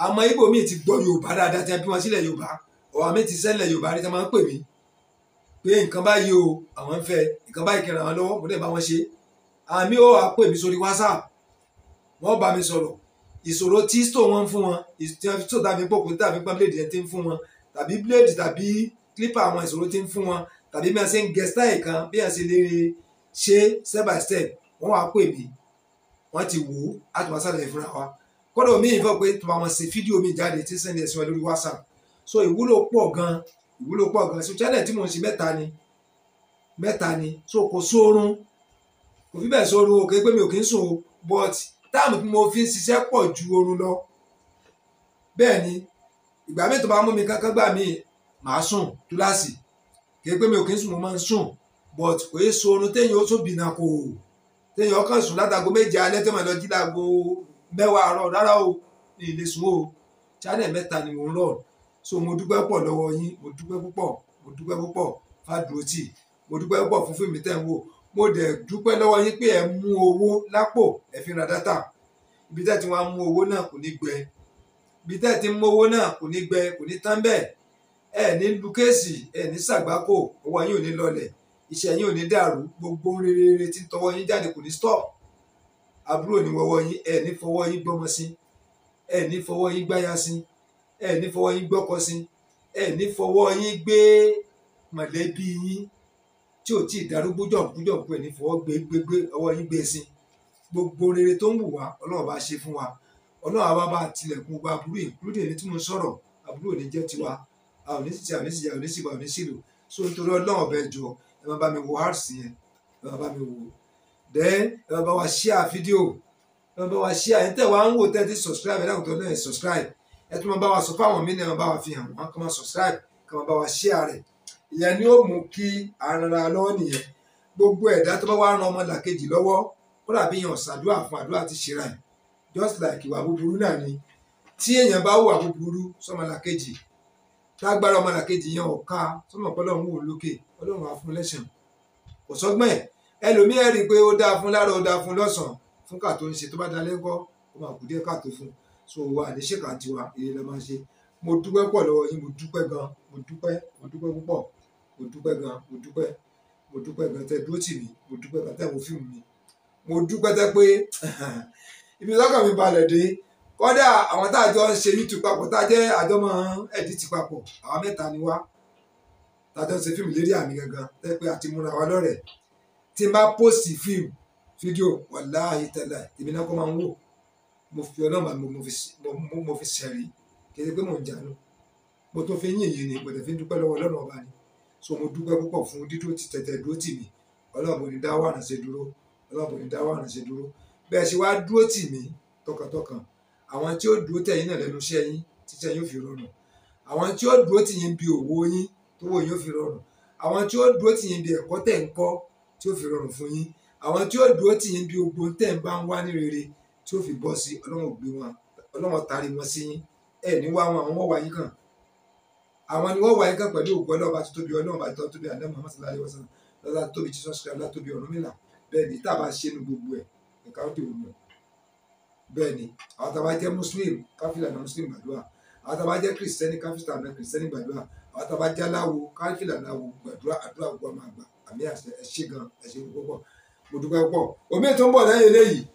àmọ́ ibo mi ti gbọ́ yorùbá dáadáa tí bí wọn sílẹ̀ yorùbá ọ̀wà pé nǹkan báyìí o àwọn ń fẹ́ nǹkan báyìí kẹrin àwọn lọ́wọ́ mo dẹ̀ bá wọn ṣe àmì ó àpò èmi sórí whatsapp wọ́n bá mi sọ̀rọ̀ ìṣòro tí stone wọn fún wọn stone tàbí pòkó tàbí pọn blade yẹn ti ń fún wọn tàbí blade tàbí clipper àwọn ìṣòro ti ń fún wọn tàbí bí wọn ṣe ń gẹ style kan bí wọn ṣe lè ṣe step by step wọ́n wá pè mí wọ́n ti wò ó àti wọn sàlẹ̀ fúnra wa kódà omi ìfọ̀ pé tí wọn ṣe fídíò mi jáde tí sẹ́ni ẹ̀sìn wọn lórí whatsapp so ìwúlò pọ̀ gan-an ìwúlò pọ̀ gan so channel tí mò ń ṣe mẹ́ta ni mẹ́ta ni so kò sórun kò fi bẹ́ẹ̀ sórun o kéé pé mi ò kí ń sùn o but táàmù tí mo fi ń ṣiṣẹ́ pọ̀ ju oorun lọ bẹ́ẹ̀ ni ìgbà mi tó bá mú mi kankan gbà mí màá sùn túláàsì kéé pé mi ò kí ń sùn mo máa ń sùn but kò yẹ sórun téèyàn ó tún bìnnà kò téèyàn kàn sùn látago méje alẹ́ tó máa lọ jí láago mẹ́wàá àárọ̀ rárá o ní ilé sùn o channel mẹ́ta ni mò ń rọrùn so mo dúpẹ́ pọ̀ lọ́wọ́ yín mo dúpẹ́ púpọ̀ mo dúpẹ́ púpọ̀ fàdúrótì mo dúpẹ́ púpọ̀ fún fíìmù tẹ̀ ń wò mo dẹ̀ dúpẹ́ lọ́wọ́ yín pé ẹ mú owó lápò ẹ fi ra dátà ibi tẹ́ ti wá mú owó náà kò ní gbẹ ibi tẹ́ ti mú owó náà kò ní gbẹ kò ní tán bẹ́ẹ̀ ẹ ní lu kéèsì ẹ ní sàgbákò ọwọ́ yín ò ní lọlẹ̀ iṣẹ́ yín ò ní dàrú gbogbo rere tí tọwọ́ yín jáde kò ní stop àbúrò ní wọ́wọ́ yín ẹ ní fọwọ́ yín gbọ́mọ sí ẹ ní fọwọ́ yín gbáyà sí ẹ ní fọwọ́ yín gbọ́kọ sí ẹ ní fọwọ́ yín gbé mọ̀lẹ́bí yín tí ò tí ì darúgbó jọ̀ǹkú jọ̀ǹkú ẹ ní fọwọ́ gbé gbé gbé ọwọ́ yín gbé sí gbogbo rere tó ń wù wá ọlọ́run bá ṣe fún wa ọlọ́run àwa bá tilẹ̀kùn gbogbo aburú ìkúrúdè ní tí mo sọ̀rọ̀ aburú ní jẹ́ tiwa a ò ní sì ti a ò ní sì yà ò ní sì bá ò ní sì lò so nítorí ọlọ́run ọ̀bẹ jọ ẹ máa bá mi wo hearts yẹn ẹ máa bá mi wo then ẹ máa bá wa share fídíò ẹ máa bá wa share ẹ̀ ń tẹ̀ wá ń wò tẹ́tí subscribe ẹ̀ dákùtọ̀ náà subscribe ẹ tún máa bá wa sọ fáwọn mí ní ẹ máa bá wa fi hàn wọn kàn máa subscribe kàn máa bá wa share rẹ̀ ìyẹn ni ó mú kí ara lọ́wọ́ nìyẹn gbogbo ẹ̀dá tó bá wá ran ọmọ làkejì lọ́wọ́ ó dàbí yàn ṣàdúrà fún àdúrà ti ṣe ra just like ìwà búburú náà ni tí èèyàn bá hùwà búburú sọmọ làkejì lágbára ọmọ làkejì yẹn ọ̀ka sọmọ pọ́lọ́run wò lókè ọlọ́run á fún lẹ́sàn kò sọ́gbọ́n ẹ̀ ẹlòmíì ẹ̀ rí i pé ó dáa fún láàárọ̀ ó dáa fún lọ́sàn-án fún kà ń ṣe tó bá dalẹ́ kọ́ ó máa kù díẹ̀ káàtó fún un so àníṣèkà tiwa èyí lè máa ṣe mo dúpẹ́ pọ̀ lọ́wọ́ yín mo dúpẹ́ gan mo dúpẹ́ mo dúpẹ́ púpọ̀ mo dúpẹ́ gan mo dúpẹ́ mo dúpẹ́ gan tẹ́ dúró tì mí mo dúpẹ́ gan tẹ́ wo fíìmù mi mo dúpẹ́ tẹ́ pé ibi lọ́kàn mi balẹ̀ dé kódà àwọn tá a jọ ń ṣe youtube papọ̀ tá a jẹ́ àjọ máa ń ẹ̀dítì papọ̀ àwọn mẹ́ta ni wá tá a jọ ń ṣe fíìmù lérí àmì gangan tẹ́ pé àti múra wa lọ́rẹ̀ẹ́ tí n bá pósì fíìmù fídíò wàláhì tẹ́lẹ̀ ìbínú ọkọ̀ máa ń wò mo fi ọlọ́run bá mo fi sẹ̀rí kì í ṣe pé mò ń jánu mo tó fi yìn yìí ni mo tẹ̀ fi dúpẹ́ lọ́wọ́ ọlọ́run ọba ni so mo dúpẹ́ púpọ̀ fún dídó ti tẹ̀tẹ̀ dúró tì mí ọlọ́run ò ní dá wàràn ṣe dúró ọlọ́run ò ní dá wàràn ṣe dúró bẹ́ẹ̀ ṣe wá dúró tì mí tọkàntọkàn àwọn tí ó dúró tẹ̀yìn náà lẹ́nu iṣẹ́ yín tíṣẹ́ yóò fi rọrùn àwọn tí ó dúró tì yín bí òwò yín tówó yóò fi rọrùn àwọn tí ó dúró tì yín bí ẹ̀kọ́ tẹ̀ ń kọ́ tí ó fi rọrùn fún yín àwọn tí ó dúró tì yín bí ogbó tẹ̀ ń bá ń wá ní rere tí ó fi bọ́ sí ọlọ́wọ́n gbé wọn ọlọ́wọ́n taari wọn sí yín ẹ ní wá wọn àwọn wọ́n wá yín kàn àwọn ni wọ́n wá yín kàn pẹ̀lú òkú ọlọ́ọ̀bá tó tóbi ọlọ́ọ̀bá tó tóbi àdámù amásàlá ayé wọ́sán lọ́la tóbi Jesus Christ lọ́la tóbi Ọ̀rúnmìlà bẹ́ẹ̀ ni tá a bá ṣe nu gbogbo ẹ̀ ẹ̀ka ó dìbò mọ́ bẹ́ẹ̀ ni àwọn tàbá jẹ́ muslim káfílà náà muslim gbàdúrà àwọn tàbá jẹ́ kìrìsìtẹ́nì káfílà náà kìrìsìtẹ́nì gbàdúrà àwọn tàbá jẹ́ aláwo káfílà náà wo gbàdúrà àdúrà gbọ́ máa gbà àmì àṣẹ ẹ̀ ṣe gan ẹ̀ ṣe púpọ̀ mo dúpẹ́ púpọ̀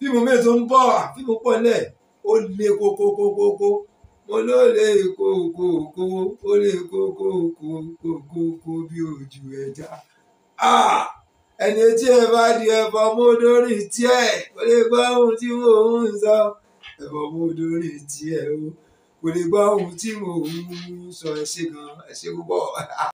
fíìmù mi tó ń bọ̀ fíìmù pọ̀ lẹ̀ ó le kókókókókó mo ló lè kókókó ó lè kókókókókó bí ojú ẹja ẹni tí ẹ bá di ẹbọ mú lórí kò lè gbọ́ ohun tí mò ń sọ ẹbọ mú lórí o kò lè gbọ́ ohun tí mò ń sọ ẹ ṣé gan ẹ ṣé púpọ̀.